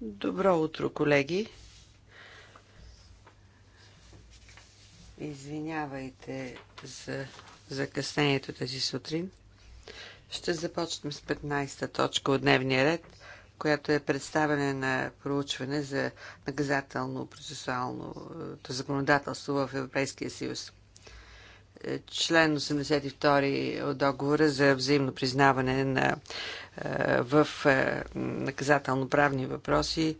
Добро утро, колеги! Извинявайте за закъснението тази сутрин. Ще започнем с 15-та точка от дневния ред, която е представяне на проучване за наказателно-процесуалното законодателство в Европейския съюз член 82 от договора за взаимно признаване на, е, в е, наказателно-правни въпроси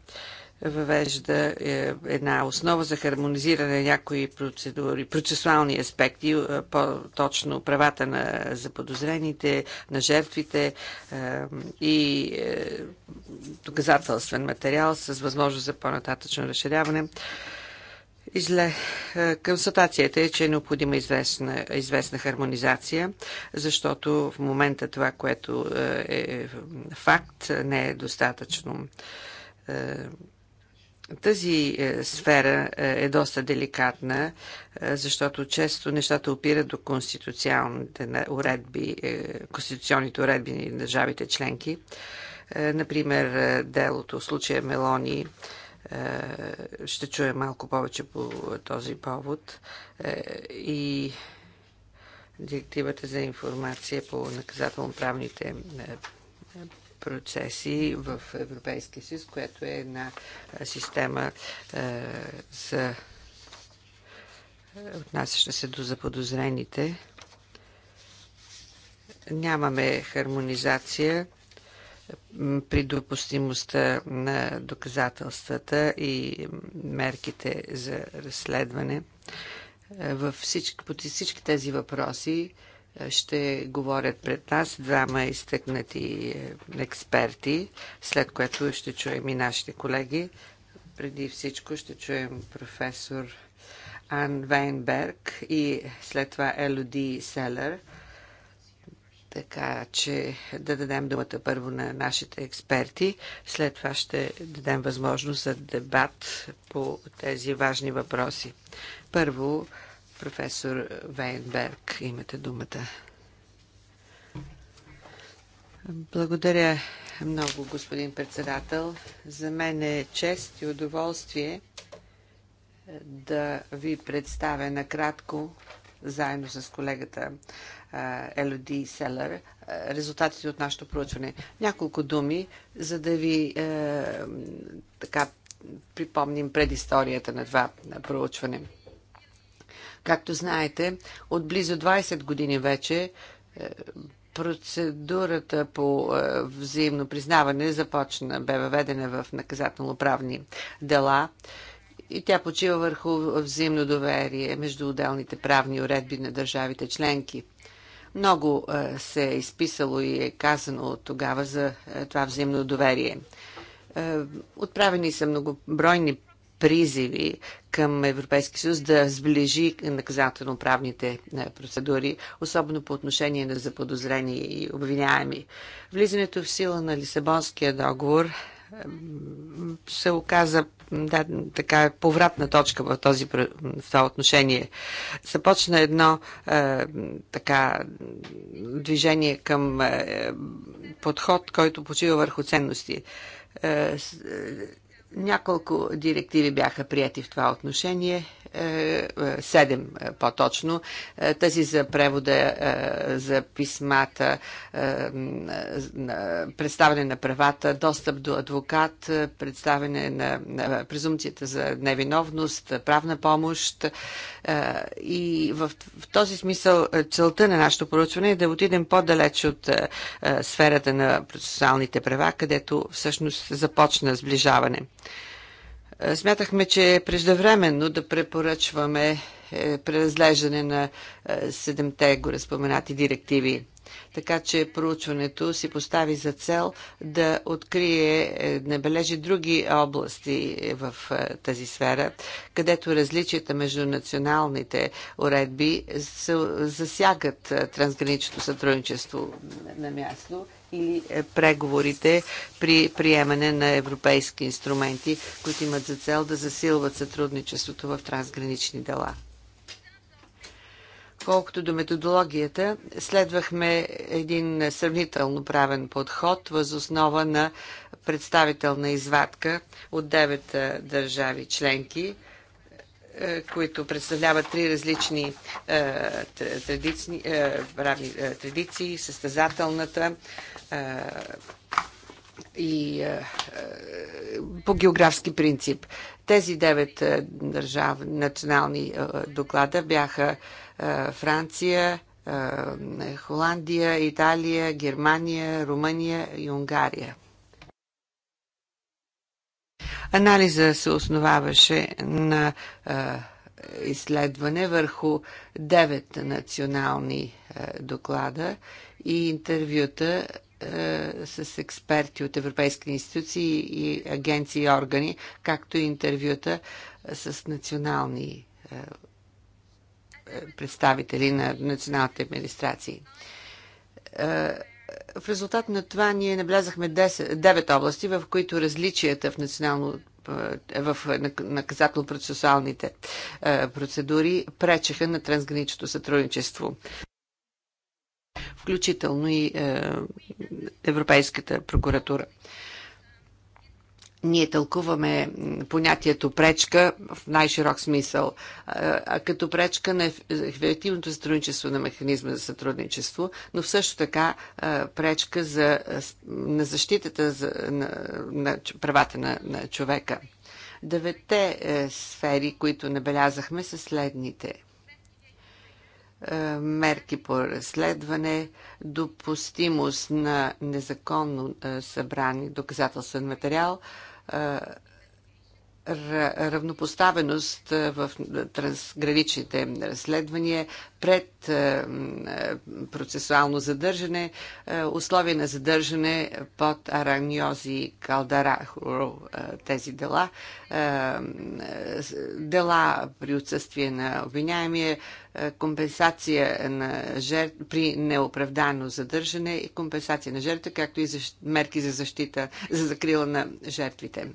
въвежда е, една основа за хармонизиране на някои процедури, процесуални аспекти, по-точно правата на заподозрените, на жертвите и доказателствен материал с възможност за по-нататъчно разширяване. Изле, е, констатацията е, че е необходима известна, известна хармонизация, защото в момента това, което е, е, е факт, не е достатъчно. Тази сфера е доста деликатна, защото често нещата опират до конституционните уредби, конституционните уредби на държавите членки. Например, делото, в случая Мелони, ще чуя малко повече по този повод. Е, и директивата за информация по наказателно-правните е, процеси в Европейския съюз, което е една система е, за отнасяща се до заподозрените. Нямаме хармонизация при допустимостта на доказателствата и мерките за разследване. Е, във всички, по всички тези въпроси е, ще говорят пред нас двама изтъкнати е, експерти, след което ще чуем и нашите колеги. Преди всичко ще чуем професор Ан Вайнберг и след това Елоди Селер – така че да дадем думата първо на нашите експерти. След това ще дадем възможност за дебат по тези важни въпроси. Първо, професор Вейнберг, имате думата. Благодаря много, господин председател. За мен е чест и удоволствие да ви представя накратко заедно с колегата Елоди Селър резултатите от нашето проучване. Няколко думи, за да ви е, така припомним предисторията на това проучване. Както знаете, от близо 20 години вече процедурата по взаимно признаване започна, бе въведена в наказателно-правни дела и тя почива върху взаимно доверие между отделните правни уредби на държавите членки. Много е, се е изписало и е казано от тогава за е, това взаимно доверие. Е, отправени са многобройни призиви към Европейски съюз да сближи наказателно-правните процедури, особено по отношение на заподозрени и обвиняеми. Влизането в сила на Лисабонския договор се оказа да, така повратна точка в, този, в това отношение. Започна едно е, така движение към е, подход, който почива върху ценности. Е, е няколко директиви бяха прияти в това отношение, е, е, седем е, по-точно. Тази за превода за писмата, представяне на правата, достъп до адвокат, представяне на презумцията за невиновност, правна помощ. И в този смисъл целта на нашето проучване е да отидем по-далеч от сферата на процесуалните права, където всъщност започна сближаване. Е, смятахме, че е преждевременно да препоръчваме е, преразглеждане на е, седемте гореспоменати директиви. Така че проучването си постави за цел да открие, набележи други области в тази сфера, където различията между националните уредби засягат трансграничното сътрудничество на място или е преговорите при приемане на европейски инструменти, които имат за цел да засилват сътрудничеството в трансгранични дела. Колкото до методологията, следвахме един сравнително правен подход въз основа на представителна извадка от 9 държави членки – е, които представляват три различни правни е, е, традиции, състезателната и по географски принцип. Тези девет държав, национални доклада бяха Франция, Холандия, Италия, Германия, Румъния и Унгария. Анализа се основаваше на изследване върху 9 национални доклада и интервюта с експерти от европейски институции и агенции и органи, както и интервюта с национални представители на националните администрации в резултат на това ние наблязахме 10, 9 области, в които различията в национално е, в наказателно-процесуалните е, процедури пречеха на трансграничното сътрудничество. Включително и е, Европейската прокуратура ние тълкуваме понятието пречка в най-широк смисъл, а като пречка на ефективното сътрудничество на механизма за сътрудничество, но също така пречка за, на защитата за, на, на правата на, на човека. Девете е, сфери, които набелязахме, са следните е, – мерки по разследване, допустимост на незаконно е, събрани доказателствен материал, а, равнопоставеност в трансграничните разследвания пред процесуално задържане, условия на задържане под Араньози калдара тези дела, дела при отсъствие на обвиняемия, компенсация на жертв, при неоправдано задържане и компенсация на жертва, както и за мерки за защита, за закрила на жертвите.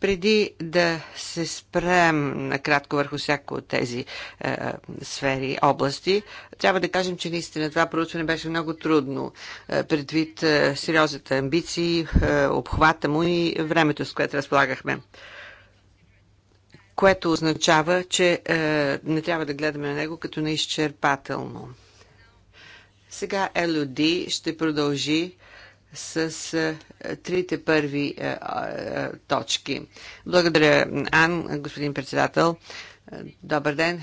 Преди да се спрем накратко върху всяко от тези е, сфери, области, трябва да кажем, че наистина това проучване беше много трудно, е, предвид е, сериозните амбиции, е, обхвата му и времето, с което разполагахме което означава, че е, не трябва да гледаме на него като неизчерпателно. Сега Елоди ще продължи с трите първи точки. Благодаря, Ан, господин председател. Добър ден.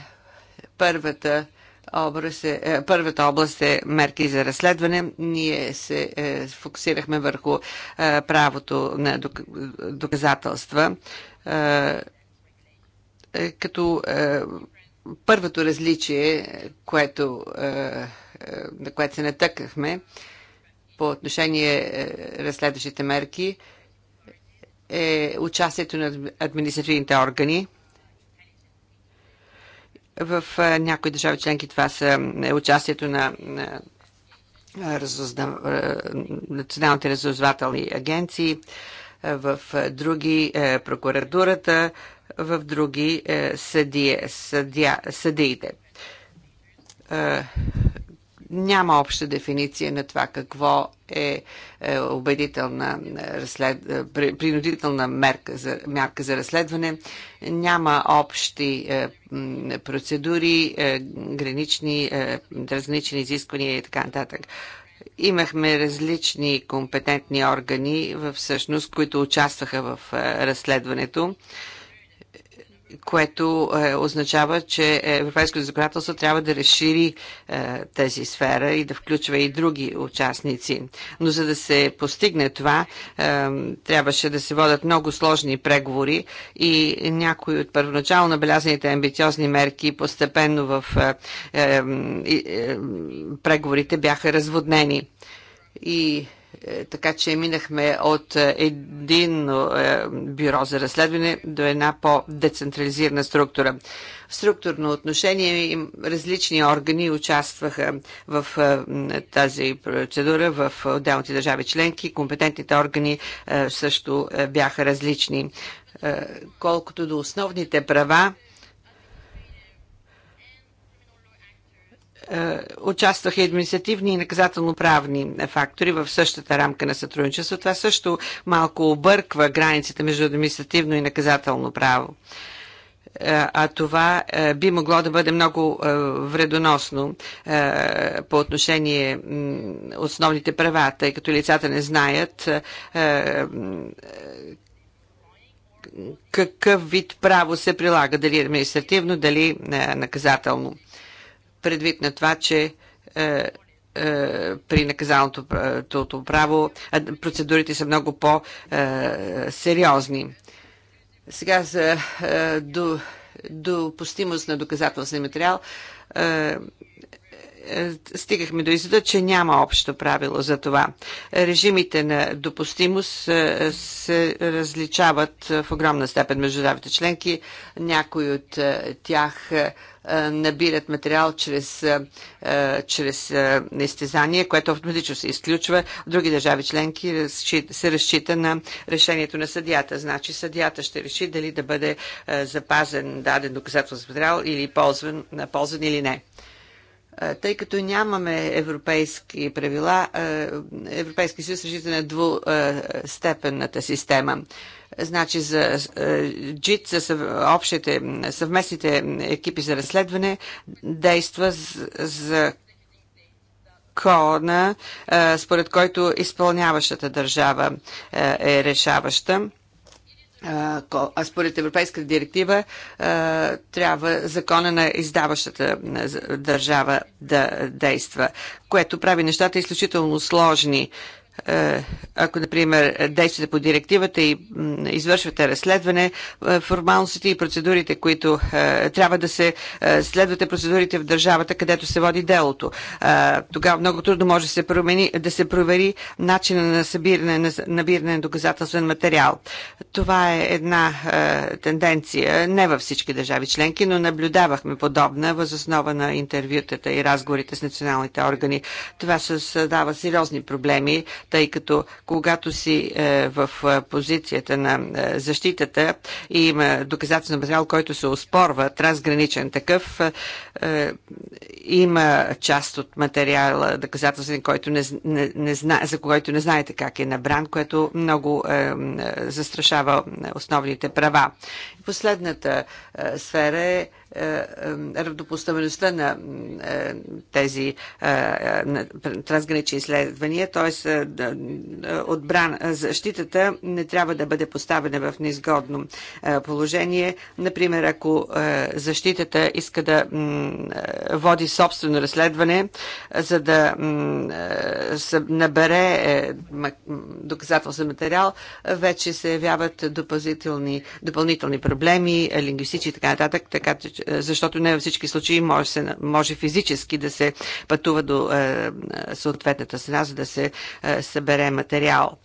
Първата област е, е, първата област е мерки за разследване. Ние се е, фокусирахме върху е, правото на доказателства. Е, е, като е, първото различие, което, е, е на което се натъкнахме, е, по отношение на е, следващите мерки е участието на административните органи. В е, някои държави членки това са е, участието на, националните разузнавателни агенции, в други прокуратурата, в други съдие, съдия, съдиите няма обща дефиниция на това какво е, е убедителна е, разслед... Е, принудителна мерка за, мярка за разследване. Няма общи процедури, гранични, различни изисквания и така нататък. Имахме различни компетентни органи, всъщност, които участваха в разследването което е, означава, че европейското законодателство трябва да разшири е, тази сфера и да включва и други участници. Но за да се постигне това, е, трябваше да се водят много сложни преговори и някои от първоначално набелязаните амбициозни мерки постепенно в е, е, е, преговорите бяха разводнени. И е, така че минахме от е, един е, бюро за разследване до една по-децентрализирана структура. В структурно отношение различни органи участваха в тази процедура в отделните държави членки. Компетентните органи също бяха различни. Колкото до основните права, Е, участваха и административни и наказателно-правни фактори в същата рамка на сътрудничество. Това също малко обърква границите между административно и наказателно право. Е, а това е, би могло да бъде много вредоносно по отношение основните права, тъй като лицата не знаят какъв вид право се прилага, дали административно, дали наказателно предвид на това, че е, е при наказалното е, право процедурите са много по-сериозни. Е, Сега за допустимост на доказателствен материал е, стигахме до извода, че няма общо правило за това. Режимите на допустимост е, се различават в огромна степен между държавите членки. Някои от е, тях набират материал чрез, чрез изтезание, което автоматично се изключва. В други държави членки се разчита на решението на съдията. Значи съдията ще реши дали да бъде запазен даден доказателствен материал или ползван, ползван или не. Е, тъй като нямаме европейски правила, е, Европейски съюз решите на двустепенната е, система. Значи за джит, за общите, съвместните екипи за разследване действа за кона, според който изпълняващата държава е решаваща а според Европейската директива трябва закона на издаващата държава да действа, което прави нещата изключително сложни е, ако, например, действате по директивата и извършвате разследване, е, формалностите и процедурите, които е, трябва да се следвате процедурите в държавата, където се води делото. Тогава много трудно може да се, промени, да се провери начина на събиране, на набиране на доказателствен материал. Това е една тенденция, не във всички държави членки, но наблюдавахме подобна възоснова на интервютата и разговорите с националните органи. Това създава сериозни проблеми тъй като когато си е, в е, позицията на е, защитата и има доказателствен материал, който се оспорва, трансграничен такъв, има част от материала доказателствен, който не, не, не зна, за който не знаете как е набран, което много застрашава основните права. Последната сфера е е, е, равнопоставеността на е, тези трансгранични изследвания, т.е. защитата не трябва да бъде поставена в неизгодно положение. Например, ако защитата иска да води собствено разследване, за да набере доказателствен материал, вече се явяват допълнителни проблеми, лингвистични и така нататък, така че е, защото не във всички случаи може, се, може физически да се пътува до е, съответната страна, за да се е, събере материал.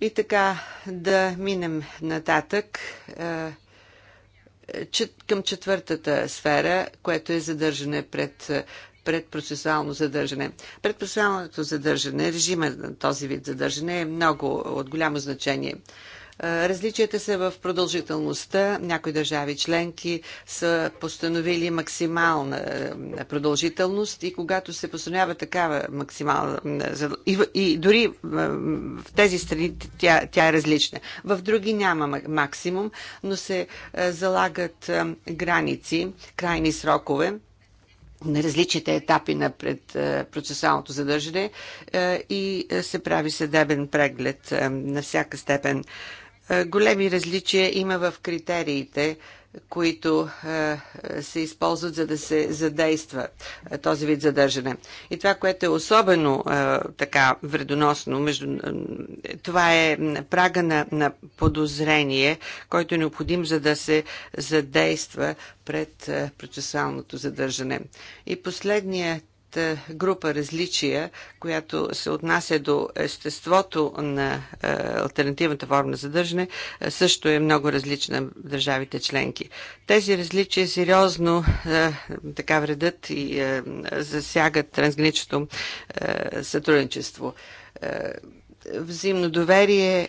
И така да минем нататък към четвъртата сфера, което е задържане пред предпроцесуално задържане. Предпроцесуалното задържане, режима на този вид задържане е много от голямо значение. Различията са в продължителността. Някои държави членки са постановили максимална продължителност и когато се постановява такава максимална и, и дори в тези страни тя, тя е различна. В други няма максимум, но се залагат граници, крайни срокове на различните етапи на пред процесуалното задържане и се прави съдебен преглед на всяка степен е, големи различия има в критериите, които е, се използват за да се задейства е, този вид задържане. И това, което е особено така вредоносно, между, това е прага на, на подозрение, който е необходим за да се задейства пред процесуалното задържане. И последният е, група различия, която се отнася до естеството на е, альтернативната форма на задържане, е, също е много различна в държавите членки. Тези различия сериозно така вредят и засягат трансграничното сътрудничество взаимно доверие,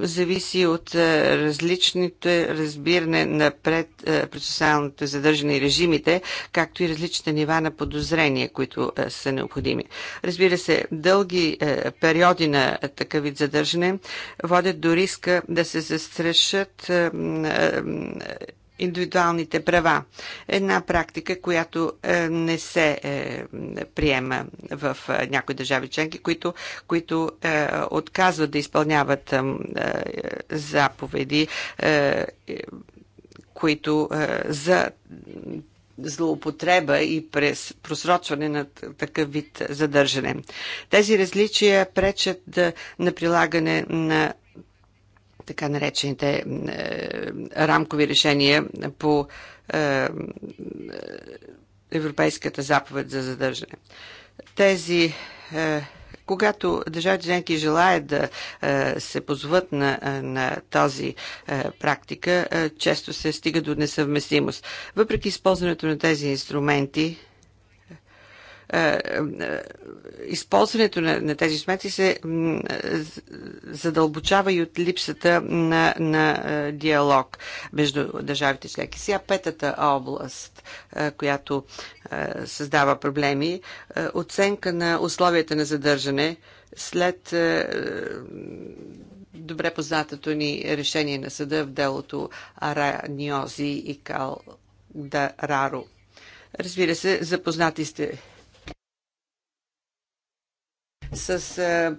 зависи от е, различните разбиране на пред е, процесуалното задържане и режимите, както и различните нива на подозрение, които е, са необходими. Разбира се, дълги периоди на такъв вид задържане водят до риска да се застрашат индивидуалните права. Една практика, която е, не се е, приема в е, някои държави членки, които, които отказват да изпълняват заповеди, които за злоупотреба и през просрочване на такъв вид задържане. Тези различия пречат да, на прилагане на така наречените е, рамкови решения по е, е, Европейската заповед за задържане. Тези когато държавите членки желаят да се позват на, на тази практика, често се стига до несъвместимост. Въпреки използването на тези инструменти, е, е, използването на, на тези сметки се задълбочава и от липсата на, на е, диалог между държавите членки. Сега петата област, която създава проблеми, оценка на условията на задържане след добре познатото ни решение на съда в делото Араниози и Дараро. Разбира се, запознати сте с а,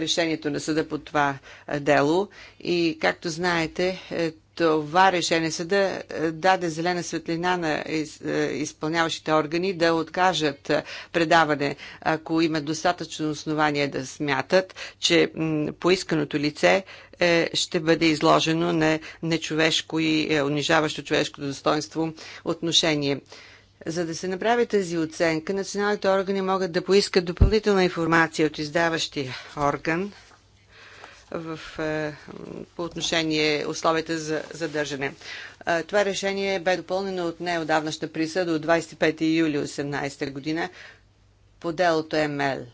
решението на съда по това дело. И както знаете, е, това решение съда е, даде зелена светлина на из, е, изпълняващите органи да откажат предаване, ако имат достатъчно основание да смятат, че поисканото лице е, ще бъде изложено на нечовешко и унижаващо човешко достоинство отношение. За да се направи тази оценка, националните органи могат да поискат допълнителна информация от издаващия орган в, е, по отношение условията за задържане. Е, това решение бе допълнено от неодавнашна присъда от 25 юли 2018 година по делото МЛ.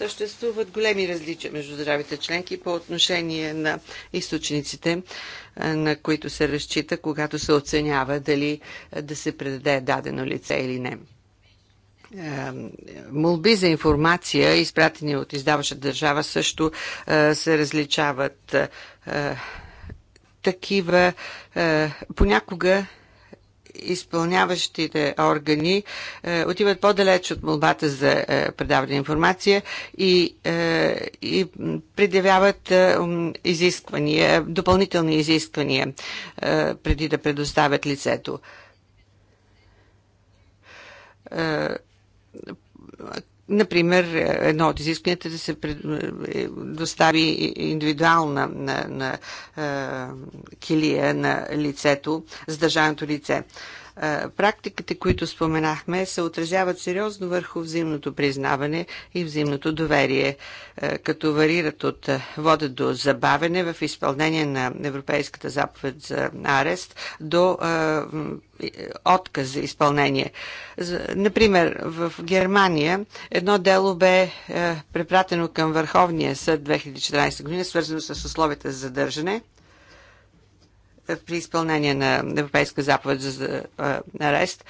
Съществуват големи различия между държавите членки по отношение на източниците, на които се разчита, когато се оценява дали да се предаде дадено лице или не молби за информация, изпратени от издаващата държава, също се различават. Такива понякога изпълняващите органи е, отиват по-далеч от молбата за е, предаване информация и, е, и предявяват е, изисквания, допълнителни изисквания е, преди да предоставят лицето. Е, Например, едно от изискванията е да се е, достави индивидуална на, на, на е, килия на лицето, задържаното лице практиките, които споменахме, се отразяват сериозно върху взаимното признаване и взаимното доверие, като варират от вода до забавене в изпълнение на Европейската заповед за арест до отказ за изпълнение. Например, в Германия едно дело бе препратено към Върховния съд 2014 година, свързано с условията за задържане – при изпълнение на Европейска заповед за арест.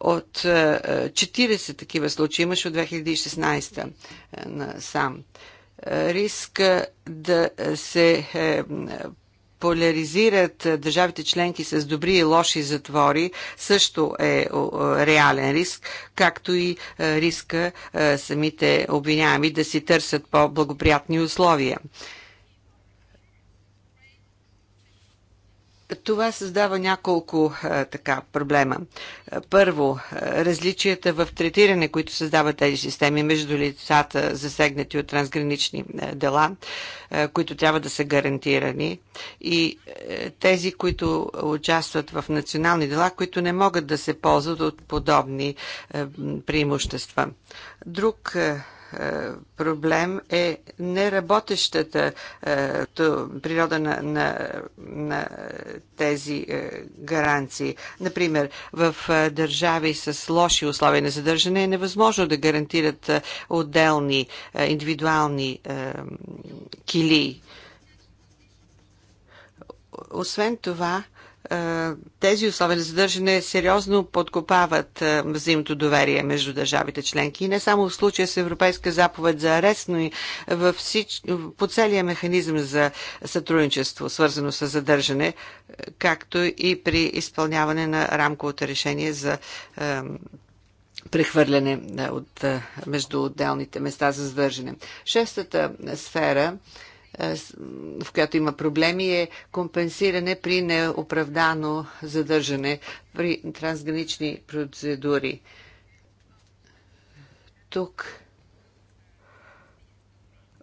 От 40 такива случаи имаше от 2016 сам. Риск да се е, поляризират държавите членки с добри и лоши затвори също е реален риск, както и риска самите обвиняеми да си търсят по-благоприятни условия. Това създава няколко а, е, така проблема. Е, първо, е, различията в третиране, които създават тези системи между лицата, засегнати от трансгранични дела, а, които трябва да са гарантирани, и а, тези, които участват в национални дела, които не могат да се ползват от подобни а, преимущества. Друг а, проблем е неработещата е, природа на, на, на тези е, гаранции. Например, в е, държави с лоши условия на задържане е невъзможно да гарантират отделни индивидуални килии. Освен това, е, тези условия на задържане сериозно подкопават е, взаимното доверие между държавите членки. И не само в случая с Европейска заповед за арест, но и във всич... по целия механизъм за сътрудничество, свързано с задържане, както и при изпълняване на рамковото решение за е, прехвърляне от, между отделните места за задържане. Шестата сфера е, в която има проблеми, е компенсиране при неоправдано задържане при трансгранични процедури. Тук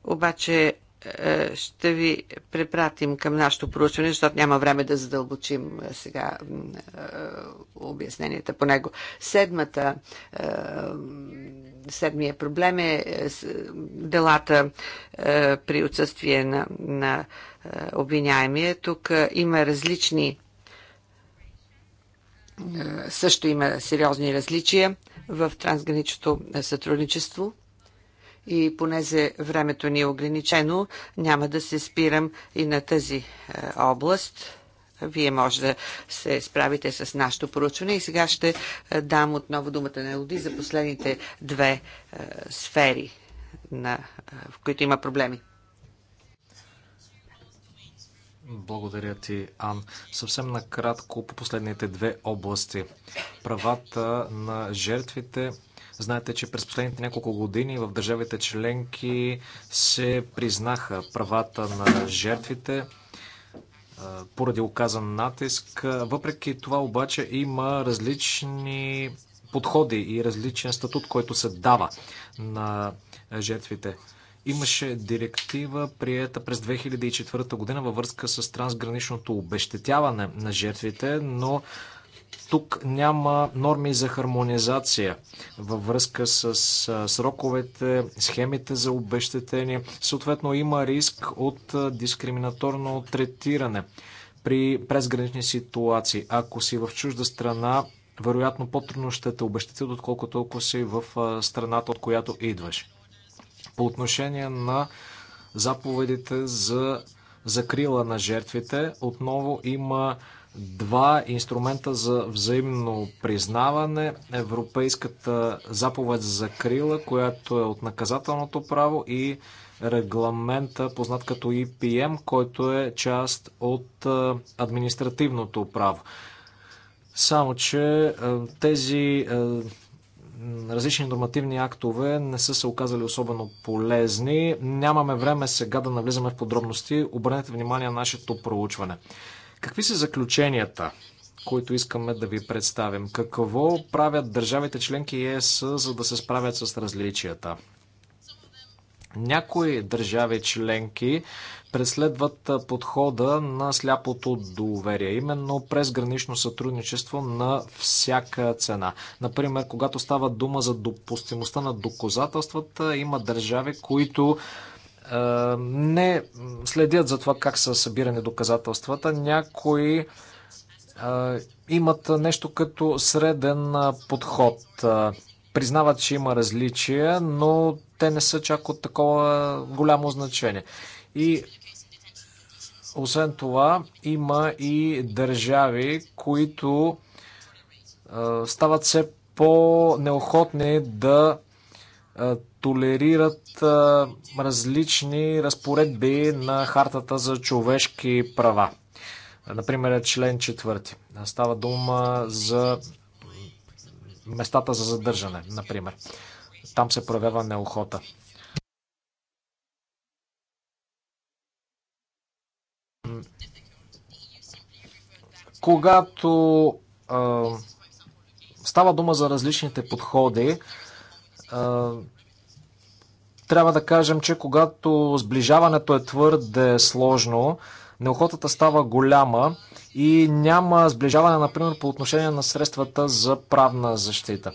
обаче е, ще ви препратим към нашото проучване, защото няма време да задълбочим е, сега обясненията по него. Седмата седмия проблем е, е делата е, при отсъствие на, на е, обвиняемия. Тук има различни също има сериозни различия в трансграничното сътрудничество и понеже времето ни е ограничено, няма да се спирам и на тази област вие може да се справите с нашето поручване. И сега ще е, дам отново думата на Елоди за последните две е, сфери, на, е, в които има проблеми. Благодаря ти, Ан. Съвсем накратко по последните две области. Правата на жертвите. Знаете, че през последните няколко години в държавите членки се признаха правата на жертвите поради оказан натиск. Въпреки това обаче има различни подходи и различен статут, който се дава на жертвите. Имаше директива, приета през 2004 година във връзка с трансграничното обещетяване на жертвите, но тук няма норми за хармонизация във връзка с сроковете, схемите за обещетение. Съответно има риск от дискриминаторно третиране при презгранични ситуации. Ако си в чужда страна, вероятно по-трудно ще те обещате, отколкото ако си в страната, от която идваш. По отношение на заповедите за закрила на жертвите, отново има два инструмента за взаимно признаване, Европейската заповед за крила, която е от наказателното право и регламента, познат като EPM, който е част от административното право. Само, че тези различни нормативни актове не са се оказали особено полезни. Нямаме време сега да навлизаме в подробности. Обърнете внимание на нашето проучване. Какви са заключенията, които искаме да ви представим? Какво правят държавите членки ЕС, за да се справят с различията? Някои държави членки преследват подхода на сляпото доверие, именно през гранично сътрудничество на всяка цена. Например, когато става дума за допустимостта на доказателствата, има държави, които е, не следят за това как са събирани доказателствата. Някои е, имат нещо като среден е, подход. Признават, че има различия, но те не са чак от такова голямо значение. И освен това, има и държави, които стават все по-неохотни да толерират а, различни разпоредби на хартата за човешки права. Например, член 4. Става дума за местата за задържане, например. Там се проявява неохота. Когато а, става дума за различните подходи, трябва да кажем, че когато сближаването е твърде сложно, неохотата става голяма и няма сближаване, например, по отношение на средствата за правна защита.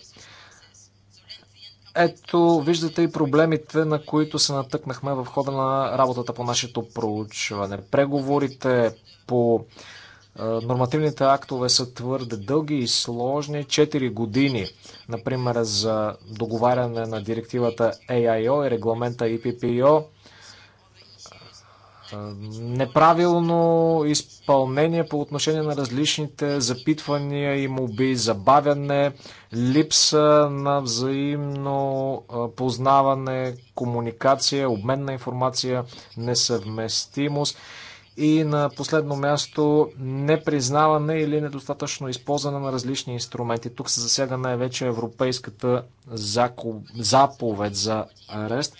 Ето, виждате и проблемите, на които се натъкнахме в хода на работата по нашето проучване. Преговорите по Нормативните актове са твърде дълги и сложни. 4 години, например, за договаряне на директивата AIO и регламента EPPO. Неправилно изпълнение по отношение на различните запитвания и моби, забавяне, липса на взаимно познаване, комуникация, обмен на информация, несъвместимост. И на последно място непризнаване или недостатъчно използване на различни инструменти. Тук се засяга най-вече европейската заповед за арест.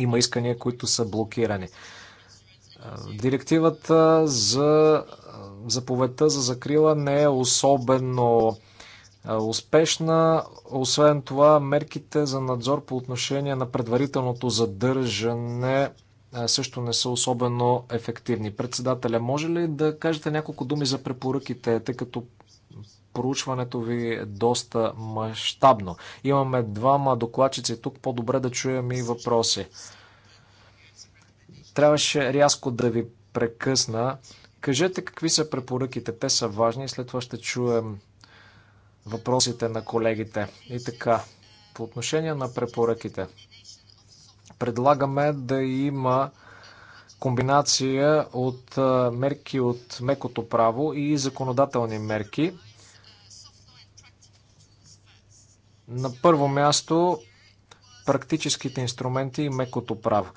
Има искания, които са блокирани. Е, директивата за е, заповедта за закрила не е особено е, успешна. Освен това, мерките за надзор по отношение на предварителното задържане също не са особено ефективни. Председателя, може ли да кажете няколко думи за препоръките, тъй като проучването ви е доста мащабно. Имаме двама докладчици тук, по-добре да чуем и въпроси. Трябваше рязко да ви прекъсна. Кажете какви са препоръките, те са важни и след това ще чуем въпросите на колегите. И така, по отношение на препоръките – Предлагаме да има комбинация от мерки от мекото право и законодателни мерки. На първо място практическите инструменти и мекото право.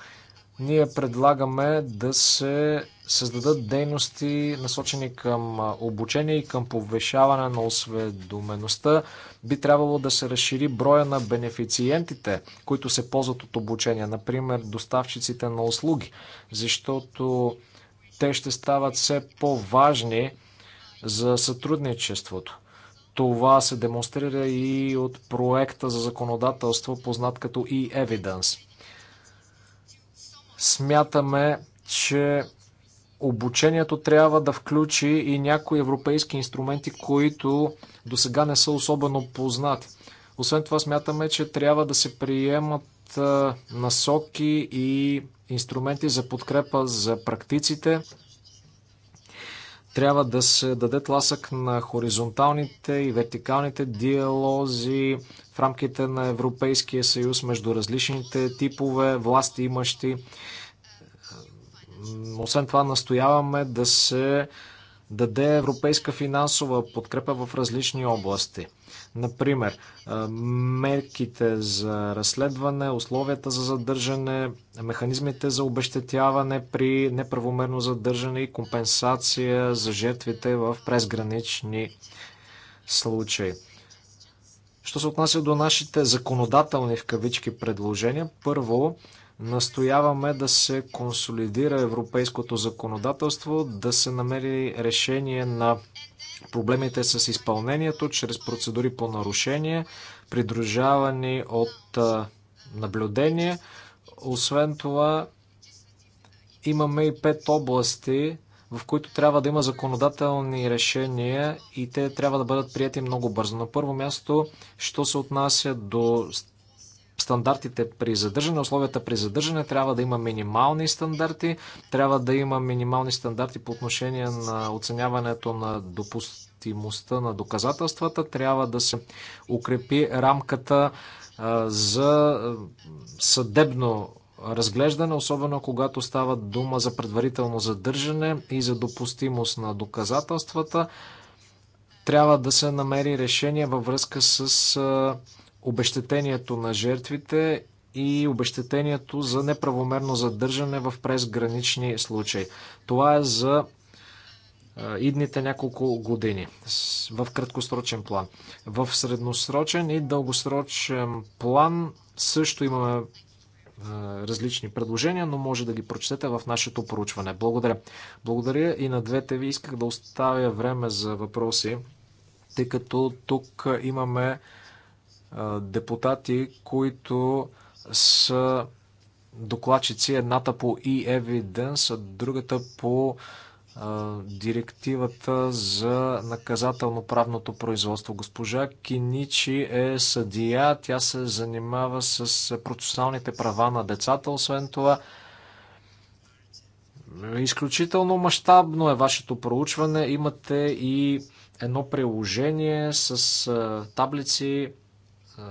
Ние предлагаме да се създадат дейности насочени към обучение и към повишаване на осведомеността. Би трябвало да се разшири броя на бенефициентите, които се ползват от обучение, например доставчиците на услуги, защото те ще стават все по-важни за сътрудничеството. Това се демонстрира и от проекта за законодателство, познат като e-Evidence. Смятаме, че обучението трябва да включи и някои европейски инструменти, които до сега не са особено познати. Освен това, смятаме, че трябва да се приемат насоки и инструменти за подкрепа за практиците. Трябва да се даде тласък на хоризонталните и вертикалните диалози в рамките на Европейския съюз между различните типове власти имащи. Освен това настояваме да се даде европейска финансова подкрепа в различни области. Например, мерките за разследване, условията за задържане, механизмите за обещетяване при неправомерно задържане и компенсация за жертвите в презгранични случаи. Що се отнася до нашите законодателни в кавички предложения, първо, Настояваме да се консолидира европейското законодателство, да се намери решение на проблемите с изпълнението чрез процедури по нарушение, придружавани от наблюдение. Освен това, имаме и пет области, в които трябва да има законодателни решения и те трябва да бъдат прияти много бързо. На първо място, що се отнася до стандартите при задържане, условията при задържане, трябва да има минимални стандарти, трябва да има минимални стандарти по отношение на оценяването на допустимостта на доказателствата, трябва да се укрепи рамката за съдебно разглеждане, особено когато става дума за предварително задържане и за допустимост на доказателствата. Трябва да се намери решение във връзка с обещетението на жертвите и обещетението за неправомерно задържане в презгранични случаи. Това е за идните няколко години в краткосрочен план. В средносрочен и дългосрочен план също имаме различни предложения, но може да ги прочетете в нашето проучване. Благодаря. Благодаря и на двете ви. Исках да оставя време за въпроси, тъй като тук имаме депутати, които са докладчици, едната по e-evidence, а другата по директивата за наказателно-правното производство. Госпожа Киничи е съдия, тя се занимава с процесуалните права на децата, освен това. Изключително мащабно е вашето проучване. Имате и едно приложение с таблици,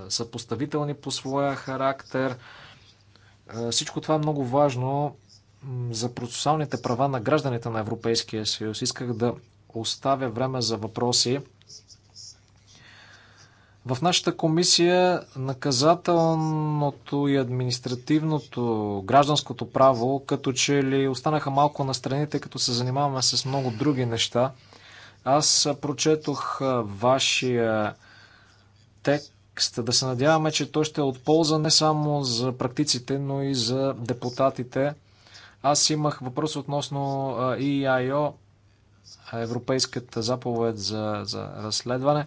съпоставителни по своя характер. Всичко това е много важно за процесуалните права на гражданите на Европейския съюз. Исках да оставя време за въпроси. В нашата комисия наказателното и административното гражданското право като че ли останаха малко на страните, като се занимаваме с много други неща. Аз прочетох вашия текст да се надяваме, че той ще е от полза не само за практиците, но и за депутатите. Аз имах въпрос относно EIO, Европейската заповед за, за разследване.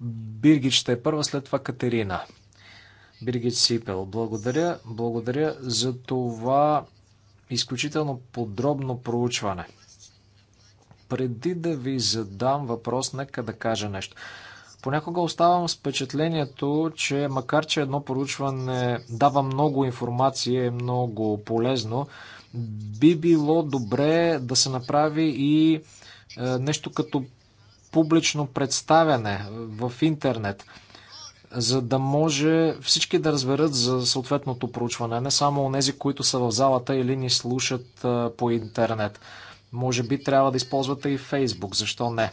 Биргит ще е първа, след това Катерина. Биргит Сипел, благодаря. Благодаря за това изключително подробно проучване. Преди да ви задам въпрос, нека да кажа нещо. Понякога оставам с впечатлението, че макар че едно проучване дава много информация, е много полезно, би било добре да се направи и е, нещо като публично представяне в интернет, за да може всички да разберат за съответното проучване, не само онези, които са в залата или ни слушат е, по интернет. Може би трябва да използвате и Фейсбук, защо не?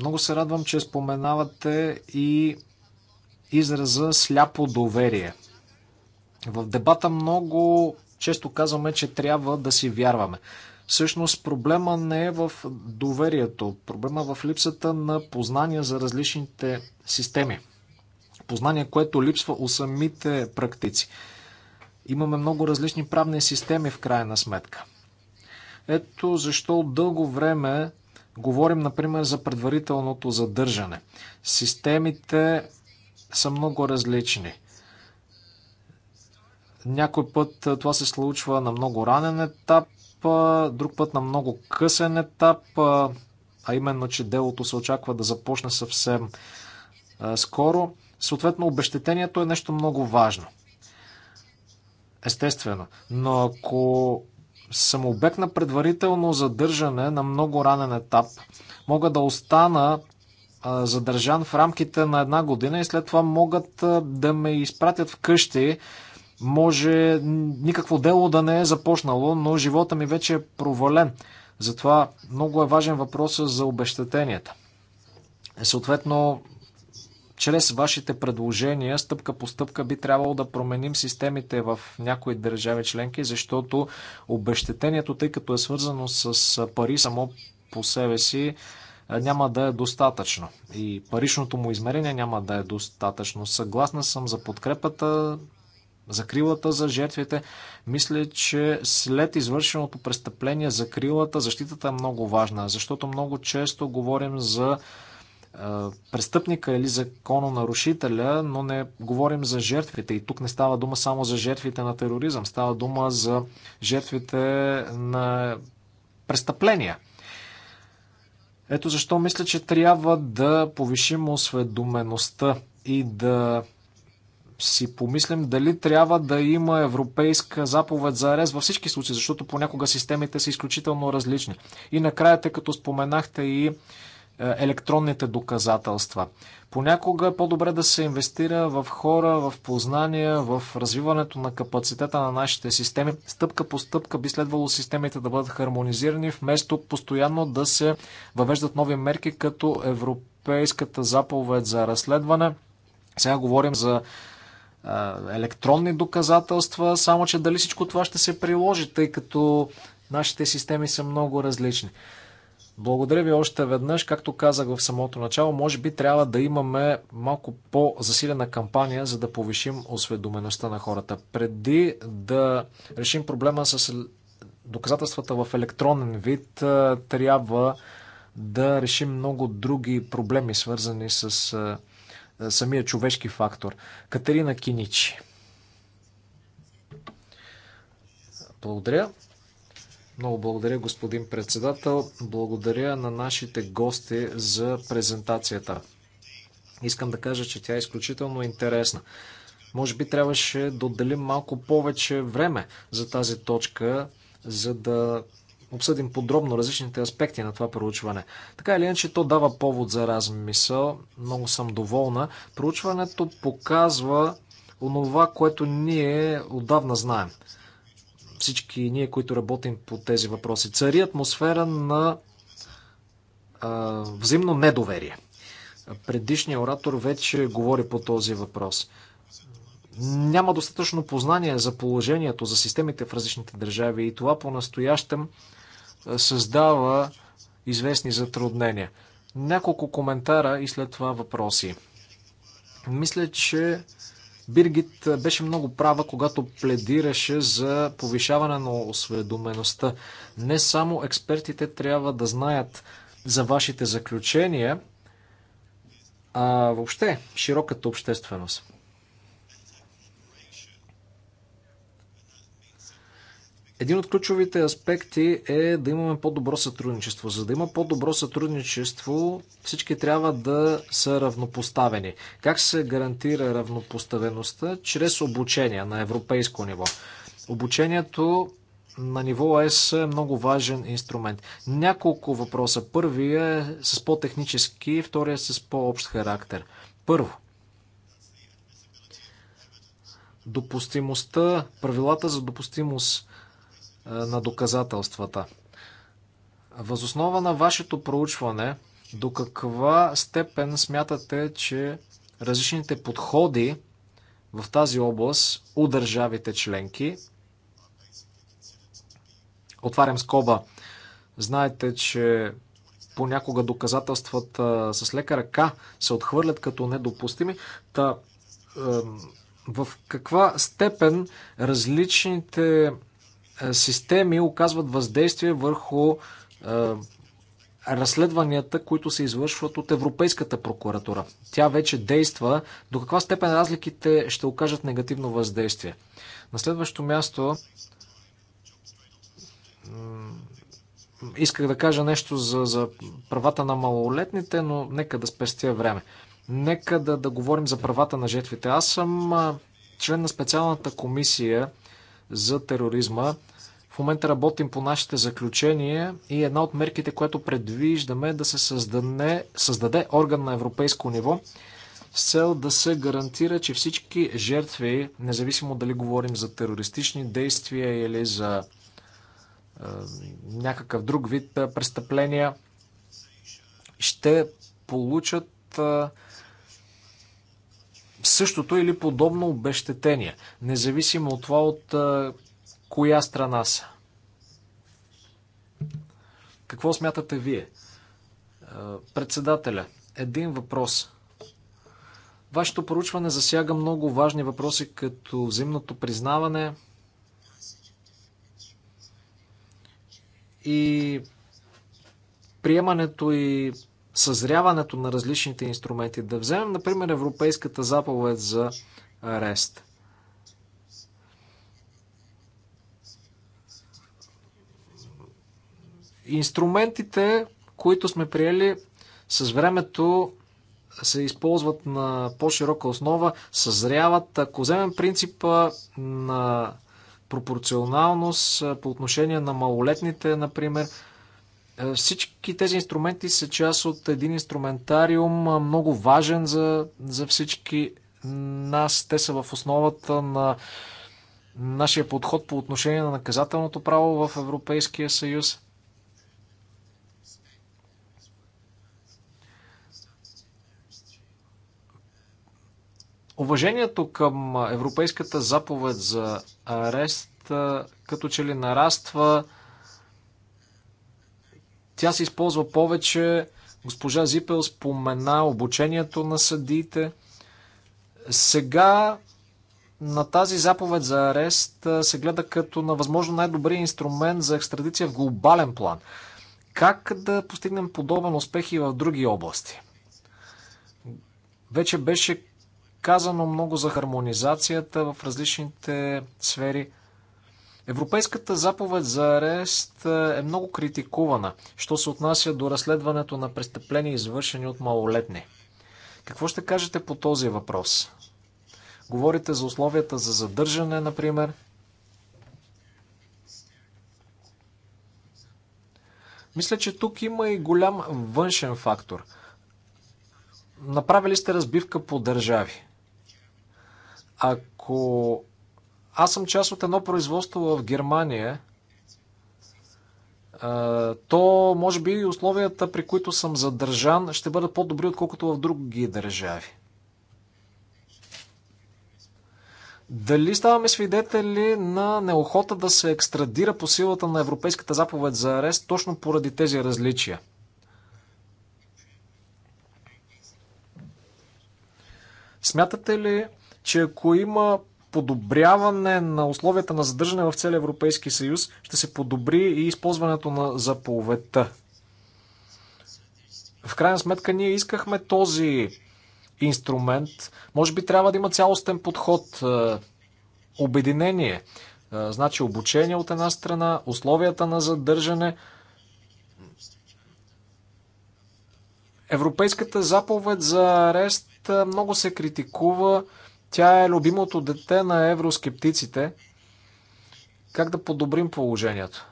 Много се радвам, че споменавате и израза сляпо доверие. В дебата много често казваме, че трябва да си вярваме. Всъщност проблема не е в доверието, проблема е в липсата на познания за различните системи. Познание, което липсва у самите практици. Имаме много различни правни системи в крайна сметка. Ето защо от дълго време Говорим, например, за предварителното задържане. Системите са много различни. Някой път това се случва на много ранен етап, друг път на много късен етап, а именно, че делото се очаква да започне съвсем скоро. Съответно, обещетението е нещо много важно. Естествено. Но ако съм обект на предварително задържане на много ранен етап. Мога да остана задържан в рамките на една година и след това могат да ме изпратят вкъщи. Може никакво дело да не е започнало, но живота ми вече е провален. Затова много е важен въпрос за обещетенията. Е, съответно, чрез вашите предложения, стъпка по стъпка, би трябвало да променим системите в някои държави членки, защото обещетението, тъй като е свързано с пари само по себе си, няма да е достатъчно. И паричното му измерение няма да е достатъчно. Съгласна съм за подкрепата, закрилата за жертвите. Мисля, че след извършеното престъпление закрилата, защитата е много важна, защото много често говорим за престъпника или закононарушителя, но не говорим за жертвите. И тук не става дума само за жертвите на тероризъм, става дума за жертвите на престъпления. Ето защо мисля, че трябва да повишим осведомеността и да си помислим дали трябва да има европейска заповед за арест във всички случаи, защото понякога системите са изключително различни. И накрая, тъй като споменахте и е, електронните доказателства. Понякога е по-добре да се инвестира в хора, в познания, в развиването на капацитета на нашите системи. Стъпка по стъпка би следвало системите да бъдат хармонизирани, вместо постоянно да се въвеждат нови мерки, като Европейската заповед за разследване. Сега говорим за електронни доказателства, само че дали всичко това ще се приложи, тъй като нашите системи са много различни. Благодаря ви още веднъж. Както казах в самото начало, може би трябва да имаме малко по-засилена кампания, за да повишим осведомеността на хората. Преди да решим проблема с доказателствата в електронен вид, трябва да решим много други проблеми, свързани с самия човешки фактор. Катерина Киничи. Благодаря. Много благодаря, господин председател. Благодаря на нашите гости за презентацията. Искам да кажа, че тя е изключително интересна. Може би трябваше да отделим малко повече време за тази точка, за да обсъдим подробно различните аспекти на това проучване. Така или иначе, то дава повод за размисъл. Много съм доволна. Проучването показва онова, което ние отдавна знаем всички ние, които работим по тези въпроси. Цари атмосфера на а, взаимно недоверие. Предишният оратор вече говори по този въпрос. Няма достатъчно познание за положението, за системите в различните държави и това по-настоящем създава известни затруднения. Няколко коментара и след това въпроси. Мисля, че Биргит беше много права, когато пледираше за повишаване на осведомеността. Не само експертите трябва да знаят за вашите заключения, а въобще широката общественост. Един от ключовите аспекти е да имаме по-добро сътрудничество. За да има по-добро сътрудничество, всички трябва да са равнопоставени. Как се гарантира равнопоставеността? Чрез обучение на европейско ниво. Обучението на ниво ЕС е много важен инструмент. Няколко въпроса. Първият е с по-технически, втория е с по-общ характер. Първо, допустимостта, правилата за допустимост на доказателствата. Възоснова на вашето проучване, до каква степен смятате, че различните подходи в тази област у държавите членки, отварям скоба, знаете, че понякога доказателствата с лека ръка се отхвърлят като недопустими. Та, в каква степен различните е, системи оказват въздействие върху е, разследванията, които се извършват от Европейската прокуратура. Тя вече действа. До каква степен разликите ще окажат негативно въздействие? На следващо място исках да кажа нещо за, за правата на малолетните, но нека да спестя време. Нека да, да говорим за правата на жертвите. Аз съм член на специалната комисия за тероризма. В момента работим по нашите заключения и една от мерките, която предвиждаме е да се създаде, създаде орган на европейско ниво с цел да се гарантира, че всички жертви, независимо дали говорим за терористични действия или за е, някакъв друг вид престъпления, ще получат е, същото или подобно обещетение, независимо от това от а, коя страна са. Какво смятате вие? Председателя, един въпрос. Вашето поручване засяга много важни въпроси, като взаимното признаване и приемането и съзряването на различните инструменти. Да вземем, например, Европейската заповед за арест. Инструментите, които сме приели с времето, се използват на по-широка основа, съзряват. Ако вземем принципа на пропорционалност по отношение на малолетните, например, е, всички тези инструменти са част от един инструментариум, много важен за, за всички нас. Те са в основата на нашия подход по отношение на наказателното право в Европейския съюз. Уважението към Европейската заповед за арест като че ли нараства. Тя се използва повече. Госпожа Зипел спомена обучението на съдиите. Сега на тази заповед за арест се гледа като на възможно най-добрия инструмент за екстрадиция в глобален план. Как да постигнем подобен успех и в други области? Вече беше казано много за хармонизацията в различните сфери. Европейската заповед за арест е, е много критикувана, що се отнася до разследването на престъпления, извършени от малолетни. Какво ще кажете по този въпрос? Говорите за условията за задържане, например. Мисля, че тук има и голям външен фактор. Направили сте разбивка по държави. Ако аз съм част от едно производство в Германия. То, може би, условията, при които съм задържан, ще бъдат по-добри, отколкото в други държави. Дали ставаме свидетели на неохота да се екстрадира по силата на Европейската заповед за арест точно поради тези различия? Смятате ли, че ако има подобряване на условията на задържане в целия Европейски съюз ще се подобри и използването на заповедта. В крайна сметка ние искахме този инструмент. Може би трябва да има цялостен подход, е, обединение. Е, значи обучение от една страна, условията на задържане. Европейската заповед за арест е, много се критикува. Тя е любимото дете на евроскептиците. Как да подобрим положението?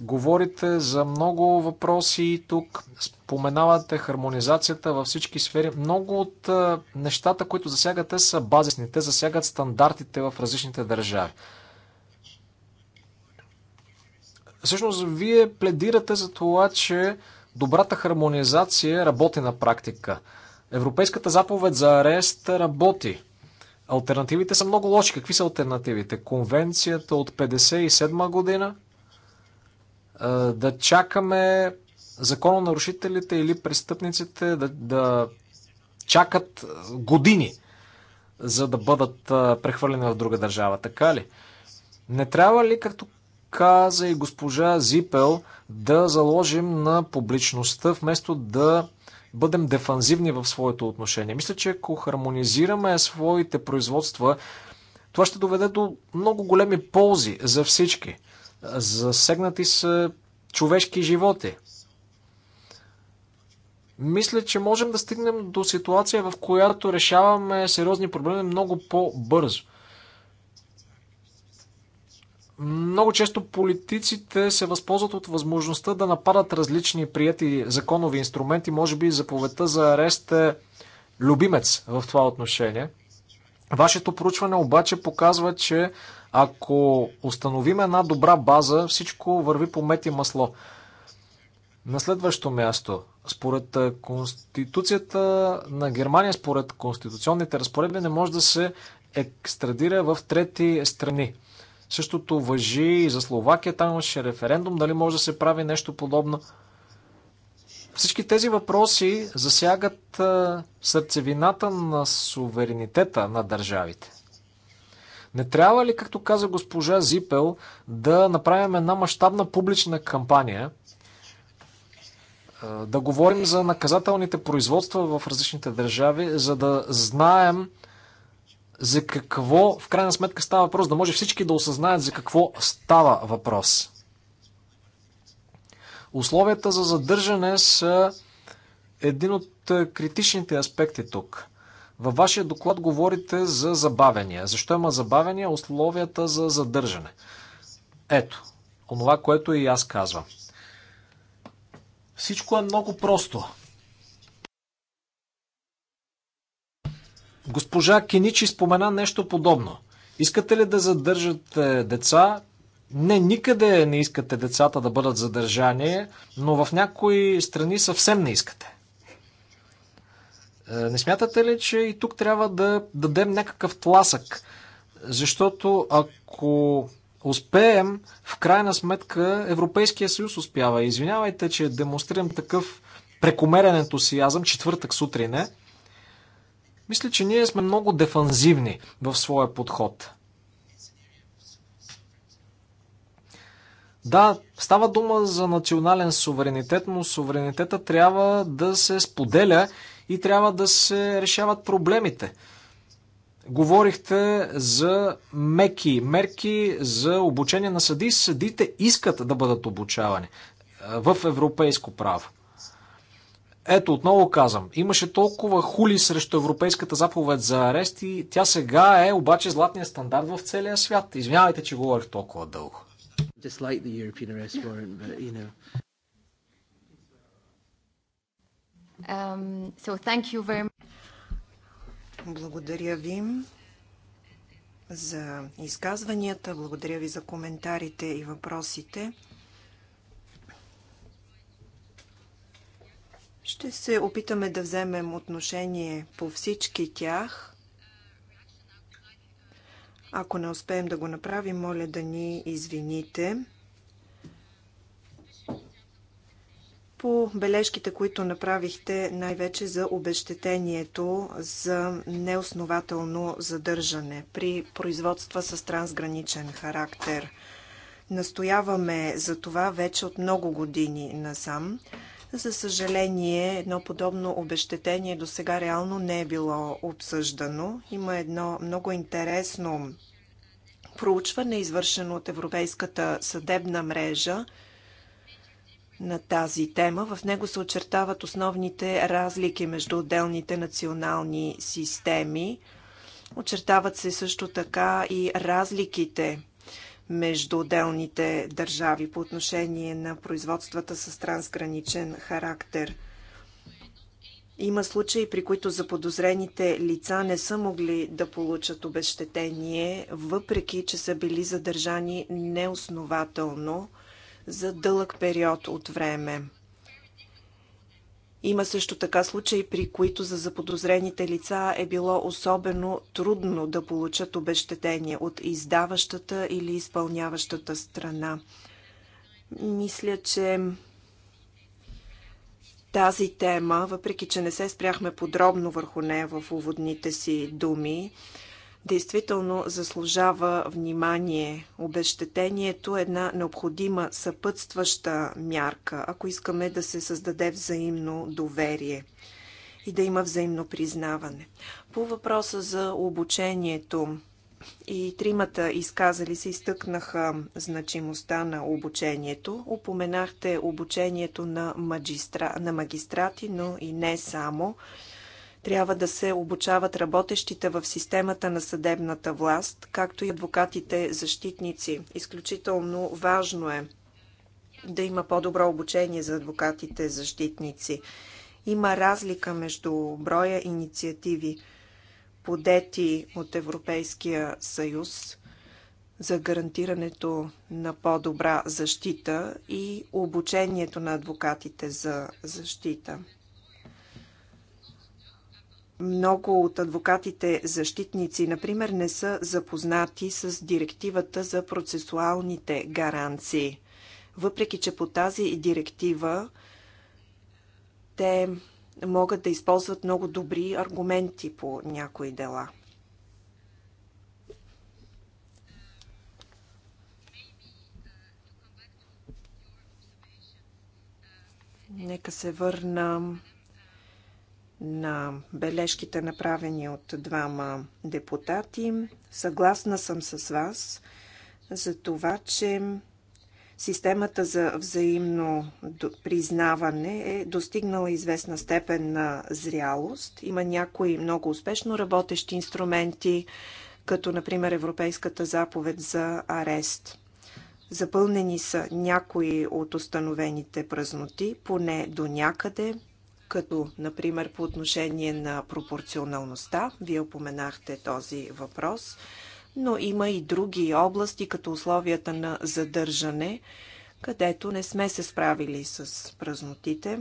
Говорите за много въпроси тук, споменавате хармонизацията във всички сфери. Много от нещата, които засягате, са базисни. Те засягат стандартите в различните държави. Всъщност, вие пледирате за това, че добрата хармонизация работи на практика. Европейската заповед за арест работи. Альтернативите са много лоши. Какви са альтернативите? Конвенцията от 57 година? Да чакаме закононарушителите или престъпниците да, да чакат години, за да бъдат прехвърлени в друга държава. Така ли? Не трябва ли, както каза и госпожа Зипел, да заложим на публичността, вместо да бъдем дефанзивни в своето отношение. Мисля, че ако хармонизираме своите производства, това ще доведе до много големи ползи за всички. Засегнати са човешки животи. Мисля, че можем да стигнем до ситуация, в която решаваме сериозни проблеми много по-бързо. Много често политиците се възползват от възможността да нападат различни прияти законови инструменти. Може би заповедта за арест е любимец в това отношение. Вашето проучване обаче показва, че ако установим една добра база, всичко върви по мет и масло. На следващо място, според Конституцията на Германия, според конституционните разпоредби, не може да се екстрадира в трети страни. Същото въжи и за Словакия. Там имаше референдум. Дали може да се прави нещо подобно? Всички тези въпроси засягат сърцевината на суверенитета на държавите. Не трябва ли, както каза госпожа Зипел, да направим една мащабна публична кампания, да говорим за наказателните производства в различните държави, за да знаем за какво в крайна сметка става въпрос, да може всички да осъзнаят за какво става въпрос. Условията за задържане са един от е, критичните аспекти тук. Във вашия доклад говорите за забавения. Защо има забавения? Условията за задържане. Ето, онова, което и аз казвам. Всичко е много просто. Госпожа Кеничи спомена нещо подобно. Искате ли да задържате деца? Не, никъде не искате децата да бъдат задържани, но в някои страни съвсем не искате. Е, не смятате ли, че и тук трябва да дадем някакъв тласък? Защото ако успеем, в крайна сметка Европейския съюз успява. Извинявайте, че демонстрирам такъв прекомерен ентусиазъм четвъртък сутрине. Мисля, че ние сме много дефанзивни в своя подход. Да, става дума за национален суверенитет, но суверенитета трябва да се споделя и трябва да се решават проблемите. Говорихте за меки мерки за обучение на съди. Съдите искат да бъдат обучавани в европейско право. Ето, отново казвам, имаше толкова хули срещу Европейската заповед за арест и тя сега е обаче златния стандарт в целия свят. Извинявайте, че говорих толкова дълго. Um, благодаря ви за изказванията, благодаря ви за коментарите и въпросите. Ще се опитаме да вземем отношение по всички тях. Ако не успеем да го направим, моля да ни извините. по бележките, които направихте най-вече за обещетението за неоснователно задържане при производства с трансграничен характер. Настояваме за това вече от много години насам. За съжаление, едно подобно обещетение до сега реално не е било обсъждано. Има едно много интересно проучване, извършено от Европейската съдебна мрежа на тази тема. В него се очертават основните разлики между отделните национални системи. Очертават се също така и разликите между отделните държави по отношение на производствата с трансграничен характер. Има случаи, при които заподозрените лица не са могли да получат обещетение, въпреки че са били задържани неоснователно за дълъг период от време. Има също така случаи, при които за заподозрените лица е било особено трудно да получат обещетение от издаващата или изпълняващата страна. Мисля, че тази тема, въпреки че не се спряхме подробно върху нея в уводните си думи, действително заслужава внимание. Обещетението е една необходима съпътстваща мярка, ако искаме да се създаде взаимно доверие и да има взаимно признаване. По въпроса за обучението и тримата изказали се изтъкнаха значимостта на обучението. Упоменахте обучението на, магистра... на магистрати, но и не само. Трябва да се обучават работещите в системата на съдебната власт, както и адвокатите-защитници. Изключително важно е да има по-добро обучение за адвокатите-защитници. Има разлика между броя инициативи, подети от Европейския съюз за гарантирането на по-добра защита и обучението на адвокатите за защита. Много от адвокатите защитници, например, не са запознати с директивата за процесуалните гаранции. Въпреки, че по тази директива те могат да използват много добри аргументи по някои дела. Нека се върнам на бележките, направени от двама депутати. Съгласна съм с вас за това, че системата за взаимно признаване е достигнала известна степен на зрялост. Има някои много успешно работещи инструменти, като например Европейската заповед за арест. Запълнени са някои от установените празноти, поне до някъде – като например по отношение на пропорционалността. Вие упоменахте този въпрос, но има и други области, като условията на задържане, където не сме се справили с празнотите.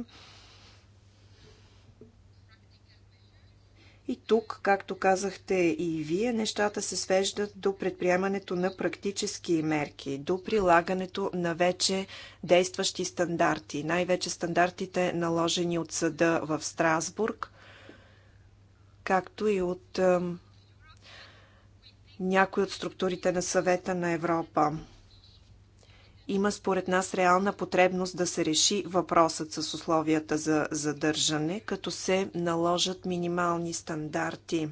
И тук, както казахте и вие, нещата се свеждат до предприемането на практически мерки, до прилагането на вече действащи стандарти, най-вече стандартите наложени от съда в Страсбург, както и от някои от структурите на съвета на Европа. Има според нас реална потребност да се реши въпросът с условията за задържане, като се наложат минимални стандарти.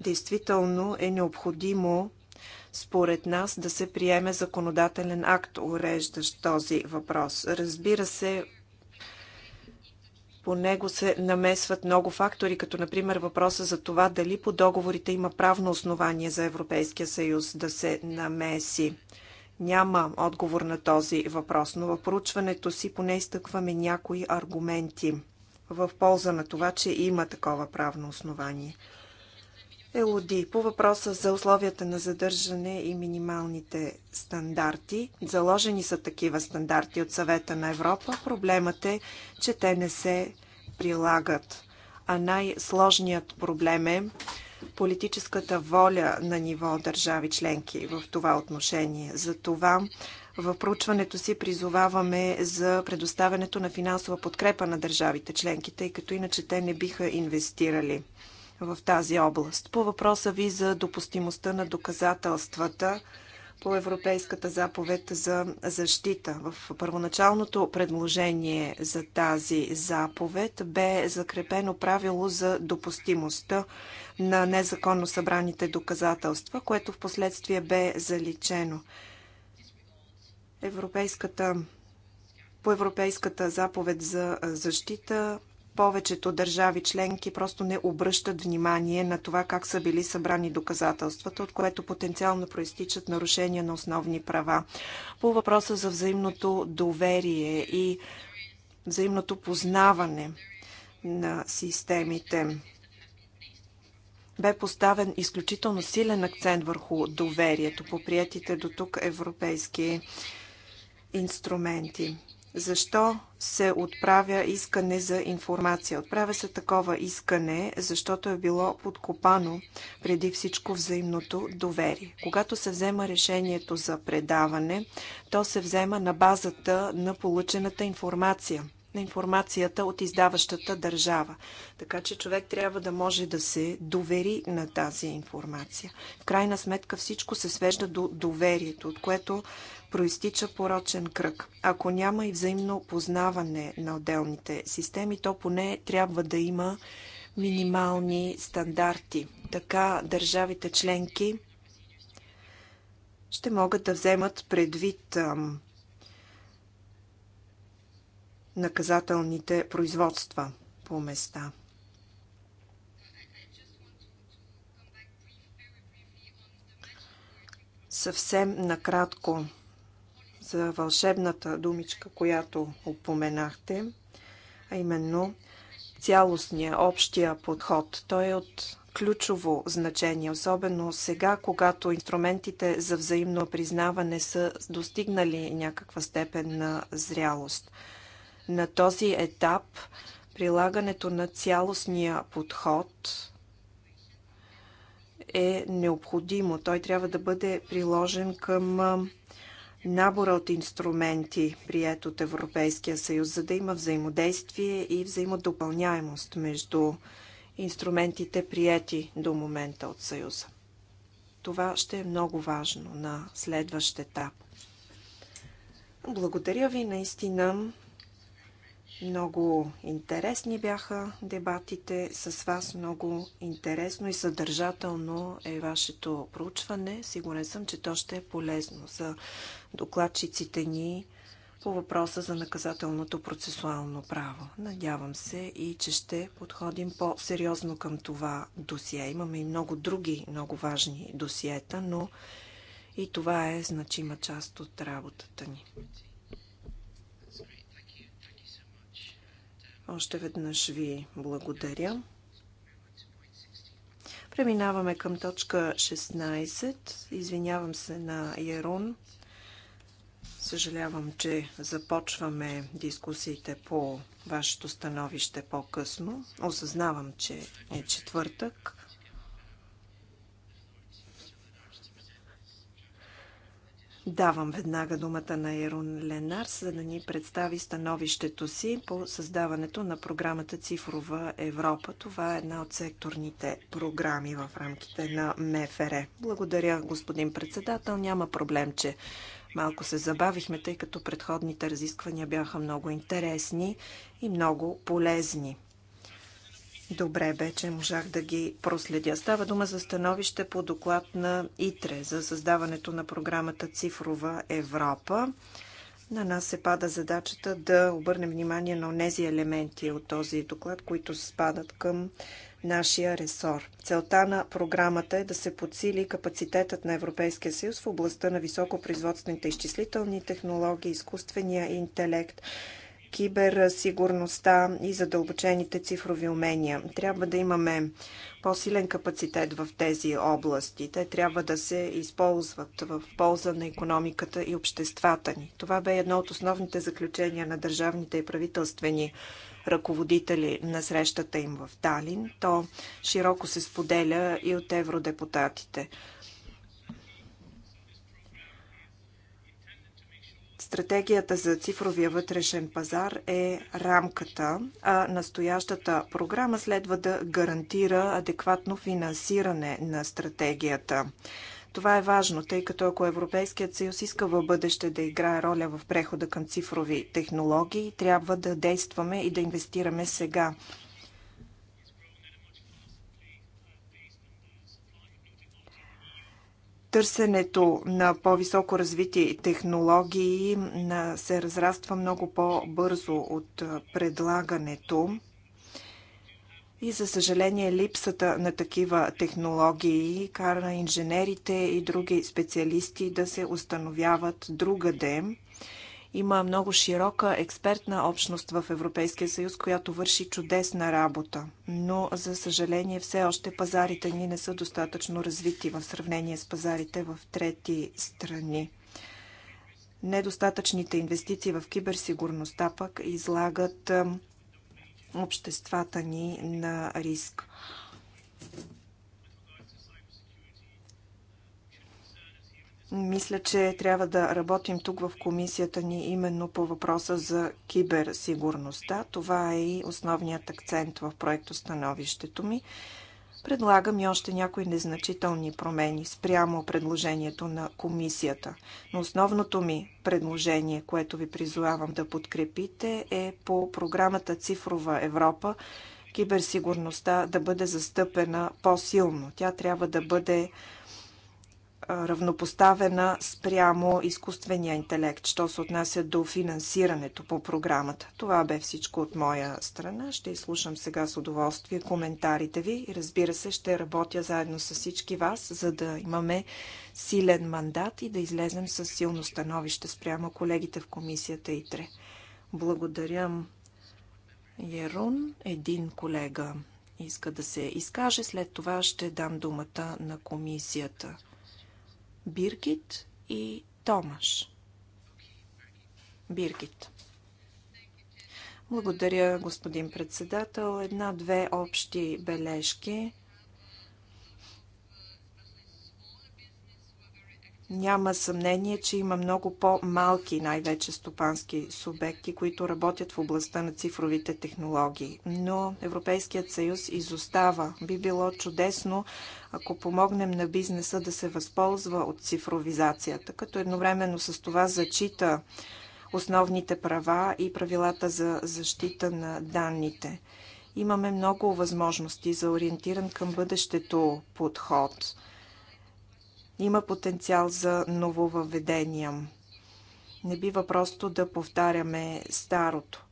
Действително е необходимо според нас да се приеме законодателен акт, уреждащ този въпрос. Разбира се, по него се намесват много фактори, като например въпроса за това дали по договорите има правно основание за Европейския съюз да се намеси. Няма отговор на този въпрос, но в проучването си поне изтъкваме някои аргументи в полза на това, че има такова правно основание. Елоди, по въпроса за условията на задържане и минималните стандарти. Заложени са такива стандарти от съвета на Европа. Проблемът е, че те не се прилагат. А най-сложният проблем е, политическата воля на ниво държави членки в това отношение. За това в проучването си призоваваме за предоставянето на финансова подкрепа на държавите членките, тъй като иначе те не биха инвестирали в тази област. По въпроса ви за допустимостта на доказателствата по Европейската заповед за защита. В първоначалното предложение за тази заповед бе закрепено правило за допустимостта на незаконно събраните доказателства, което в последствие бе заличено. Европейската, по Европейската заповед за защита повечето държави членки просто не обръщат внимание на това как са били събрани доказателствата, от което потенциално проистичат нарушения на основни права. По въпроса за взаимното доверие и взаимното познаване на системите бе поставен изключително силен акцент върху доверието по приятите до тук европейски инструменти. Защо се отправя искане за информация? Отправя се такова искане, защото е било подкопано преди всичко взаимното доверие. Когато се взема решението за предаване, то се взема на базата на получената информация на информацията от издаващата държава. Така че човек трябва да може да се довери на тази информация. В крайна сметка всичко се свежда до доверието, от което проистича порочен кръг. Ако няма и взаимно познаване на отделните системи, то поне трябва да има минимални стандарти. Така държавите членки ще могат да вземат предвид наказателните производства по места. Съвсем накратко за вълшебната думичка, която упоменахте, а именно цялостния, общия подход. Той е от ключово значение, особено сега, когато инструментите за взаимно признаване са достигнали някаква степен на зрялост – на този етап прилагането на цялостния подход е необходимо. Той трябва да бъде приложен към набора от инструменти, прият от Европейския съюз, за да има взаимодействие и взаимодопълняемост между инструментите, прияти до момента от съюза. Това ще е много важно на следващ етап. Благодаря ви наистина много интересни бяха дебатите с вас. Много интересно и съдържателно е вашето проучване. Сигурен съм, че то ще е полезно за докладчиците ни по въпроса за наказателното процесуално право. Надявам се и, че ще подходим по-сериозно към това досие. Имаме и много други много важни досиета, но и това е значима част от работата ни. Още веднъж ви благодаря. Преминаваме към точка 16. Извинявам се на Ярун. Съжалявам, че започваме дискусиите по вашето становище по-късно. Осъзнавам, че е четвъртък. Давам веднага думата на Ерун Ленар, за да ни представи становището си по създаването на програмата Цифрова Европа. Това е една от секторните програми в рамките на МФР. Благодаря, господин председател. Няма проблем, че малко се забавихме, тъй като предходните разисквания бяха много интересни и много полезни. Добре вече можах да ги проследя. Става дума за становище по доклад на ИТРЕ за създаването на програмата Цифрова Европа. На нас се пада задачата да обърнем внимание на тези елементи от този доклад, които спадат към нашия ресор. Целта на програмата е да се подсили капацитетът на Европейския съюз в областта на високопроизводствените изчислителни технологии, изкуствения интелект, киберсигурността и задълбочените цифрови умения. Трябва да имаме по-силен капацитет в тези области. Те трябва да се използват в полза на економиката и обществата ни. Това бе едно от основните заключения на държавните и правителствени ръководители на срещата им в Талин. То широко се споделя и от евродепутатите. Стратегията за цифровия вътрешен пазар е рамката, а настоящата програма следва да гарантира адекватно финансиране на стратегията. Това е важно, тъй като ако Европейският съюз иска в бъдеще да играе роля в прехода към цифрови технологии, трябва да действаме и да инвестираме сега. търсенето на по-високо развити технологии се разраства много по-бързо от предлагането. И за съжаление липсата на такива технологии кара инженерите и други специалисти да се установяват другаде. Има много широка експертна общност в Европейския съюз, която върши чудесна работа. Но, за съжаление, все още пазарите ни не са достатъчно развити в сравнение с пазарите в трети страни. Недостатъчните инвестиции в киберсигурността пък излагат обществата ни на риск. Мисля, че трябва да работим тук в комисията ни именно по въпроса за киберсигурността. Това е и основният акцент в проекто становището ми. Предлагам и още някои незначителни промени спрямо предложението на комисията. Но основното ми предложение, което ви призовавам да подкрепите, е по програмата Цифрова Европа киберсигурността да бъде застъпена по-силно. Тя трябва да бъде равнопоставена спрямо изкуствения интелект, що се отнася до финансирането по програмата. Това бе всичко от моя страна. Ще изслушам сега с удоволствие коментарите ви и разбира се ще работя заедно с всички вас, за да имаме силен мандат и да излезем с силно становище спрямо колегите в комисията ИТРЕ. Благодаря Ерун, един колега иска да се изкаже. След това ще дам думата на комисията. Биргит и Томаш. Биргит. Благодаря, господин председател. Една-две общи бележки. Няма съмнение, че има много по-малки, най-вече стопански субекти, които работят в областта на цифровите технологии. Но Европейският съюз изостава. Би било чудесно, ако помогнем на бизнеса да се възползва от цифровизацията, като едновременно с това зачита основните права и правилата за защита на данните. Имаме много възможности за ориентиран към бъдещето подход – има потенциал за нововъведения. Не бива просто да повтаряме старото.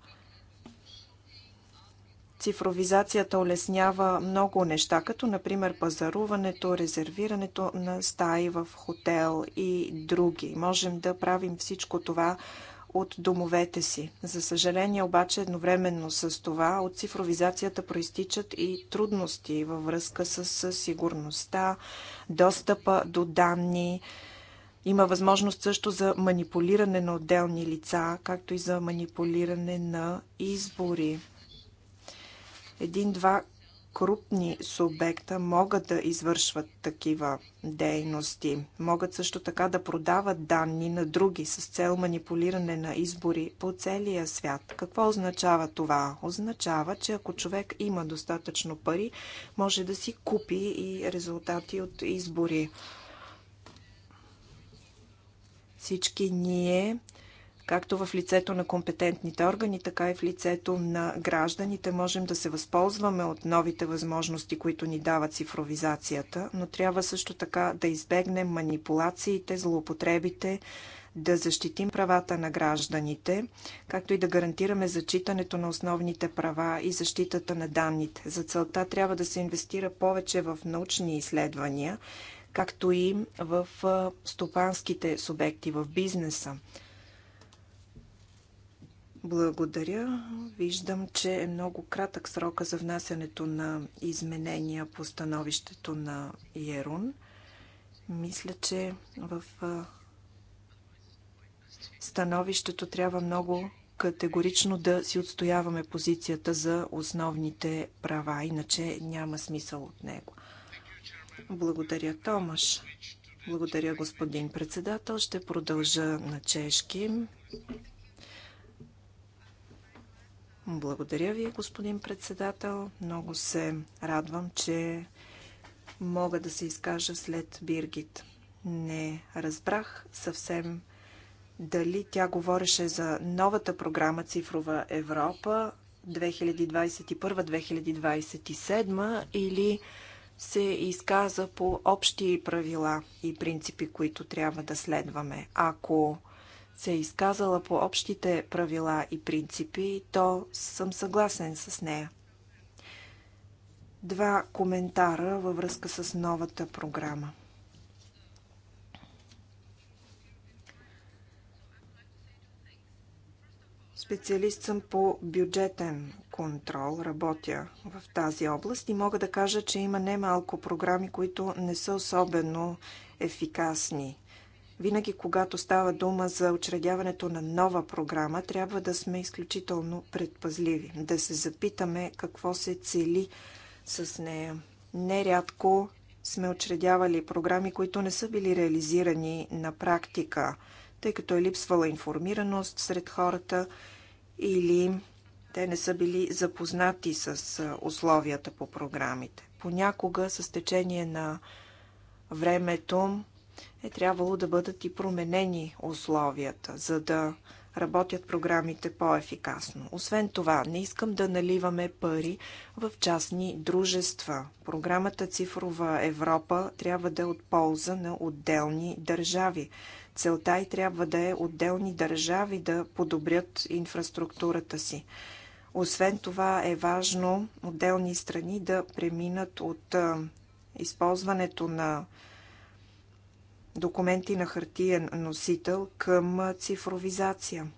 Цифровизацията улеснява много неща, като например пазаруването, резервирането на стаи в хотел и други. Можем да правим всичко това от домовете си. За съжаление обаче едновременно с това от цифровизацията проистичат и трудности във връзка с сигурността, достъпа до данни. Има възможност също за манипулиране на отделни лица, както и за манипулиране на избори. Един-два крупни субекта могат да извършват такива дейности. Могат също така да продават данни на други с цел манипулиране на избори по целия свят. Какво означава това? Означава, че ако човек има достатъчно пари, може да си купи и резултати от избори. Всички ние както в лицето на компетентните органи, така и в лицето на гражданите. Можем да се възползваме от новите възможности, които ни дава цифровизацията, но трябва също така да избегнем манипулациите, злоупотребите, да защитим правата на гражданите, както и да гарантираме зачитането на основните права и защитата на данните. За целта трябва да се инвестира повече в научни изследвания, както и в стопанските субекти, в бизнеса. Благодаря. Виждам, че е много кратък срока за внасянето на изменения по становището на Ерун. Мисля, че в становището трябва много категорично да си отстояваме позицията за основните права, иначе няма смисъл от него. Благодаря, Томаш. Благодаря, господин председател. Ще продължа на чешки. Благодаря ви, господин председател. Много се радвам, че мога да се изкажа след Биргит. Не разбрах съвсем дали тя говореше за новата програма Цифрова Европа 2021-2027 или се изказа по общи правила и принципи, които трябва да следваме. Ако се е изказала по общите правила и принципи, то съм съгласен с нея. Два коментара във връзка с новата програма. Специалист съм по бюджетен контрол, работя в тази област и мога да кажа, че има немалко програми, които не са особено ефикасни винаги, когато става дума за учредяването на нова програма, трябва да сме изключително предпазливи, да се запитаме какво се цели с нея. Нерядко сме учредявали програми, които не са били реализирани на практика, тъй като е липсвала информираност сред хората или те не са били запознати с условията по програмите. Понякога с течение на времето е трябвало да бъдат и променени условията, за да работят програмите по-ефикасно. Освен това, не искам да наливаме пари в частни дружества. Програмата Цифрова Европа трябва да е от полза на отделни държави. Целта и трябва да е отделни държави да подобрят инфраструктурата си. Освен това е важно отделни страни да преминат от използването на документи на хартиен носител към цифровизация.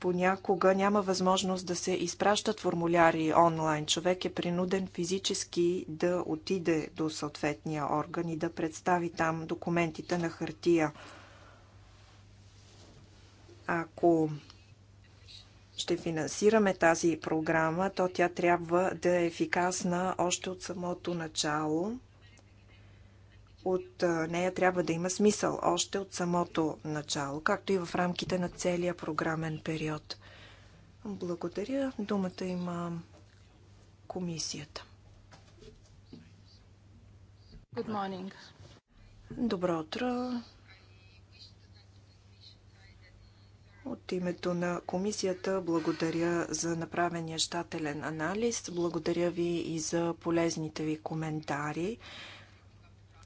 Понякога няма възможност да се изпращат формуляри онлайн. Човек е принуден физически да отиде до съответния орган и да представи там документите на хартия. Ако ще финансираме тази програма, то тя трябва да е ефикасна още от самото начало от нея трябва да има смисъл още от самото начало, както и в рамките на целия програмен период. Благодаря. Думата има комисията. Good morning. Добро утро. От името на комисията благодаря за направения щателен анализ. Благодаря ви и за полезните ви коментари.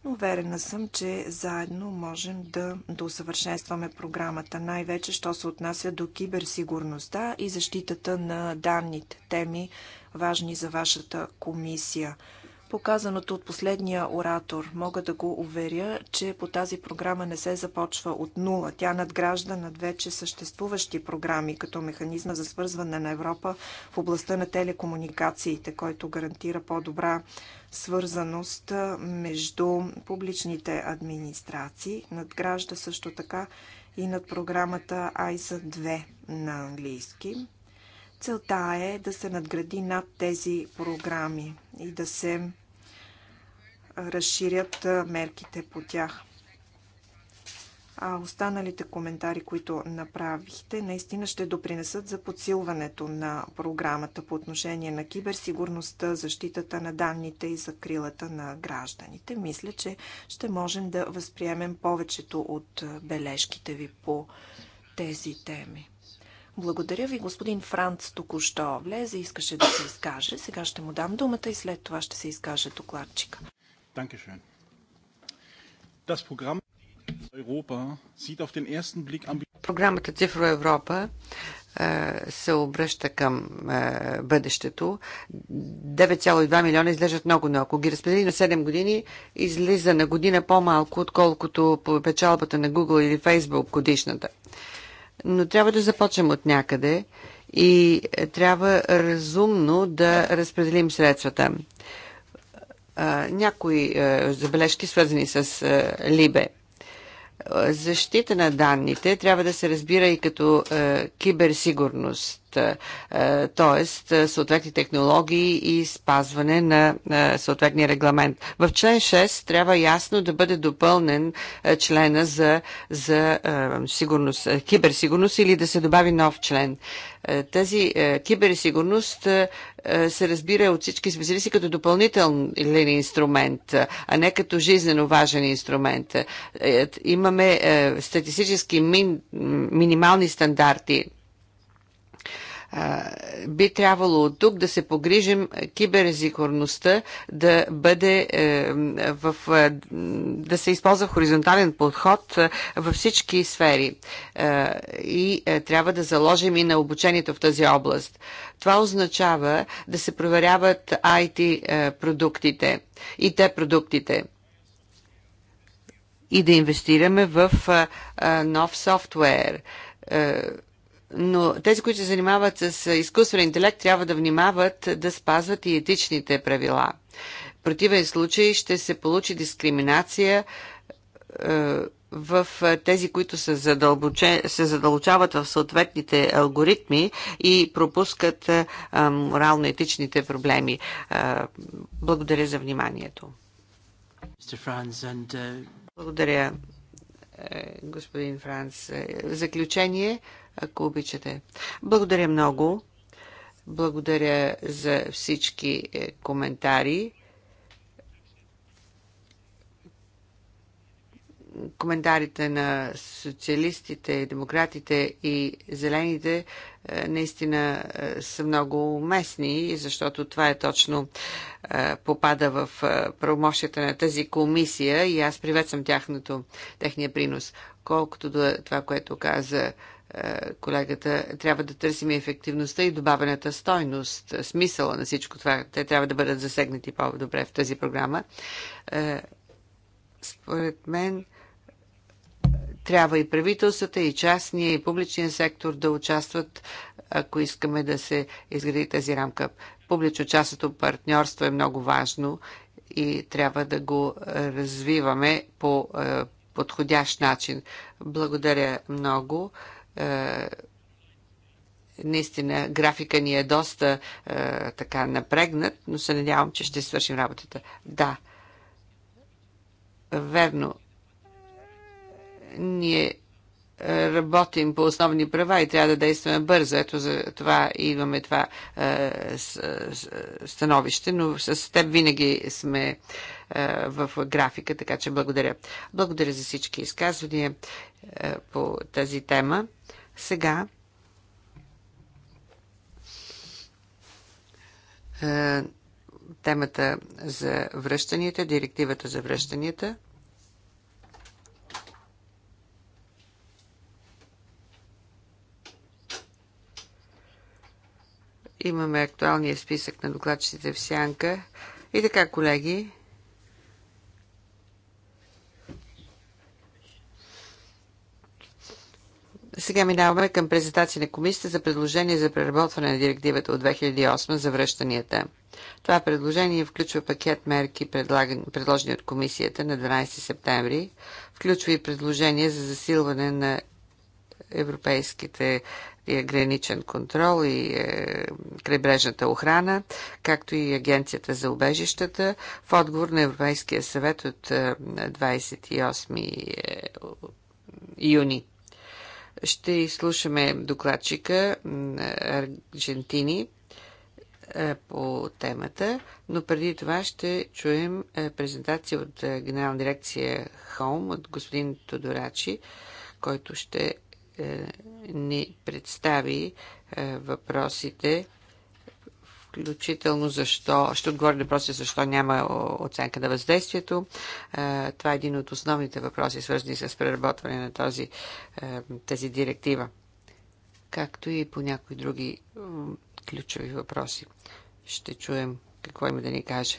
Уверена съм, че заедно можем да, да усъвършенстваме програмата, най-вече, що се отнася до киберсигурността и защитата на данните, теми важни за вашата комисия показаното от последния оратор. Мога да го уверя, че по тази програма не се започва от нула. Тя надгражда над вече съществуващи програми, като механизма за свързване на Европа в областта на телекомуникациите, който гарантира по-добра свързаност между публичните администрации. Надгражда също така и над програмата ISA 2 на английски. Целта е да се надгради над тези програми и да се разширят мерките по тях. А останалите коментари, които направихте, наистина ще допринесат за подсилването на програмата по отношение на киберсигурността, защитата на данните и закрилата на гражданите. Мисля, че ще можем да възприемем повечето от бележките ви по тези теми. Благодаря ви, господин Франц току-що влезе, искаше да се изкаже. Сега ще му дам думата и след това ще се изкаже докладчика. Dankeschön. Das Programm Europa sieht auf den ersten Blick Програмата Цифро Европа е, се обръща към е, бъдещето. 9,2 милиона излежат много, но ако ги разпредели на 7 години, излиза на година по-малко, отколкото по печалбата на Google или Facebook годишната. Но трябва да започнем от някъде и е, трябва разумно да разпределим средствата някои е, забележки, свързани с е, Либе. Е, защита на данните трябва да се разбира и като киберсигурност т.е. Е, съответни технологии и спазване на е, съответния регламент. В член 6 трябва ясно да бъде допълнен е, члена за, за сигурност, киберсигурност или да се добави нов член. Тази киберсигурност се разбира от всички специалисти като допълнителен инструмент, а не като жизнено важен инструмент. Имаме статистически мин, минимални стандарти би трябвало от тук да се погрижим киберзикурността да бъде е, в, е, да се използва хоризонтален подход е, във всички сфери и трябва да заложим и на обучението в тази област. Това означава да се проверяват IT продуктите и те продуктите и да инвестираме в нов софтуер но тези, които се занимават с изкуствен интелект, трябва да внимават да спазват и етичните правила. В противен случай ще се получи дискриминация в тези, които се, задълбоче, се задълбочават в съответните алгоритми и пропускат морално-етичните проблеми. Благодаря за вниманието. Uh, благодаря, е, господин Франц. Е, в заключение, ако обичате. Благодаря много. Благодаря за всички е, коментари. коментарите на социалистите, демократите и зелените е, наистина е, са много уместни, защото това е точно попада в правомощията на тази комисия и аз приветствам тяхното, техния принос. Колкото до това, което каза колегата, трябва да търсим ефективността и добавената стойност, смисъла на всичко това. Те трябва да бъдат засегнати по-добре в тази програма. Е, според мен е, трябва и правителствата, и частния, и публичния сектор да участват, ако искаме да се изгради тази рамка. Публично-частното партньорство е много важно и трябва да го развиваме по е, подходящ начин. Благодаря много. Е, наистина графика ни е доста е, така напрегнат, но се надявам, че ще свършим работата. Да, верно. Ние работим по основни права и трябва да действаме бързо. Ето за това имаме това е, е, е становище, но с теб винаги сме е, в графика, така че благодаря. Благодаря за всички изказвания е, по тази тема. Сега е, темата за връщанията, директивата за връщанията. Имаме актуалния списък на докладчиците в сянка. И така, колеги, Сега минаваме към презентация на комисията за предложение за преработване на директивата от 2008 за връщанията. Това предложение включва пакет мерки, предложени от комисията на 12 септември. Включва и предложение за засилване на европейските е, граничен контрол и е, крайбрежната охрана, както и Агенцията за убежищата в отговор на Европейския съвет от е, 28 е, юни. Ще изслушаме докладчика Аргентини е, по темата, но преди това ще чуем е, презентация от е, Генерална дирекция Холм от господин Тодорачи, който ще ни представи въпросите включително защо, ще отговоря на въпроси защо няма оценка на въздействието. Е, това е един от основните въпроси, свързани с преработване на този, е, тази директива, както и по някои други ключови въпроси. Ще чуем какво има да ни каже.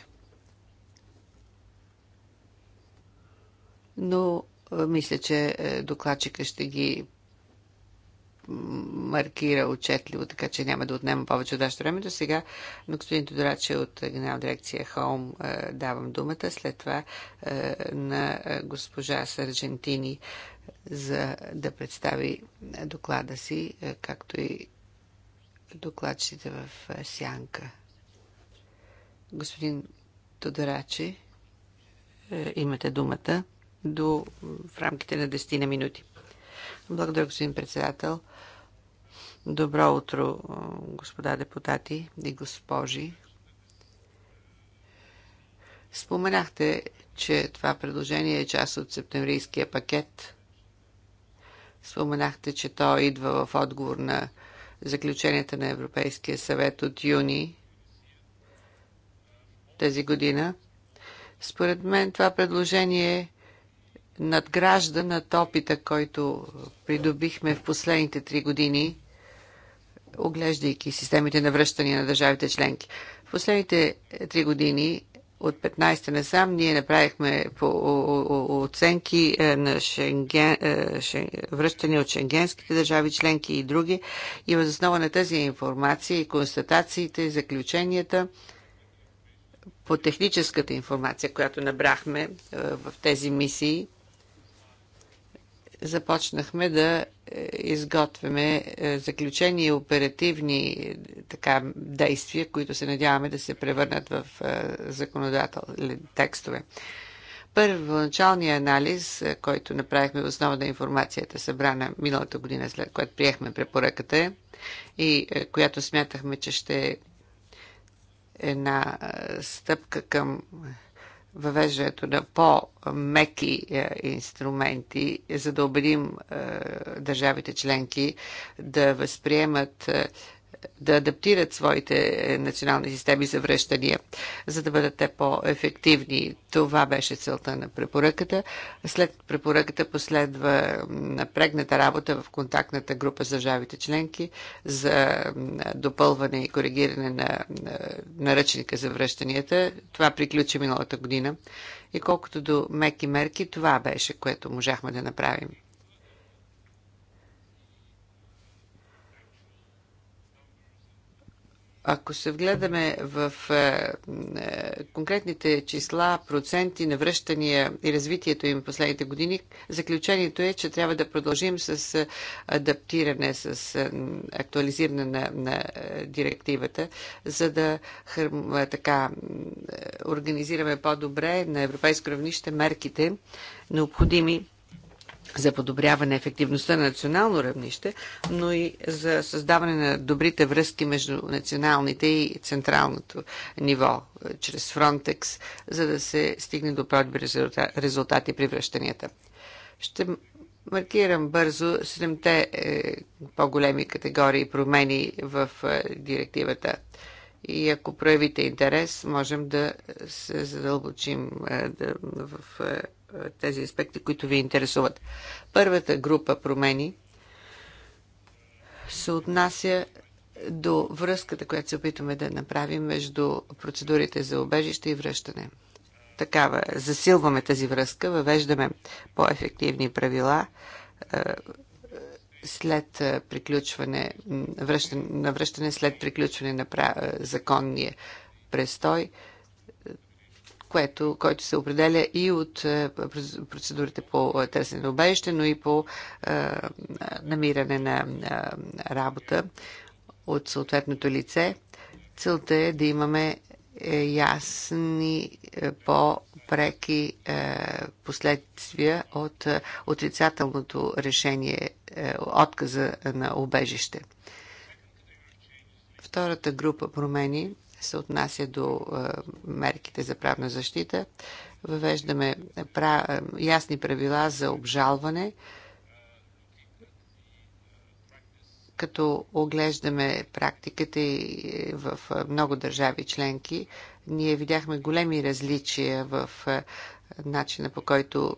Но е, мисля, че докладчика ще ги маркира отчетливо, така че няма да отнема повече от вашето време. До сега на господин Тодораче от Генерал дирекция Хом е, давам думата, след това е, на госпожа Сарджентини за да представи доклада си, е, както и докладчите в Сянка. Господин Тодорачи, имате думата до, в рамките на 10 на минути. Благодаря, господин председател. Добро утро, господа депутати и госпожи. Споменахте, че това предложение е част от септемврийския пакет. Споменахте, че то идва в отговор на заключенията на Европейския съвет от юни тази година. Според мен това предложение надгражда над опита, който придобихме в последните три години – оглеждайки системите на връщане на държавите членки. В последните е, три години от 15-та насам ние направихме по оценки е, на Шенген, е, шен, връщане от шенгенските държави членки и други. И въз основа на тази информация и констатациите, заключенията по техническата информация, която набрахме в тези мисии, започнахме да е, изготвяме е, заключения и оперативни е, така, действия, които се надяваме да се превърнат в законодателни текстове. Първоначалният анализ, който направихме в основа на информацията, събрана миналата година, след което приехме препоръката и която смятахме, че ще е една стъпка към въвеждането на по-меки е, инструменти, за да убедим е, държавите членки да възприемат е, да адаптират своите национални системи за връщания, за да бъдат те по-ефективни. Това беше целта на препоръката. След препоръката последва напрегната работа в контактната група с държавите членки за допълване и коригиране на наръчника за връщанията. Това приключи миналата година. И колкото до меки мерки, това беше, което можахме да направим. Ако се вгледаме в е, е, конкретните числа, проценти на връщания и развитието им в последните години, заключението е, че трябва да продължим с е, адаптиране, с актуализиране на, на директивата, за да така организираме по-добре на европейско равнище мерките, необходими за подобряване ефективността на национално равнище, но и за създаване на добрите връзки между националните и централното ниво, е, чрез Фронтекс, за да се стигне до по-добри резултати при връщанията. Ще маркирам бързо седемте е, по-големи категории промени в е, директивата. И ако проявите интерес, можем да се задълбочим да, в. Е, тези аспекти, които ви интересуват. Първата група промени се отнася до връзката, която се опитваме да направим между процедурите за обежище и връщане. Такава, засилваме тази връзка, въвеждаме по-ефективни правила е, след е, приключване, връщане, на връщане след приключване на законния престой – което, който се определя и от е, процедурите по е, търсене на убежище, но и по е, намиране на работа от съответното лице. Целта е да имаме ясни, по-преки последствия от отрицателното решение, отказа на убежище. Втората група промени – се отнася до мерките за правна защита. Въвеждаме ясни правила за обжалване, като оглеждаме практиката и е, в много държави членки, ние видяхме големи различия в начина по който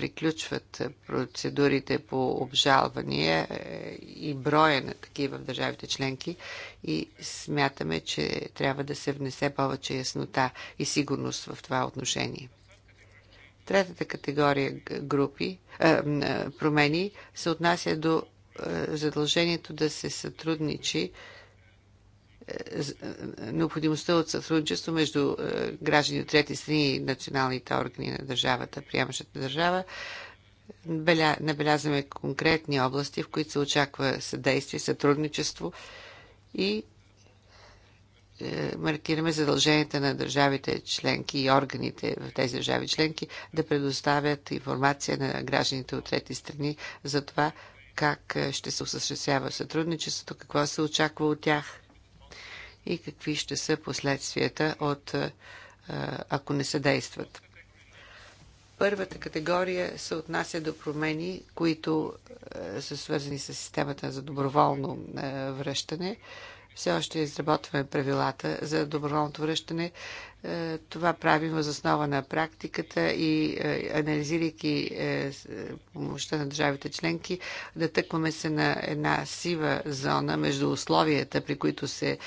приключват процедурите по обжалвания е, и броя на такива в държавите членки и смятаме, че трябва да се внесе повече яснота и сигурност в това отношение. Третата категория групи, промени се отнася до задължението да се сътрудничи е, е, необходимостта от сътрудничество между е, граждани от трети страни и националните органи на държавата, приемащата държава, набелязваме конкретни области, в които се очаква съдействие, сътрудничество и маркираме задълженията на държавите членки и органите в тези държави членки да предоставят информация на гражданите от трети страни за това как ще се осъществява сътрудничеството, какво се очаква от тях и какви ще са последствията от ако не се действат. Първата категория се отнася до промени, които са свързани с системата за доброволно връщане. Все още изработваме правилата за доброволното връщане. Е, това правим въз основа на практиката и е, анализирайки е, помощта на държавите членки, да тъкваме се на една сива зона между условията, при които се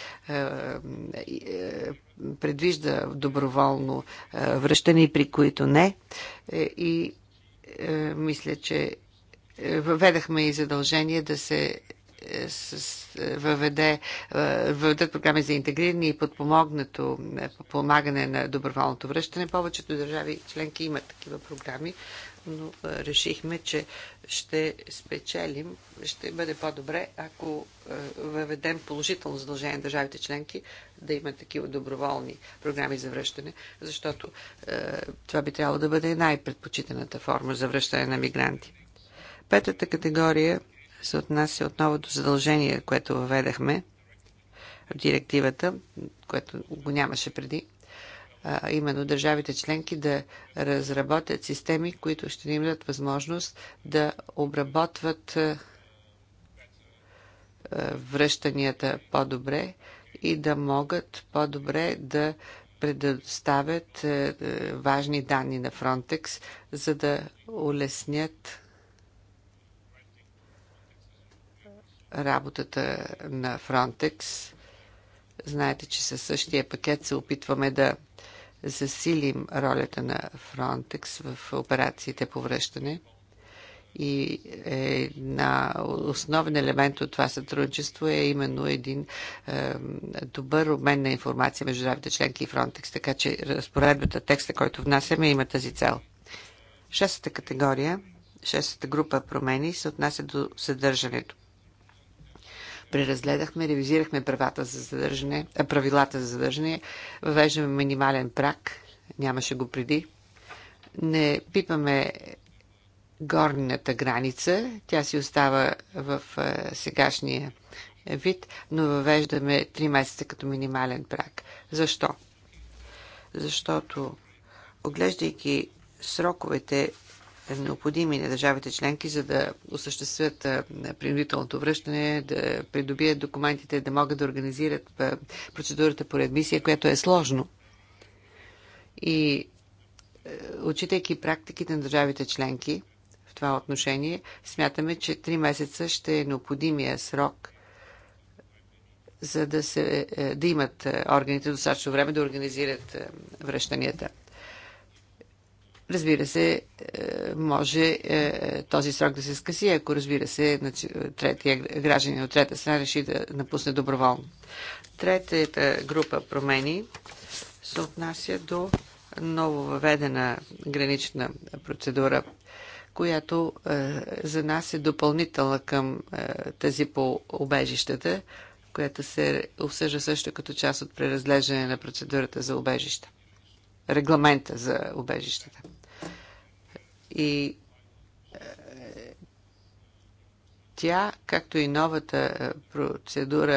предвижда доброволно връщане и при които не. И мисля, че въведахме и задължение да се е, е, въведе, е, въведат програми за интегриране и подпомогнато помагане на доброволното връщане. Повечето държави членки имат такива програми, но решихме, че ще спечелим, ще бъде по-добре, ако въведем положително задължение на държавите членки да имат такива доброволни програми за връщане, защото това би трябвало да бъде най-предпочитаната форма за връщане на мигранти. Петата категория – се отнася отново до задължение, което въведахме в директивата, което го нямаше преди, а именно държавите членки да разработят системи, които ще им дадат възможност да обработват връщанията по-добре и да могат по-добре да предоставят важни данни на Фронтекс, за да улеснят работата на Фронтекс. Знаете, че със същия пакет се опитваме да засилим ролята на Фронтекс в операциите по връщане. И на основен елемент от това сътрудничество е именно един е, добър обмен на информация между държавите членки и Фронтекс, така че разпоредбата, текста, който внасяме, има тази цел. Шестата категория, шестата група промени се отнася до съдържането преразгледахме, ревизирахме правата за задържане, правилата за задържане, въвеждаме минимален прак, нямаше го преди. Не пипаме горната граница, тя си остава в сегашния е, вид, но въвеждаме 3 месеца като минимален прак. Защо? Защото, оглеждайки сроковете е необходими на държавите членки, за да осъществят принудителното връщане, да придобият документите, да могат да организират процедурата по реадмисия, което е сложно. И отчитайки практиките на държавите членки в това отношение, смятаме, че 3 месеца ще е необходимия срок – за да, се, е, да имат органите достатъчно време да организират връщанията. Разбира се, е, може е, този срок да се скъси, ако разбира се, третия гражданин от трета страна реши да напусне доброволно. Третата група промени се отнася до ново въведена гранична процедура, която е, за нас е допълнителна към тази по обежищата, която се обсъжда също като част от преразглеждане на процедурата за обежища регламента за убежищата. И е, тя, както и новата е, процедура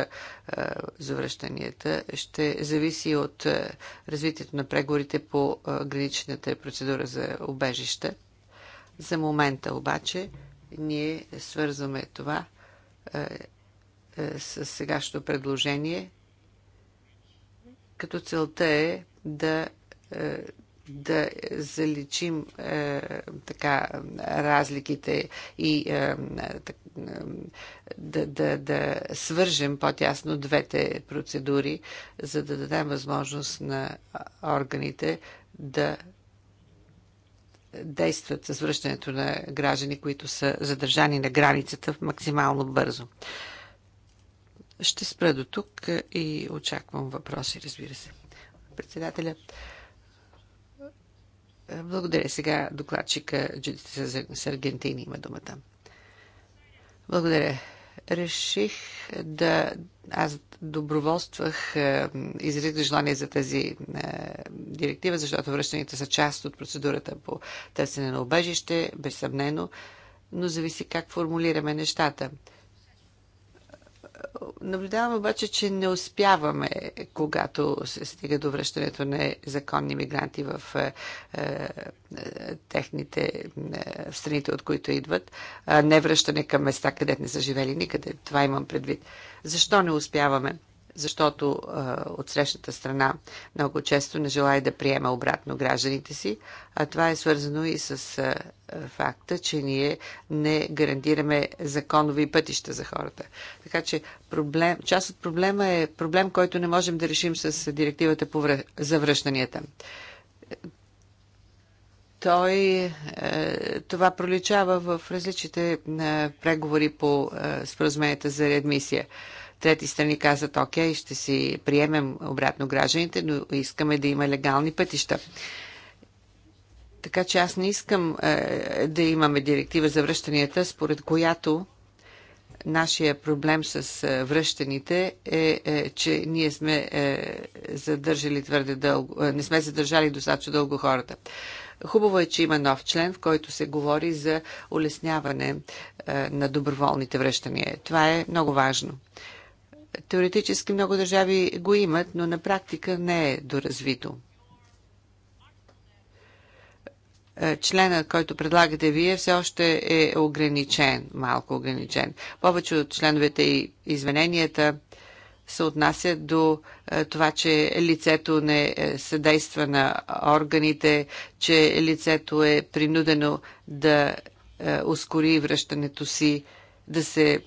е, за връщанията, ще зависи от развитието на преговорите по граничната процедура за убежища. За момента обаче ние свързваме това с сегашното предложение, като целта е да е, да заличим е, така разликите и е, да, да, да свържем по-тясно двете процедури, за да дадем възможност на органите да действат с връщането на граждани, които са задържани на границата максимално бързо. Ще спра до тук и очаквам въпроси, разбира се. Председателя. Благодаря. Сега докладчика с Аргентини има думата. Благодаря. Реших да... Аз доброволствах, е, изразих желание за тази е, директива, защото връщаните са част от процедурата по търсене на убежище, безсъмнено, но зависи как формулираме нещата. Наблюдавам обаче, че не успяваме, когато се стига до връщането на законни мигранти в е, е, техните е, страните, от които идват, а не връщане към места, където не са живели никъде. Това имам предвид. Защо не успяваме? защото а, от срещната страна много често не желая да приема обратно гражданите си, а това е свързано и с а, факта, че ние не гарантираме законови пътища за хората. Така че проблем, част от проблема е проблем, който не можем да решим с директивата по връ... за връщанията. Той, е, това проличава в различните е, преговори по е, споразуменията за реадмисия трети страни казват, окей, ще си приемем обратно гражданите, но искаме да има легални пътища. Така че аз не искам е, да имаме директива за връщанията, според която нашия проблем с е, връщаните е, е, че ние сме е, задържали твърде дълго, е, не сме задържали достатъчно дълго хората. Хубаво е, че има нов член, в който се говори за улесняване е, на доброволните връщания. Това е много важно. Теоретически много държави го имат, но на практика не е доразвито. Е, Членът, който предлагате вие, все още е ограничен, малко ограничен. Повече от членовете и извиненията се отнасят до е, това, че лицето не е, съдейства на органите, че лицето е принудено да ускори връщането си, да се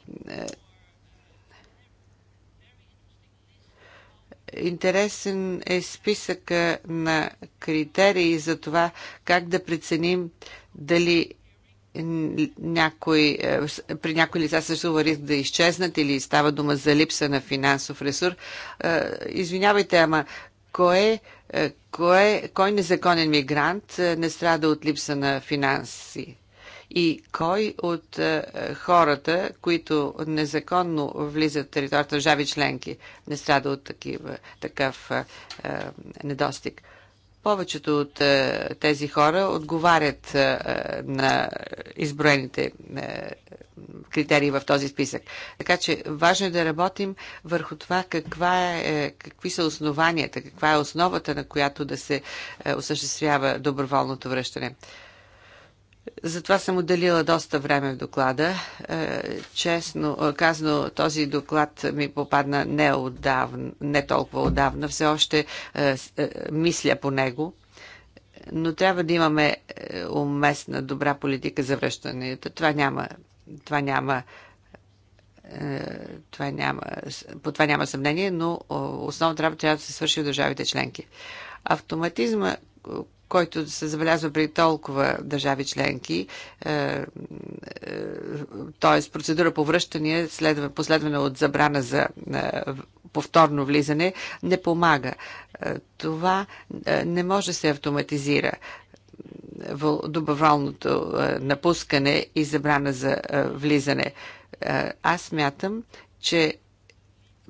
интересен е списъка на критерии за това как да преценим дали някой, е, при някои лица съществува риск да изчезнат или става дума за липса на финансов ресурс. Е, извинявайте, ама кое, е, кое, кой незаконен мигрант не страда от липса на финанси? и кой от е, хората, които незаконно влизат в територията държави членки, не страда от такива, такъв е, е, недостиг. Повечето от тези хора отговарят на изброените критерии в този списък. Така че важно е да работим върху това каква е, какви са основанията, каква е основата, на която да се осъществява доброволното връщане. Затова съм отделила доста време в доклада. Е, честно е, казано, този доклад ми попадна не, отдавна, не толкова отдавна. Все още е, мисля по него. Но трябва да имаме уместна, добра политика за връщането. Това няма, това няма това няма, по това няма съмнение, но основно трябва, трябва да се свърши от държавите членки. Автоматизма, който се забелязва при толкова държави членки, т.е. Е, процедура по връщане, последвана от забрана за е, повторно влизане, не помага. Е, това не може да се автоматизира доброволното напускане и забрана за влизане. Аз мятам, че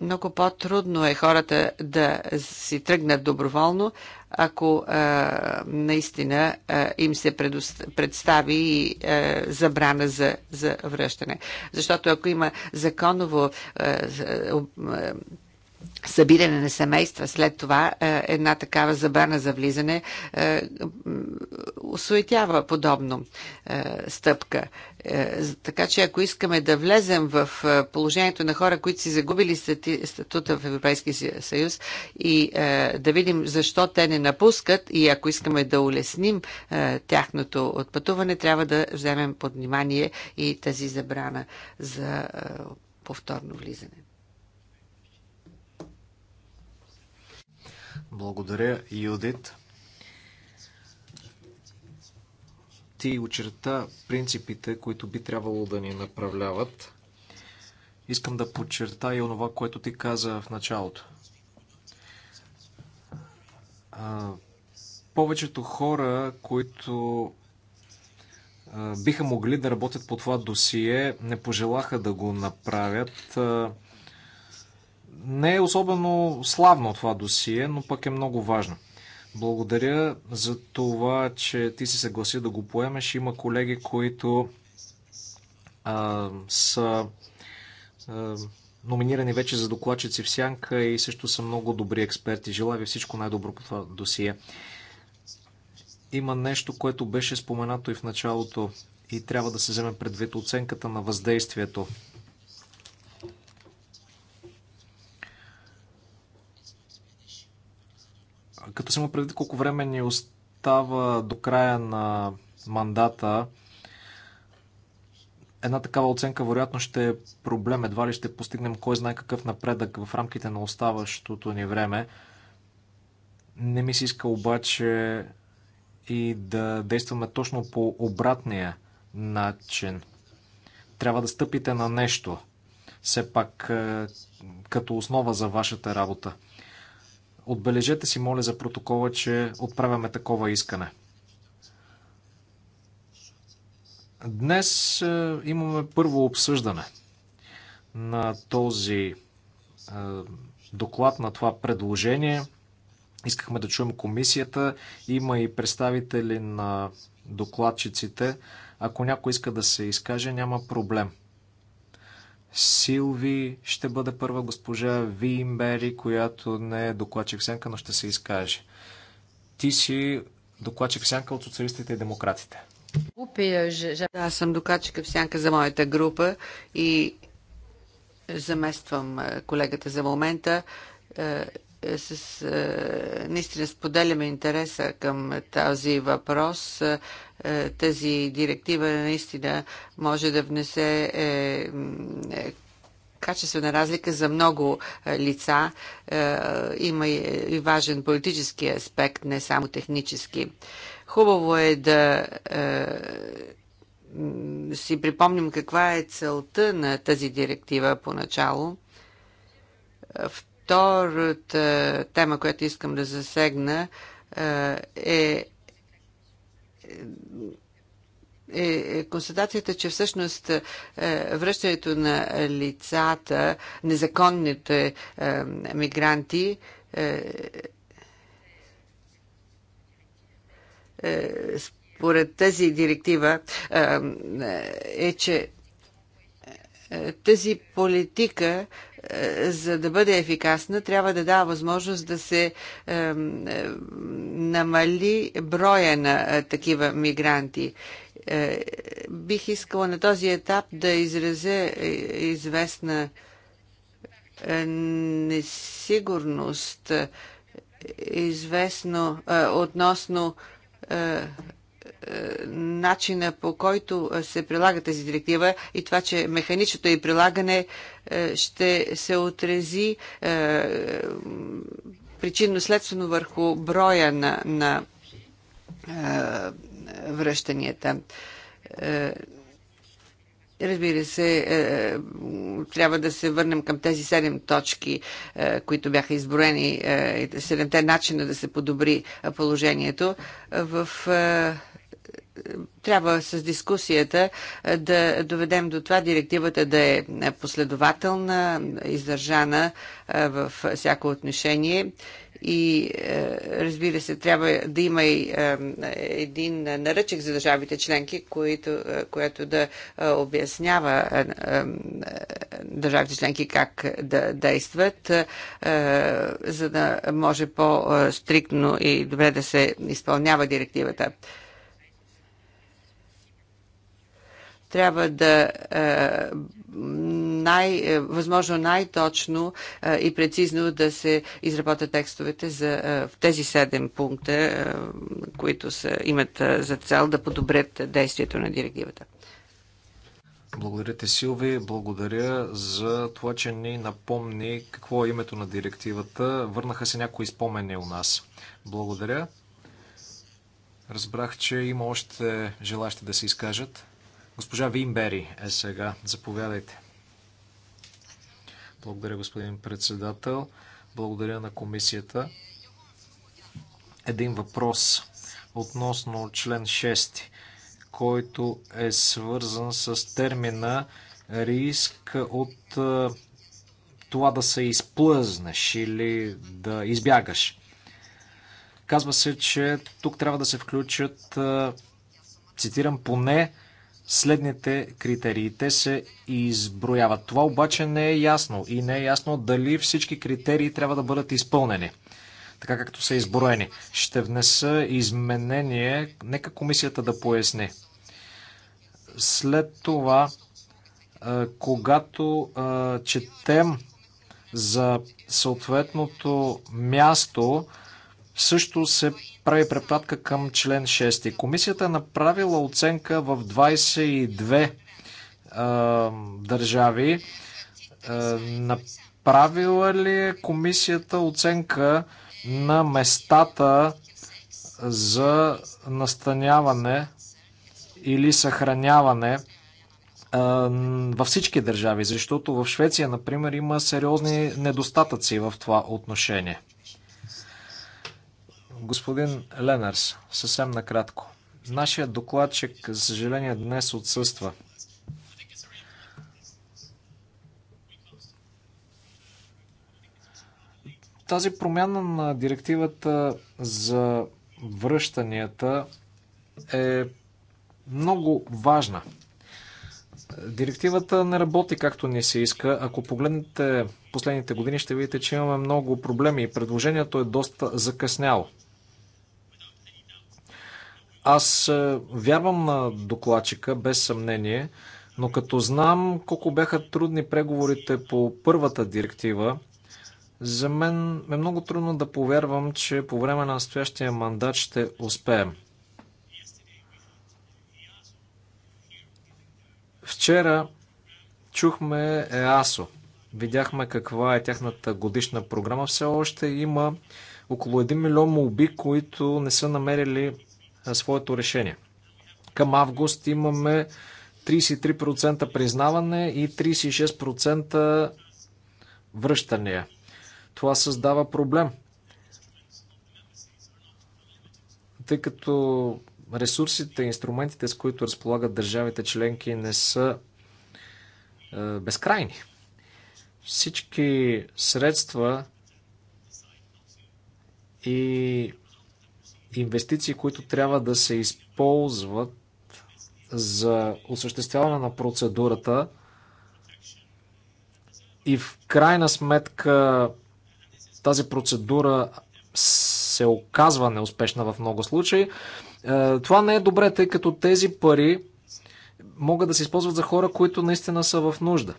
много по-трудно е хората да си тръгнат доброволно, ако а, наистина а, им се представи и а, забрана за, за връщане. Защото ако има законово а, а, събиране на семейства, след това е, една такава забрана за влизане е, осуетява подобно е, стъпка. Така че ако искаме да влезем в положението на хора, които си загубили статута в Европейския съюз и да видим защо те не напускат и ако искаме да улесним тяхното отпътуване, трябва да вземем под внимание и тази забрана за повторно влизане. Благодаря, Юдит. Ти очерта принципите, които би трябвало да ни направляват. Искам да подчертая и онова, което ти каза в началото. А, повечето хора, които биха могли да работят по това досие, не пожелаха да го направят. Не е особено славно това досие, но пък е много важно. Благодаря за това, че ти си съгласи да го поемеш. Има колеги, които а, са а, номинирани вече за докладчици в Сянка и също са много добри експерти. Желая ви всичко най-добро по това досие. Има нещо, което беше споменато и в началото и трябва да се вземе предвид оценката на въздействието Като се му преди колко време ни остава до края на мандата, една такава оценка вероятно ще е проблем. Едва ли ще постигнем кой знае какъв напредък в рамките на оставащото ни време. Не ми се иска обаче и да действаме точно по обратния начин. Трябва да стъпите на нещо, все пак е, като основа за вашата работа. Отбележете си, моля, за протокола, че отправяме такова искане. Днес е, имаме първо обсъждане на този е, доклад, на това предложение. Искахме да чуем комисията. Има и представители на докладчиците. Ако някой иска да се изкаже, няма проблем. Силви ще бъде първа госпожа Вимбери, която не е докладчик сянка, но ще се изкаже. Ти си докладчик сянка от социалистите и демократите. Е, аз съм докладчик в сянка за моята група и замествам е, колегата за момента е, е, с, е, наистина споделяме интереса към този въпрос. Е, тази директива наистина може да внесе качествена разлика за много лица. Има и важен политически аспект, не само технически. Хубаво е да си припомним каква е целта на тази директива поначало. В Втората тема, която искам да засегна е, е е констатацията, че всъщност връщането на лицата, незаконните мигранти, е. според тази директива е, че е, тази политика, е, за да бъде ефикасна, трябва да дава възможност да се е, намали броя на такива мигранти бих искала на този етап да изразя известна несигурност, известно относно начина по който се прилага тази директива и това, че механичното и прилагане ще се отрези причинно-следствено върху броя на, на връщанията. Разбира се, трябва да се върнем към тези седем точки, които бяха изброени, седемте начина да се подобри положението. В трябва с дискусията е, да доведем до това директивата да е последователна, издържана е, в всяко отношение и е, разбира се, трябва да има и един наръчик за държавите членки, което, което да обяснява държавите членки как да действат, за да може по-стриктно и добре да се изпълнява директивата. трябва да е, най, е, възможно най-точно е, и прецизно да се изработят текстовете за в тези седем пункта, които са, имат за цел да подобрят действието на директивата. Благодаря ти, Силви. Благодаря за това, че ни напомни какво е името на директивата. Върнаха се някои спомени у нас. Благодаря. Разбрах, че има още желащи да се изкажат. Госпожа Вимбери е сега. Заповядайте. Благодаря, господин председател. Благодаря на комисията. Един въпрос относно член 6, който е свързан с термина риск от това да се изплъзнеш или да избягаш. Казва се, че тук трябва да се включат, цитирам, поне следните критерии. Те се изброяват. Това обаче не е ясно и не е ясно дали всички критерии трябва да бъдат изпълнени така както са изброени. Ще внеса изменение, нека комисията да поясни. След това, когато четем за съответното място, също се прави препратка към член 6. Комисията е направила оценка в 22 държави. Направила ли е комисията оценка на местата за настаняване или съхраняване във всички държави? Защото в Швеция, например, има сериозни недостатъци в това отношение. Господин Ленърс, съвсем накратко. Нашия докладчик, за съжаление, днес отсъства. Тази промяна на директивата за връщанията е много важна. Директивата не работи както ни се иска. Ако погледнете последните години, ще видите, че имаме много проблеми и предложението е доста закъсняло. Аз е, вярвам на докладчика, без съмнение, но като знам колко бяха трудни преговорите по първата директива, за мен е много трудно да повярвам, че по време на настоящия мандат ще успеем. Вчера чухме ЕАСО. Видяхме каква е тяхната годишна програма. Все още има около 1 милион молби, които не са намерили своето решение. Към август имаме 33% признаване и 36% връщания. Това създава проблем, тъй като ресурсите, инструментите, с които разполагат държавите членки, не са е, безкрайни. Всички средства и инвестиции, които трябва да се използват за осъществяване на процедурата и в крайна сметка тази процедура се оказва неуспешна в много случаи. Е, това не е добре, тъй като тези пари могат да се използват за хора, които наистина са в нужда.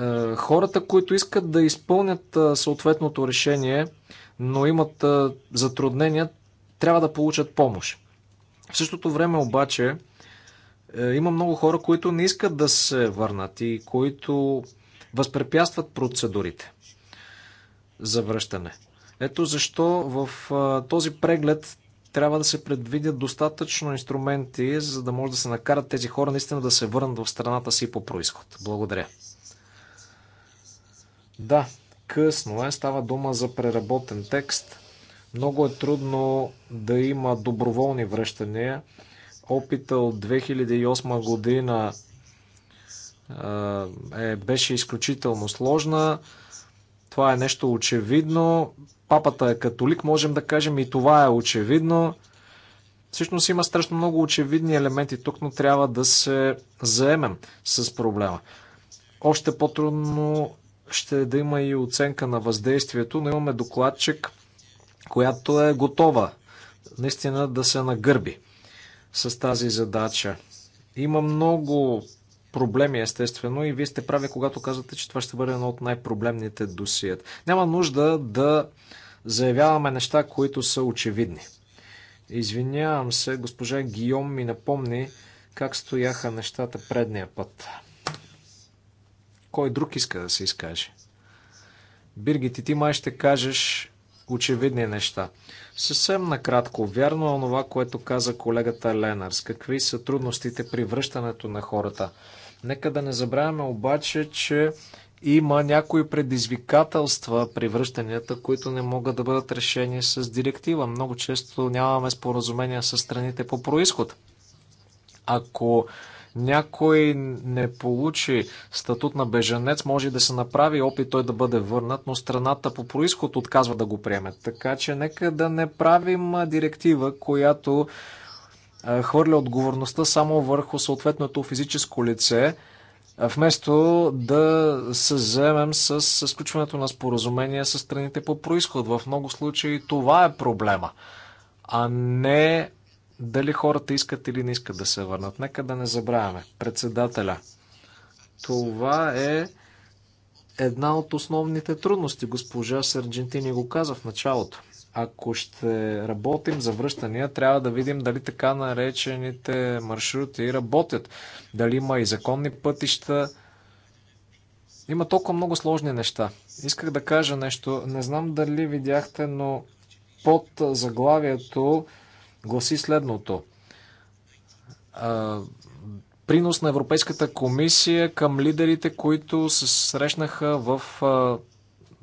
Е, хората, които искат да изпълнят е, съответното решение, но имат е, затруднения, трябва да получат помощ. В същото време обаче има много хора, които не искат да се върнат и които възпрепятстват процедурите за връщане. Ето защо в този преглед трябва да се предвидят достатъчно инструменти, за да може да се накарат тези хора наистина да се върнат в страната си по происход. Благодаря. Да, късно е, става дума за преработен текст. Много е трудно да има доброволни връщания. Опита от 2008 година е, беше изключително сложна. Това е нещо очевидно. Папата е католик, можем да кажем и това е очевидно. Всъщност има страшно много очевидни елементи тук, но трябва да се заемем с проблема. Още по-трудно ще е да има и оценка на въздействието, но имаме докладчик, която е готова наистина да се нагърби с тази задача. Има много проблеми, естествено, и вие сте прави, когато казвате, че това ще бъде едно от най-проблемните досият. Няма нужда да заявяваме неща, които са очевидни. Извинявам се, госпожа Гиом ми напомни как стояха нещата предния път. Кой друг иска да се изкаже? Биргит, и ти май ще кажеш очевидни неща. Съвсем накратко, вярно е онова, което каза колегата Ленарс. Какви са трудностите при връщането на хората? Нека да не забравяме обаче, че има някои предизвикателства при връщанията, които не могат да бъдат решени с директива. Много често нямаме споразумения с страните по происход. Ако някой не получи статут на беженец, може да се направи опит той да бъде върнат, но страната по происход отказва да го приеме. Така че нека да не правим директива, която хвърля отговорността само върху съответното физическо лице, вместо да се заемем с сключването на споразумения с страните по происход. В много случаи това е проблема, а не дали хората искат или не искат да се върнат. Нека да не забравяме. Председателя. Това е една от основните трудности. Госпожа Сарджентини го каза в началото. Ако ще работим за връщания, трябва да видим дали така наречените маршрути работят. Дали има и законни пътища. Има толкова много сложни неща. Исках да кажа нещо. Не знам дали видяхте, но под заглавието гласи следното. Принос на Европейската комисия към лидерите, които се срещнаха в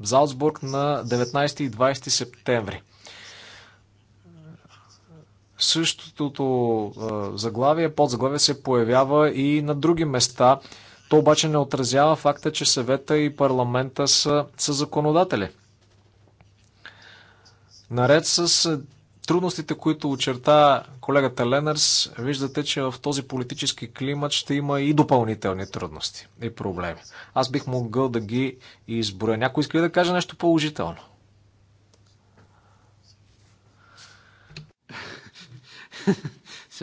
Залцбург на 19 и 20 септември. Същото заглавие, подзаглавие се появява и на други места. То обаче не отразява факта, че съвета и парламента са, са законодатели. Наред с трудностите, които очерта колегата Ленърс, виждате, че в този политически климат ще има и допълнителни трудности и проблеми. Аз бих могъл да ги изброя. Някой иска ли да каже нещо положително?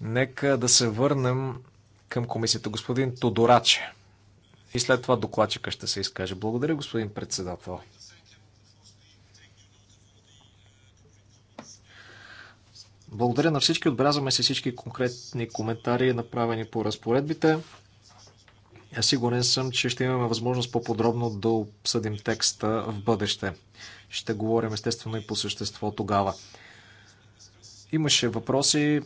Нека да се върнем към комисията. Господин Тодораче. И след това докладчика ще се изкаже. Благодаря, господин председател. Благодаря на всички. Отбелязваме се всички конкретни коментари, направени по разпоредбите. Аз сигурен съм, че ще имаме възможност по-подробно да обсъдим текста в бъдеще. Ще говорим естествено и по същество тогава. Имаше въпроси,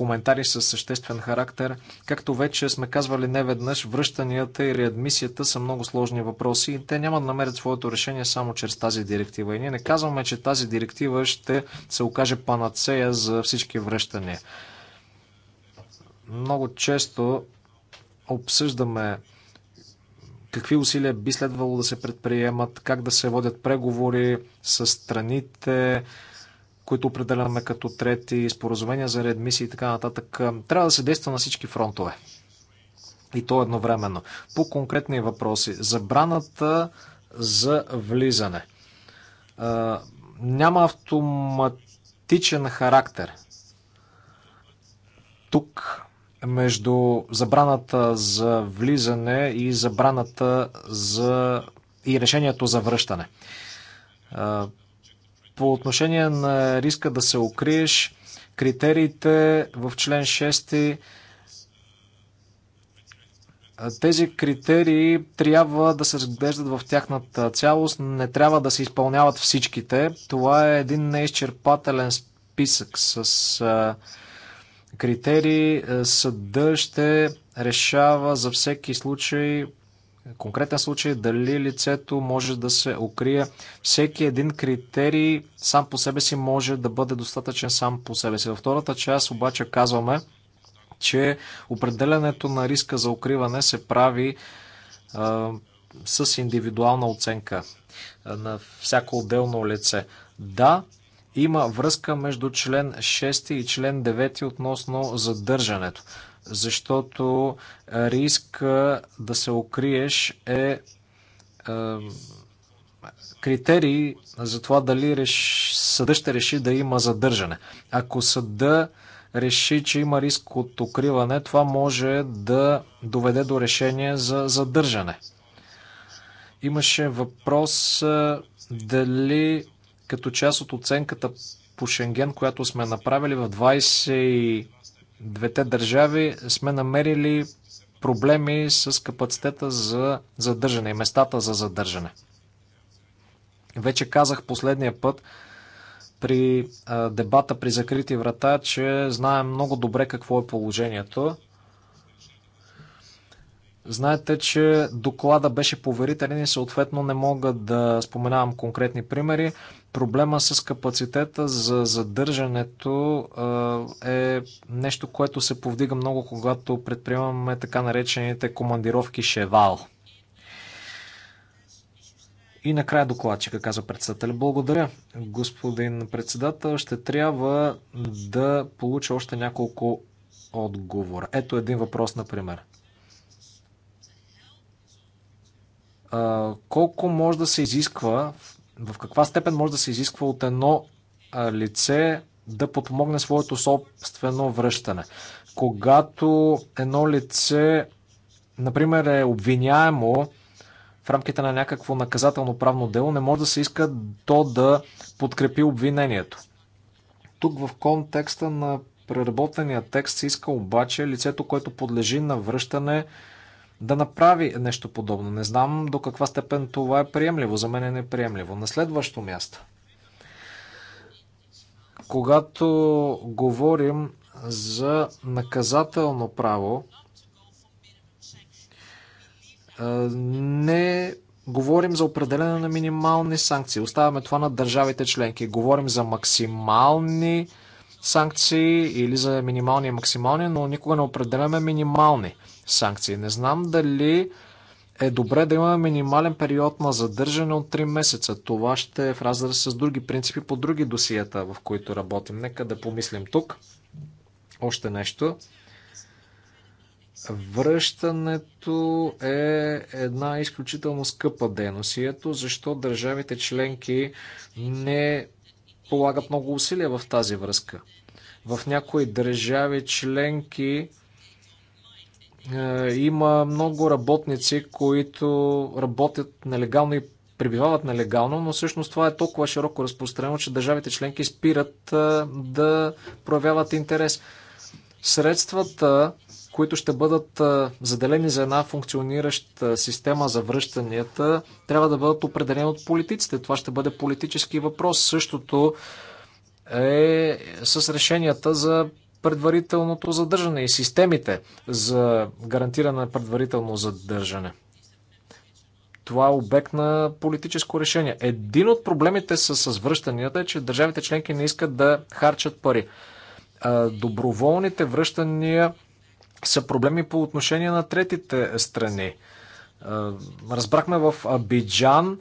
коментари с съществен характер. Както вече сме казвали неведнъж, връщанията и реадмисията са много сложни въпроси и те няма да намерят своето решение само чрез тази директива. И ние не казваме, че тази директива ще се окаже панацея за всички връщания. Много често обсъждаме какви усилия би следвало да се предприемат, как да се водят преговори с страните, които определяме като трети, споразумения за редмисии и така нататък. Трябва да се действа на всички фронтове. И то едновременно. По конкретни въпроси. Забраната за влизане. Няма автоматичен характер. Тук между забраната за влизане и забраната за и решението за връщане. По отношение на риска да се укриеш, критериите в член 6 тези критерии трябва да се разглеждат в тяхната цялост, не трябва да се изпълняват всичките. Това е един неизчерпателен списък с критерии. Съда ще решава за всеки случай конкретен случай е дали лицето може да се укрие. Всеки един критерий сам по себе си може да бъде достатъчен сам по себе си. Във втората част обаче казваме, че определенето на риска за укриване се прави а, с индивидуална оценка на всяко отделно лице. Да, има връзка между член 6 и член 9 относно задържането защото е, риск да се укриеш е, е критерий за това дали съда ще реши да има задържане. Ако съда реши, че има риск от укриване, това може да доведе до решение за задържане. Имаше въпрос е, дали като част от оценката по Шенген, която сме направили в двете държави сме намерили проблеми с капацитета за задържане и местата за задържане. Вече казах последния път при дебата при закрити врата, че знаем много добре какво е положението. Знаете, че доклада беше поверителен и съответно не мога да споменавам конкретни примери проблема с капацитета за задържането е нещо, което се повдига много, когато предприемаме така наречените командировки Шевал. И накрая докладчика, каза председател. Благодаря, господин председател. Ще трябва да получа още няколко отговора. Ето един въпрос, например. колко може да се изисква в каква степен може да се изисква от едно лице да подпомогне своето собствено връщане. Когато едно лице, например, е обвиняемо в рамките на някакво наказателно правно дело, не може да се иска то да подкрепи обвинението. Тук в контекста на преработения текст се иска обаче лицето, което подлежи на връщане, да направи нещо подобно. Не знам до каква степен това е приемливо. За мен е неприемливо. На следващо място. Когато говорим за наказателно право, не говорим за определене на минимални санкции. Оставяме това на държавите членки. Говорим за максимални санкции или за минимални и максимални, но никога не определяме минимални санкции. Не знам дали е добре да имаме минимален период на задържане от 3 месеца. Това ще е в разрез с други принципи по други досията, в които работим. Нека да помислим тук. Още нещо. Връщането е една изключително скъпа дейност. И ето защо държавите членки не полагат много усилия в тази връзка. В някои държави членки е, има много работници, които работят нелегално и пребивават нелегално, но всъщност това е толкова широко разпространено, че държавите членки спират е, да проявяват интерес. Средствата, които ще бъдат е, заделени за една функционираща система за връщанията, трябва да бъдат определени от политиците. Това ще бъде политически въпрос. Същото е с решенията за предварителното задържане и системите за гарантиране на предварително задържане. Това е обект на политическо решение. Един от проблемите с, с връщанията е, че държавите членки не искат да харчат пари. Доброволните връщания са проблеми по отношение на третите страни. Разбрахме в Абиджан,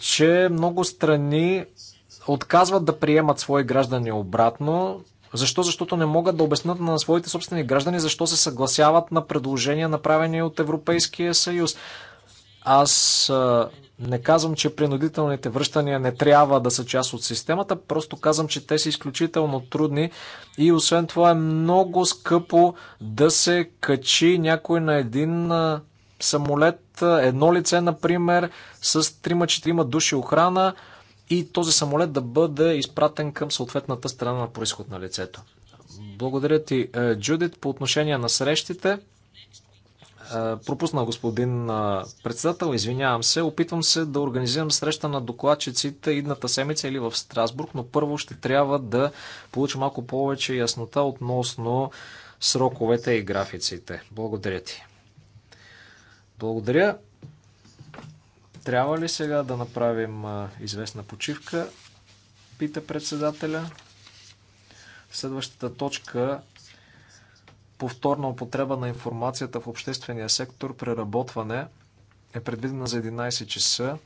че много страни отказват да приемат свои граждани обратно, защо? Защото не могат да обяснат на своите собствени граждани защо се съгласяват на предложения, направени от Европейския съюз. Аз не казвам, че принудителните връщания не трябва да са част от системата, просто казвам, че те са изключително трудни и освен това е много скъпо да се качи някой на един самолет, едно лице, например, с 3-4 души охрана, и този самолет да бъде изпратен към съответната страна на происход на лицето. Благодаря ти, е, Джудит, по отношение на срещите. Е, пропусна господин е, председател, извинявам се. Опитвам се да организирам среща на докладчиците идната седмица или в Страсбург, но първо ще трябва да получа малко повече яснота относно сроковете и графиците. Благодаря ти. Благодаря. Трябва ли сега да направим известна почивка? Пита председателя. Следващата точка повторна употреба на информацията в обществения сектор, преработване е предвидена за 11 часа.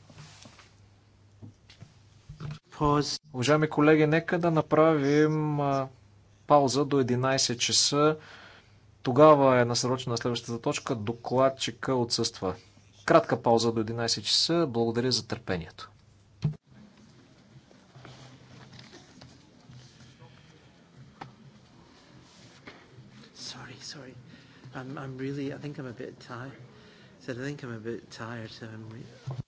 Уважаеми колеги, нека да направим пауза до 11 часа. Тогава е насрочена следващата точка. Докладчика отсъства. Кратка пауза до 11 часа. Благодаря за търпението. Sorry, sorry. I'm, I'm really, I think I'm a bit tired. Said I think I'm a bit tired, so I'm. Re-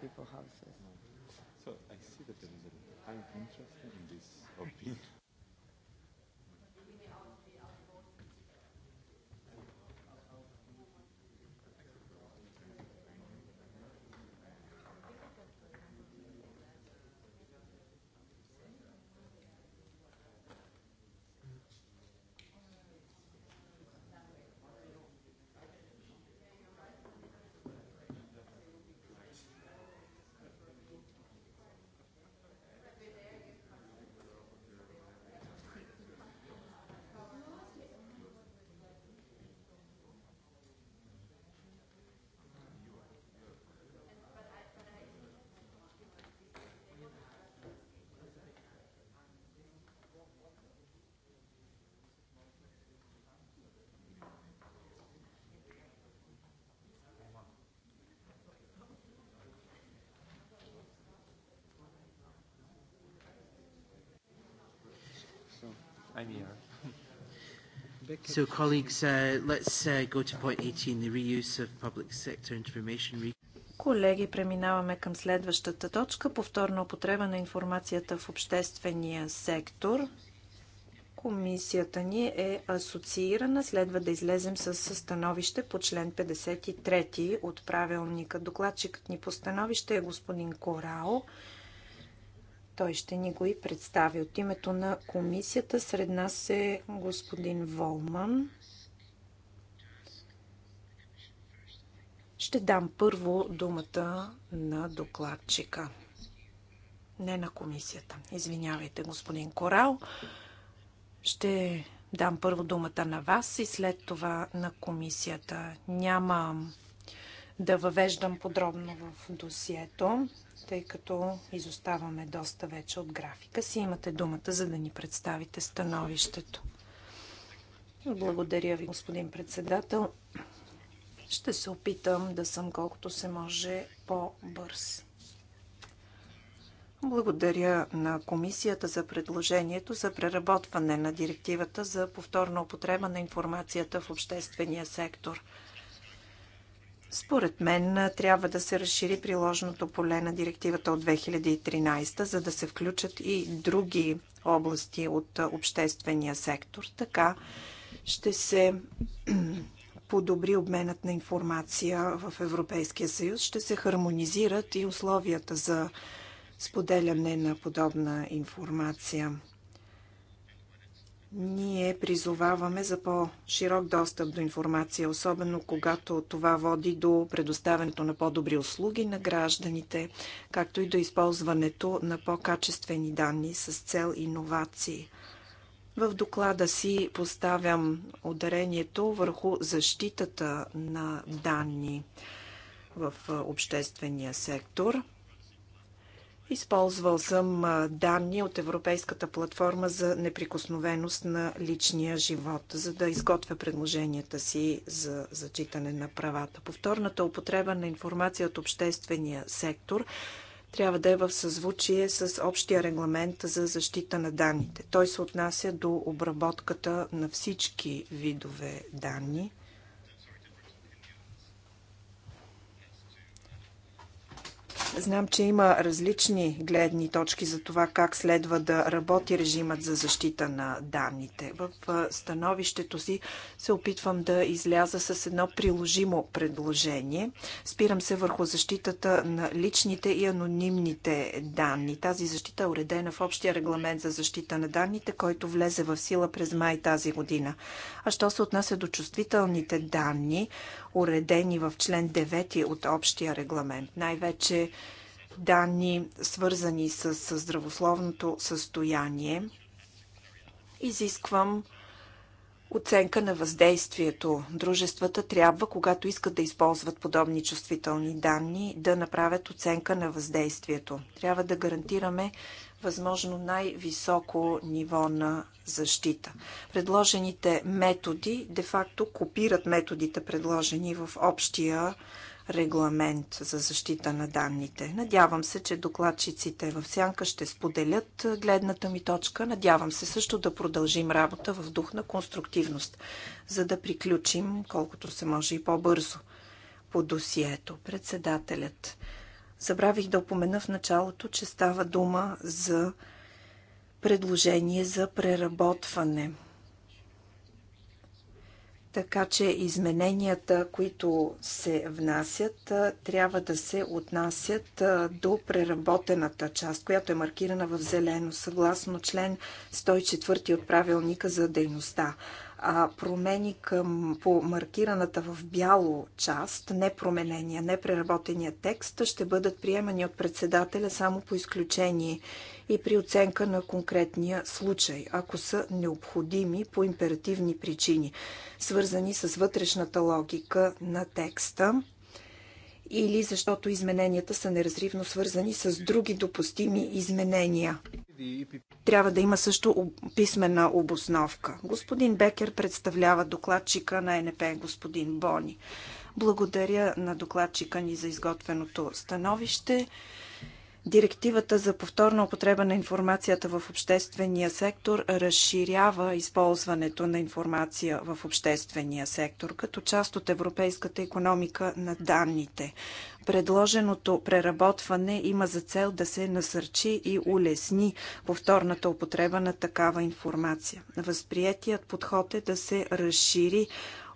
people houses. So I see that there is a I'm interested in this opinion I'm here. So, colleagues, uh, let's uh, go to point 18, the reuse of public sector information. Колеги, преминаваме към следващата точка. Повторна употреба на информацията в обществения сектор. Комисията ни е асоциирана. Следва да излезем с становище по член 53 от правилника. Докладчикът ни по становище е господин Корао. Той ще ни го и представи. От името на комисията сред нас е господин Волман. Ще дам първо думата на докладчика. Не на комисията. Извинявайте, господин Корал. Ще дам първо думата на вас и след това на комисията. Няма да въвеждам подробно в досието, тъй като изоставаме доста вече от графика си. Имате думата, за да ни представите становището. Благодаря ви, господин председател. Ще се опитам да съм колкото се може по-бърз. Благодаря на Комисията за предложението за преработване на директивата за повторна употреба на информацията в обществения сектор – според мен трябва да се разшири приложното поле на директивата от 2013, за да се включат и други области от обществения сектор. Така ще се подобри обменът на информация в Европейския съюз, ще се хармонизират и условията за споделяне на подобна информация. Ние призоваваме за по-широк достъп до информация, особено когато това води до предоставянето на по-добри услуги на гражданите, както и до използването на по-качествени данни с цел иновации. В доклада си поставям ударението върху защитата на данни в обществения сектор – Използвал съм данни от Европейската платформа за неприкосновеност на личния живот, за да изготвя предложенията си за зачитане на правата. Повторната употреба на информация от обществения сектор трябва да е в съзвучие с общия регламент за защита на данните. Той се отнася до обработката на всички видове данни. Знам, че има различни гледни точки за това как следва да работи режимът за защита на данните. В становището си се опитвам да изляза с едно приложимо предложение. Спирам се върху защитата на личните и анонимните данни. Тази защита е уредена в общия регламент за защита на данните, който влезе в сила през май тази година. А що се отнася до чувствителните данни, уредени в член 9 от общия регламент. Най-вече данни, свързани с здравословното състояние. Изисквам оценка на въздействието. Дружествата трябва, когато искат да използват подобни чувствителни данни, да направят оценка на въздействието. Трябва да гарантираме възможно най-високо ниво на защита. Предложените методи де-факто копират методите, предложени в общия регламент за защита на данните. Надявам се, че докладчиците в Сянка ще споделят гледната ми точка. Надявам се също да продължим работа в дух на конструктивност, за да приключим колкото се може и по-бързо по досието. Председателят Забравих да опомена в началото, че става дума за предложение за преработване. Така че измененията, които се внасят, трябва да се отнасят до преработената част, която е маркирана в зелено, съгласно член 104 от правилника за дейността а промени към по маркираната в бяло част, не не преработения текст, ще бъдат приемани от председателя само по изключение и при оценка на конкретния случай, ако са необходими по императивни причини, свързани с вътрешната логика на текста или защото измененията са неразривно свързани с други допустими изменения. Трябва да има също писмена обосновка. Господин Бекер представлява докладчика на НП, господин Бони. Благодаря на докладчика ни за изготвеното становище. Директивата за повторна употреба на информацията в обществения сектор разширява използването на информация в обществения сектор като част от европейската економика на данните. Предложеното преработване има за цел да се насърчи и улесни повторната употреба на такава информация. Възприятият подход е да се разшири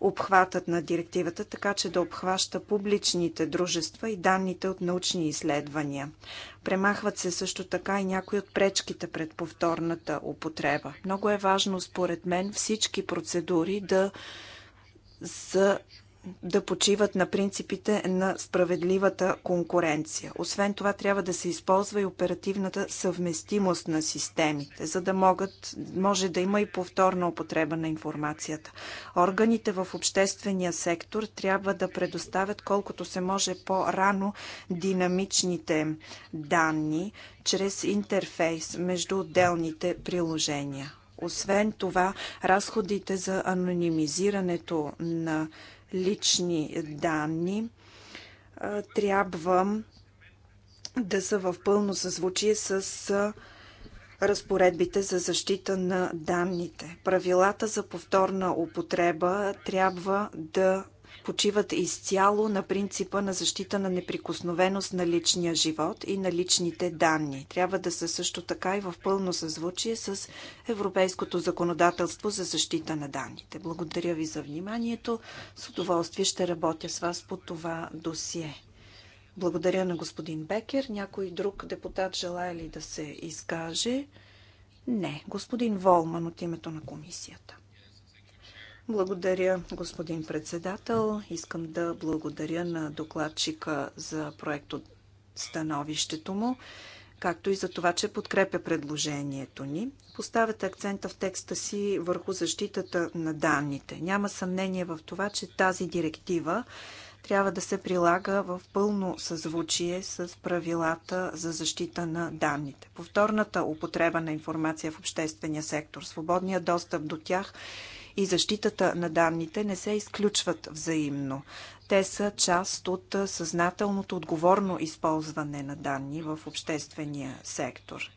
обхватът на директивата, така че да обхваща публичните дружества и данните от научни изследвания. Премахват се също така и някои от пречките пред повторната употреба. Много е важно, според мен, всички процедури да са да почиват на принципите на справедливата конкуренция. Освен това, трябва да се използва и оперативната съвместимост на системите, за да могат, може да има и повторна употреба на информацията. Органите в обществения сектор трябва да предоставят колкото се може по-рано динамичните данни чрез интерфейс между отделните приложения. Освен това, разходите за анонимизирането на лични данни трябва да са в пълно съзвучие с разпоредбите за защита на данните. Правилата за повторна употреба трябва да почиват изцяло на принципа на защита на неприкосновеност на личния живот и на личните данни. Трябва да са също така и в пълно съзвучие с европейското законодателство за защита на данните. Благодаря ви за вниманието. С удоволствие ще работя с вас по това досие. Благодаря на господин Бекер. Някой друг депутат желая ли да се изкаже? Не. Господин Волман от името на комисията. Благодаря, господин председател. Искам да благодаря на докладчика за проект становището му, както и за това, че подкрепя предложението ни. Поставяте акцента в текста си върху защитата на данните. Няма съмнение в това, че тази директива трябва да се прилага в пълно съзвучие с правилата за защита на данните. Повторната употреба на информация в обществения сектор, свободния достъп до тях и защитата на данните не се изключват взаимно. Те са част от съзнателното отговорно използване на данни в обществения сектор.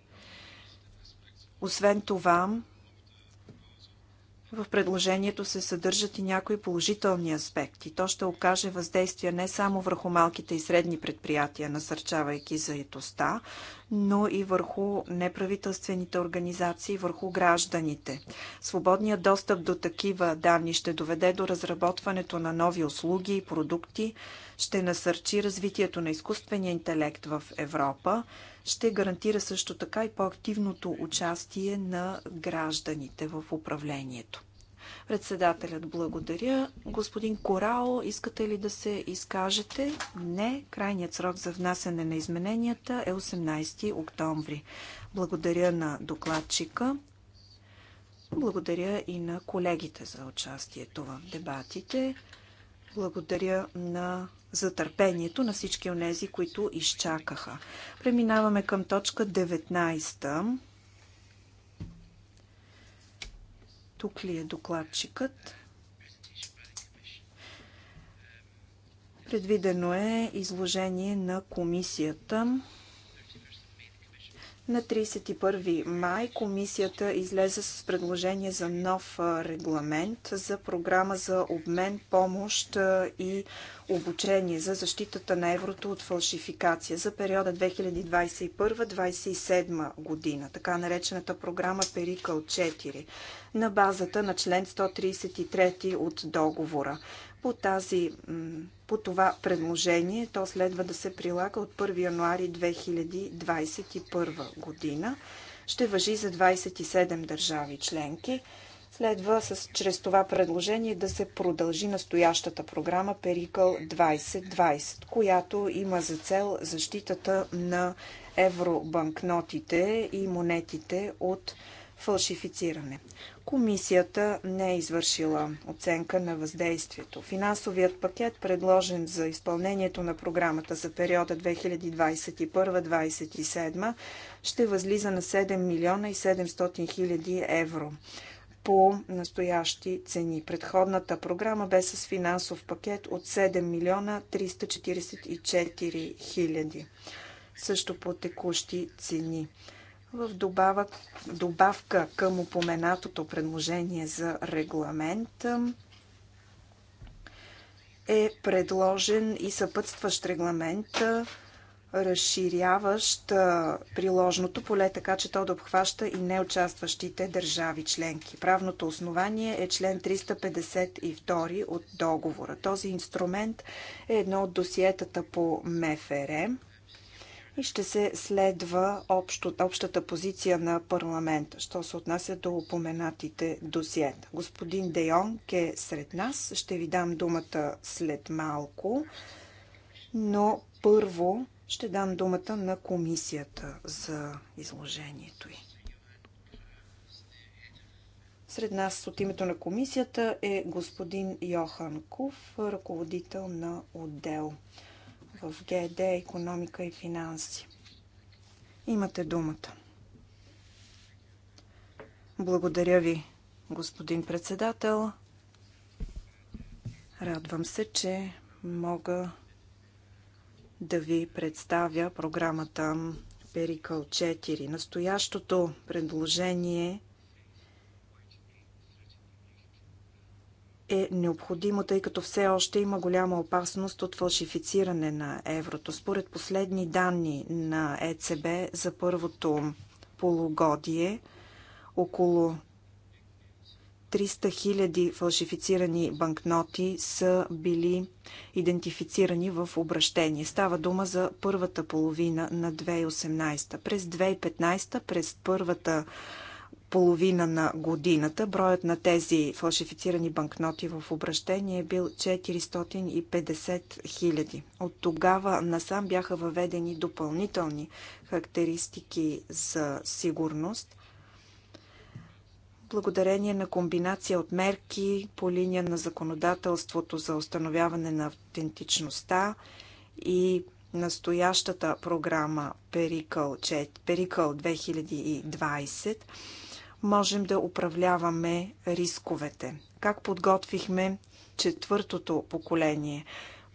Освен това, в предложението се съдържат и някои положителни аспекти. То ще окаже въздействие не само върху малките и средни предприятия, насърчавайки заетостта, но и върху неправителствените организации, върху гражданите. Свободният достъп до такива данни ще доведе до разработването на нови услуги и продукти, ще насърчи развитието на изкуствения интелект в Европа, ще гарантира също така и по-активното участие на гражданите в управлението. Председателят благодаря. Господин Корао, искате ли да се изкажете? Не. Крайният срок за внасяне на измененията е 18 октомври. Благодаря на докладчика. Благодаря и на колегите за участието в дебатите. Благодаря на за търпението на всички тези, които изчакаха. Преминаваме към точка 19. Тук ли е докладчикът? Предвидено е изложение на комисията на 31 май комисията излезе с предложение за нов регламент за програма за обмен, помощ и обучение за защитата на еврото от фалшификация за периода 2021-2027 година, така наречената програма Перикъл 4, на базата на член 133 от договора. По тази по това предложение. То следва да се прилага от 1 януари 2021 година. Ще въжи за 27 държави членки. Следва с, чрез това предложение да се продължи настоящата програма Перикъл 2020, която има за цел защитата на евробанкнотите и монетите от фалшифициране. Комисията не е извършила оценка на въздействието. Финансовият пакет, предложен за изпълнението на програмата за периода 2021-2027, ще възлиза на 7 милиона и 700 хиляди евро по настоящи цени. Предходната програма бе с финансов пакет от 7 милиона 344 хиляди. Също по текущи цени в добавък, добавка към упоменатото предложение за регламент е предложен и съпътстващ регламент, разширяващ приложното поле, така че то да обхваща и неучастващите държави членки. Правното основание е член 352 от договора. Този инструмент е едно от досиетата по МФРМ и ще се следва общо, общата позиция на парламента, що се отнася до упоменатите досиета. Господин Де Йонг е сред нас. Ще ви дам думата след малко, но първо ще дам думата на комисията за изложението й. Сред нас от името на комисията е господин Йохан Куф, ръководител на отдел в ГД економика и финанси. Имате думата. Благодаря ви, господин председател. Радвам се, че мога да ви представя програмата Перикъл 4. Настоящото предложение е необходимо, тъй като все още има голяма опасност от фалшифициране на еврото. Според последни данни на ЕЦБ за първото полугодие, около 300 000 фалшифицирани банкноти са били идентифицирани в обращение. Става дума за първата половина на 2018. През 2015, през първата половина на годината. Броят на тези фалшифицирани банкноти в обращение е бил 450 хиляди. От тогава насам бяха въведени допълнителни характеристики за сигурност – благодарение на комбинация от мерки по линия на законодателството за установяване на автентичността и настоящата програма Перикъл 2020, можем да управляваме рисковете. Как подготвихме четвъртото поколение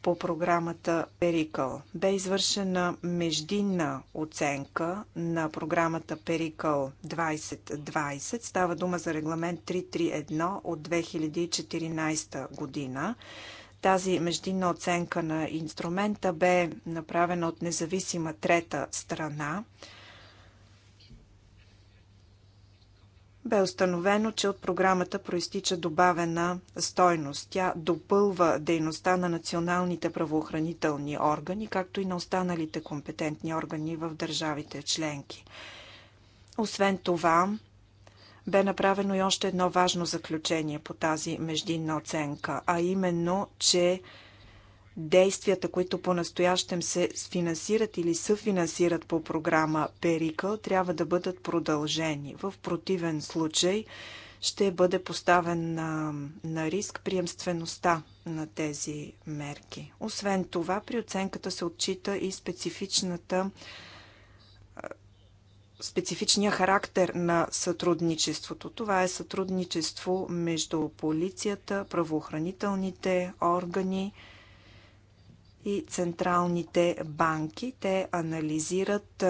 по програмата Перикъл? Бе извършена междинна оценка на програмата Перикъл 2020. Става дума за регламент 331 от 2014 година. Тази междинна оценка на инструмента бе направена от независима трета страна – бе установено, че от програмата проистича добавена стойност. Тя допълва дейността на националните правоохранителни органи, както и на останалите компетентни органи в държавите членки. Освен това, бе направено и още едно важно заключение по тази междинна оценка, а именно, че действията, които по-настоящем се финансират или съфинансират по програма Перикъл, трябва да бъдат продължени. В противен случай ще бъде поставен на, на риск приемствеността на тези мерки. Освен това, при оценката се отчита и специфичната специфичния характер на сътрудничеството. Това е сътрудничество между полицията, правоохранителните органи, и централните банки. Те анализират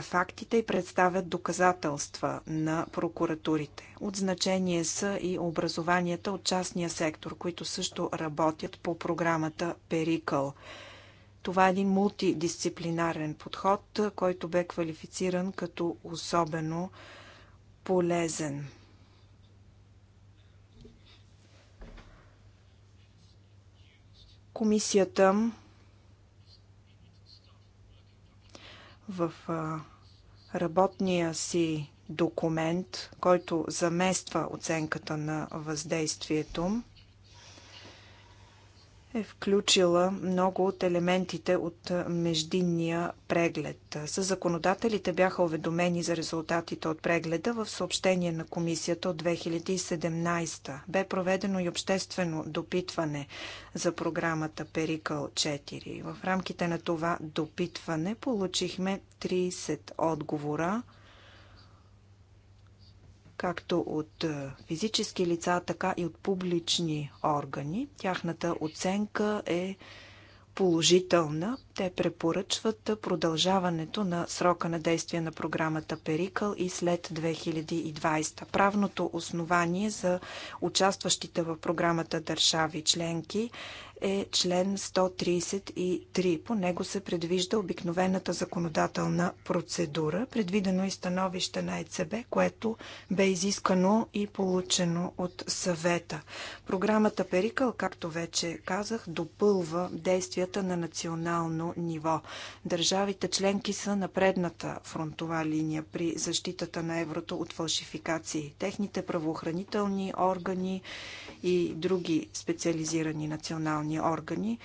фактите и представят доказателства на прокуратурите. От значение са и образованията от частния сектор, които също работят по програмата Перикъл. Това е един мултидисциплинарен подход, който бе квалифициран като особено полезен. Комисията в работния си документ, който замества оценката на въздействието, е включила много от елементите от междинния преглед. С законодателите бяха уведомени за резултатите от прегледа в съобщение на комисията от 2017. Бе проведено и обществено допитване за програмата Перикъл 4. В рамките на това допитване получихме 30 отговора както от е, физически лица, така и от публични органи. Тяхната оценка е положителна. Те препоръчват продължаването на срока на действие на програмата Перикъл и след 2020. Правното основание за участващите в програмата държави членки е член 133. По него се предвижда обикновената законодателна процедура. Предвидено и становище на ЕЦБ, което бе изискано и получено от съвета. Програмата Перикъл, както вече казах, допълва действията на национално ниво. Държавите членки са на предната фронтова линия при защитата на еврото от фалшификации. Техните правоохранителни органи и други специализирани национални национални органи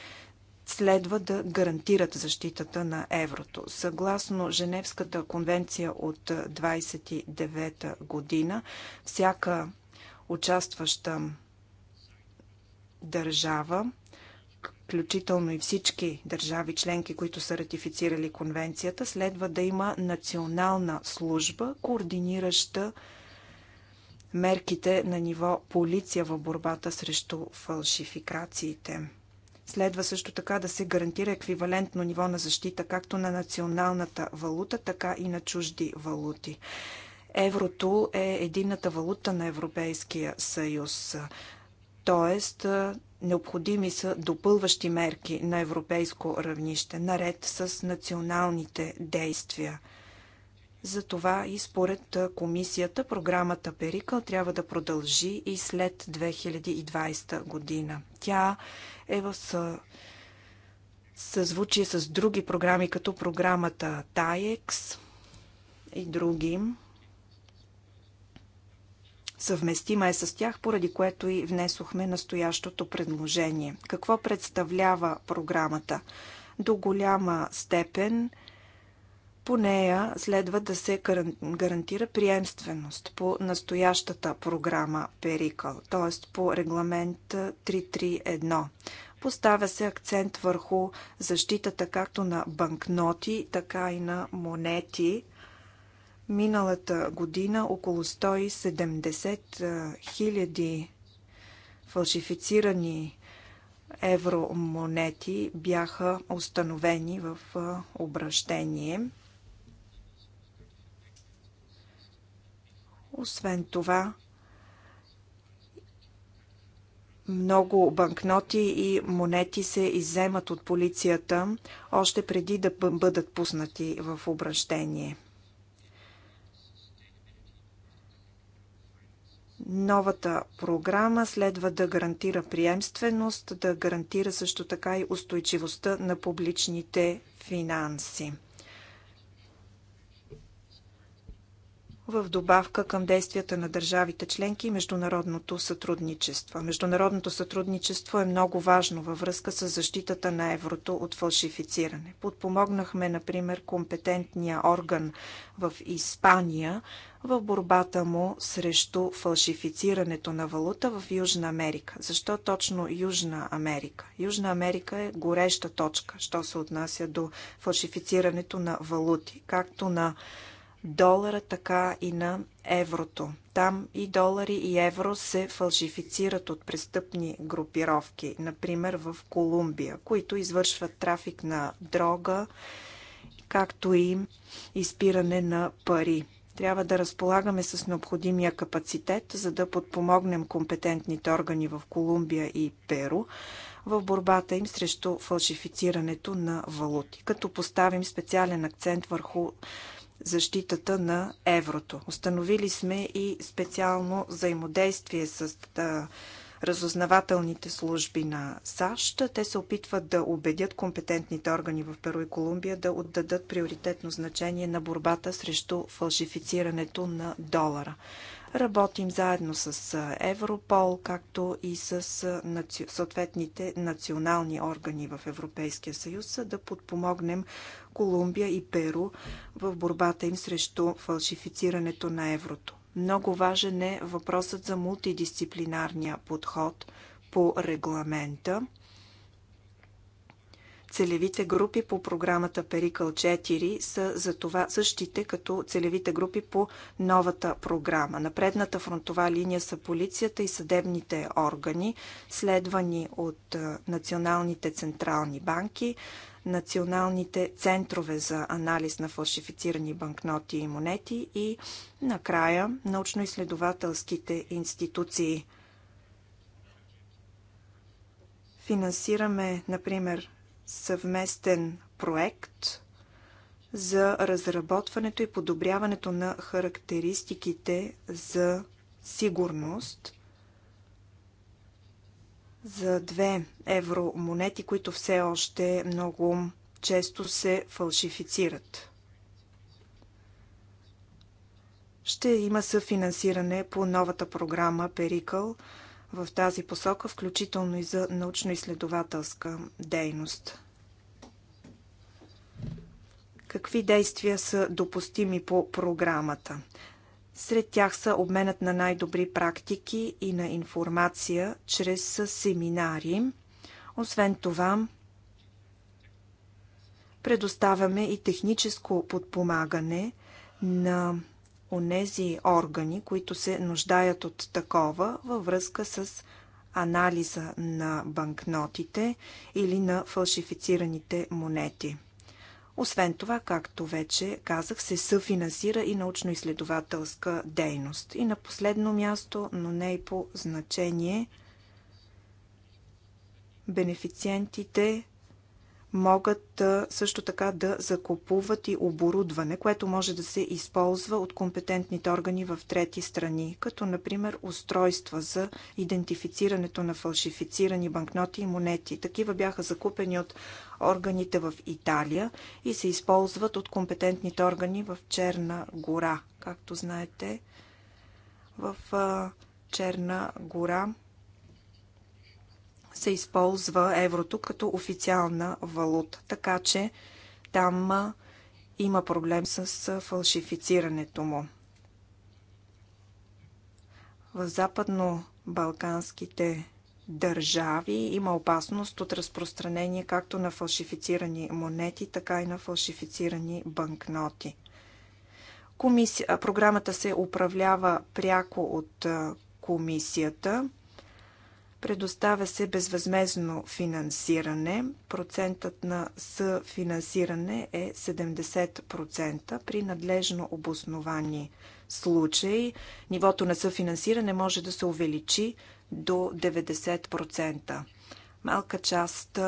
следва да гарантират защитата на еврото. Съгласно Женевската конвенция от 29 година, всяка участваща държава, включително и всички държави членки, които са ратифицирали конвенцията, следва да има национална служба, координираща мерките на ниво полиция в борбата срещу фалшификациите. Следва също така да се гарантира еквивалентно ниво на защита както на националната валута, така и на чужди валути. Еврото е единната валута на Европейския съюз. Тоест, необходими са допълващи мерки на европейско равнище, наред с националните действия. Затова и според комисията програмата Перикъл трябва да продължи и след 2020 година. Тя е в съзвучие с други програми, като програмата ТАЕКС и други. Съвместима е с тях, поради което и внесохме настоящото предложение. Какво представлява програмата? До голяма степен – по нея следва да се гарантира приемственост по настоящата програма Перикъл, т.е. по регламент 331. Поставя се акцент върху защитата както на банкноти, така и на монети. Миналата година около 170 хиляди фалшифицирани евромонети бяха установени в обращение. Освен това, много банкноти и монети се изземат от полицията още преди да бъдат пуснати в обращение. Новата програма следва да гарантира приемственост, да гарантира също така и устойчивостта на публичните финанси. в добавка към действията на държавите членки и международното сътрудничество. Международното сътрудничество е много важно във връзка с защитата на еврото от фалшифициране. Подпомогнахме, например, компетентния орган в Испания в борбата му срещу фалшифицирането на валута в Южна Америка. Защо точно Южна Америка? Южна Америка е гореща точка, що се отнася до фалшифицирането на валути, както на долара, така и на еврото. Там и долари, и евро се фалшифицират от престъпни групировки, например в Колумбия, които извършват трафик на дрога, както и изпиране на пари. Трябва да разполагаме с необходимия капацитет, за да подпомогнем компетентните органи в Колумбия и Перу в борбата им срещу фалшифицирането на валути, като поставим специален акцент върху защитата на еврото. Установили сме и специално взаимодействие с разузнавателните служби на САЩ. Те се опитват да убедят компетентните органи в Перу и Колумбия да отдадат приоритетно значение на борбата срещу фалшифицирането на долара. Работим заедно с Европол, както и с съответните национални органи в Европейския съюз, да подпомогнем Колумбия и Перу в борбата им срещу фалшифицирането на еврото. Много важен е въпросът за мултидисциплинарния подход по регламента. Целевите групи по програмата Перикъл 4 са за това същите като целевите групи по новата програма. На предната фронтова линия са полицията и съдебните органи, следвани от националните централни банки, националните центрове за анализ на фалшифицирани банкноти и монети и накрая научно-изследователските институции. Финансираме, например, съвместен проект за разработването и подобряването на характеристиките за сигурност за две евромонети, които все още много често се фалшифицират. Ще има съфинансиране по новата програма Перикъл – в тази посока, включително и за научно-изследователска дейност. Какви действия са допустими по програмата? Сред тях са обменът на най-добри практики и на информация чрез семинари. Освен това, предоставяме и техническо подпомагане на онези органи, които се нуждаят от такова във връзка с анализа на банкнотите или на фалшифицираните монети. Освен това, както вече казах, се съфинансира и научно-изследователска дейност. И на последно място, но не и по значение, бенефициентите могат също така да закупуват и оборудване, което може да се използва от компетентните органи в трети страни, като например устройства за идентифицирането на фалшифицирани банкноти и монети. Такива бяха закупени от органите в Италия и се използват от компетентните органи в Черна гора. Както знаете, в Черна гора се използва еврото като официална валута. Така че там има проблем с фалшифицирането му. В западно-балканските държави има опасност от разпространение както на фалшифицирани монети, така и на фалшифицирани банкноти. Комисия, програмата се управлява пряко от комисията. Предоставя се безвъзмезно финансиране. Процентът на съфинансиране е 70% при надлежно обосновани случаи. Нивото на съфинансиране може да се увеличи до 90%. Малка част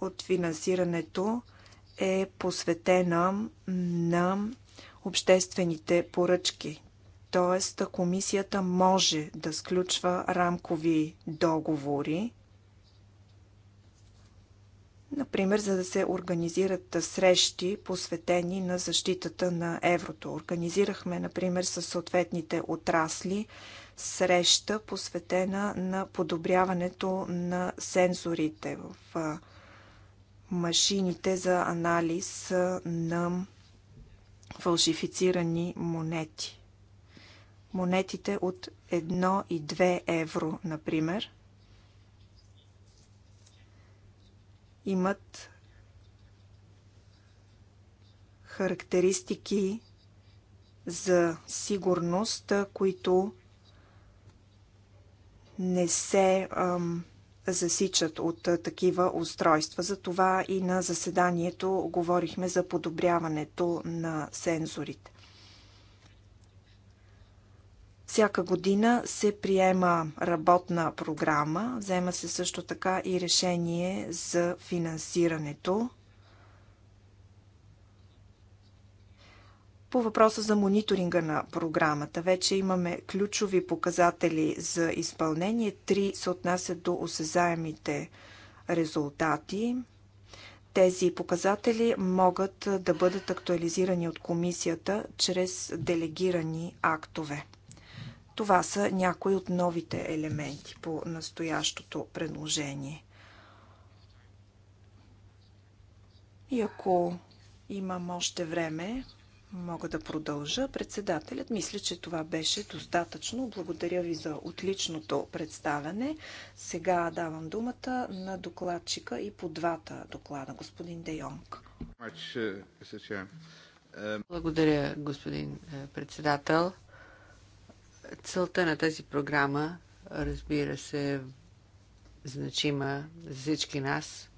от финансирането е посветена на обществените поръчки. Тоест, комисията може да сключва рамкови договори, например, за да се организират срещи, посветени на защитата на еврото. Организирахме, например, с съответните отрасли среща, посветена на подобряването на сензорите в машините за анализ на фалшифицирани монети монетите от 1 и 2 евро, например, имат характеристики за сигурност, които не се ам, засичат от такива устройства. Затова и на заседанието говорихме за подобряването на сензорите. Всяка година се приема работна програма, взема се също така и решение за финансирането. По въпроса за мониторинга на програмата, вече имаме ключови показатели за изпълнение. Три се отнасят до осезаемите резултати. Тези показатели могат да бъдат актуализирани от комисията чрез делегирани актове. Това са някои от новите елементи по настоящото предложение. И ако имам още време, мога да продължа. Председателят, мисля, че това беше достатъчно. Благодаря ви за отличното представяне. Сега давам думата на докладчика и по двата доклада, господин Де Йонг. Uh, um, Благодаря, господин е, председател. Целта на тази програма, разбира се, е значима за всички нас.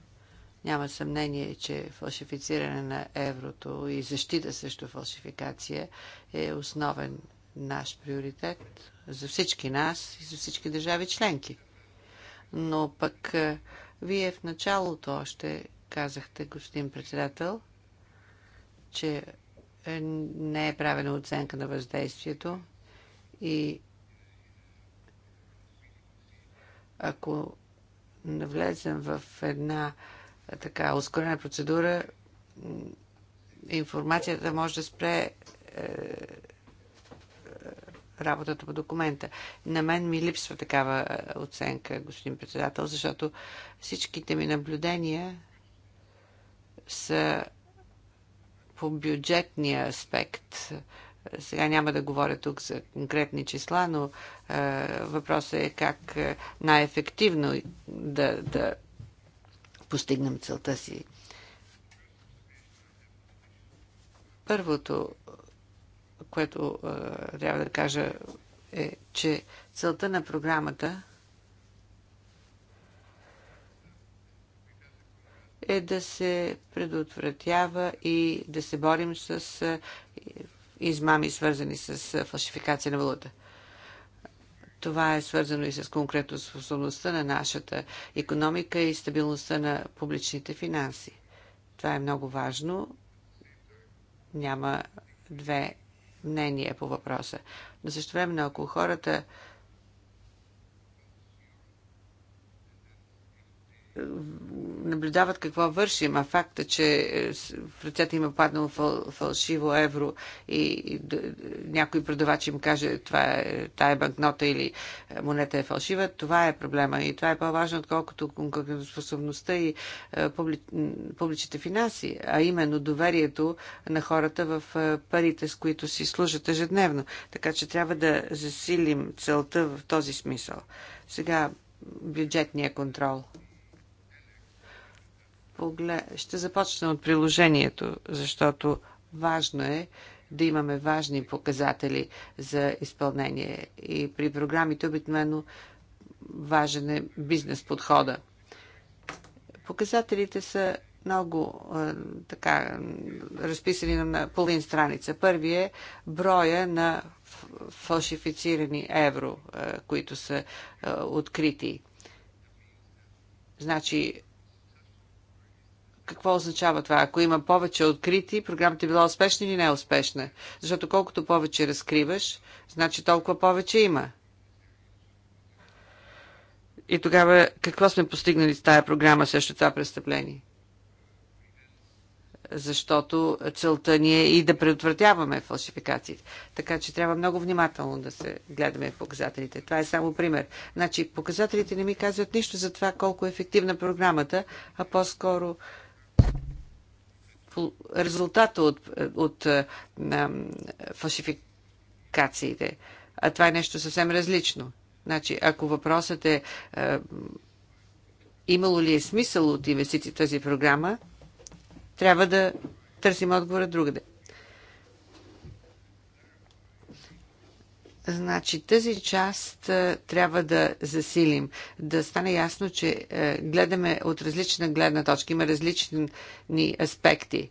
Няма съмнение, че фалшифициране на еврото и защита срещу фалшификация е основен наш приоритет за всички нас и за всички държави членки. Но пък е, вие в началото още казахте, господин председател, че е, не е правена оценка на въздействието и ако навлезем в една така ускорена процедура, информацията може да спре е, е, работата по документа. На мен ми липсва такава е, оценка, господин председател, защото всичките ми наблюдения са по бюджетния аспект. Сега няма да говоря тук за конкретни числа, но е, въпросът е как е, най-ефективно да, да постигнем целта си. Първото, което е, трябва да кажа е, че целта на програмата е да се предотвратява и да се борим с е, измами, свързани с фалшификация на валута. Това е свързано и с конкретно способността на нашата економика и стабилността на публичните финанси. Това е много важно. Няма две мнения по въпроса. Но също време, ако хората наблюдават какво вършим, а факта, е, че в ръцете им е паднало фал, фалшиво евро и, и някой продавач им каже, това е, тая е банкнота или е, монета е фалшива, това е проблема. И това е по-важно, отколкото конкурентоспособността и публи, публичните финанси, а именно доверието на хората в парите, с които си служат ежедневно. Така че трябва да засилим целта в този смисъл. Сега бюджетния контрол ще започна от приложението, защото важно е да имаме важни показатели за изпълнение. И при програмите обикновено важен е бизнес подхода. Показателите са много така разписани на половин страница. Първи е броя на фалшифицирани евро, които са открити. Значи какво означава това? Ако има повече открити, програмата е била успешна или не е успешна? Защото колкото повече разкриваш, значи толкова повече има. И тогава какво сме постигнали с тая програма срещу това престъпление? Защото целта ни е и да предотвратяваме фалшификациите. Така че трябва много внимателно да се гледаме в показателите. Това е само пример. Значи, показателите не ми казват нищо за това колко е ефективна програмата, а по-скоро резултата от, от е, на, фалшификациите. А това е нещо съвсем различно. Значи, ако въпросът е, е, имало ли е смисъл от инвестиции в тази програма, трябва да търсим отговора другаде. Значи тази част трябва да засилим, да стане ясно, че гледаме от различна гледна точка. Има различни аспекти.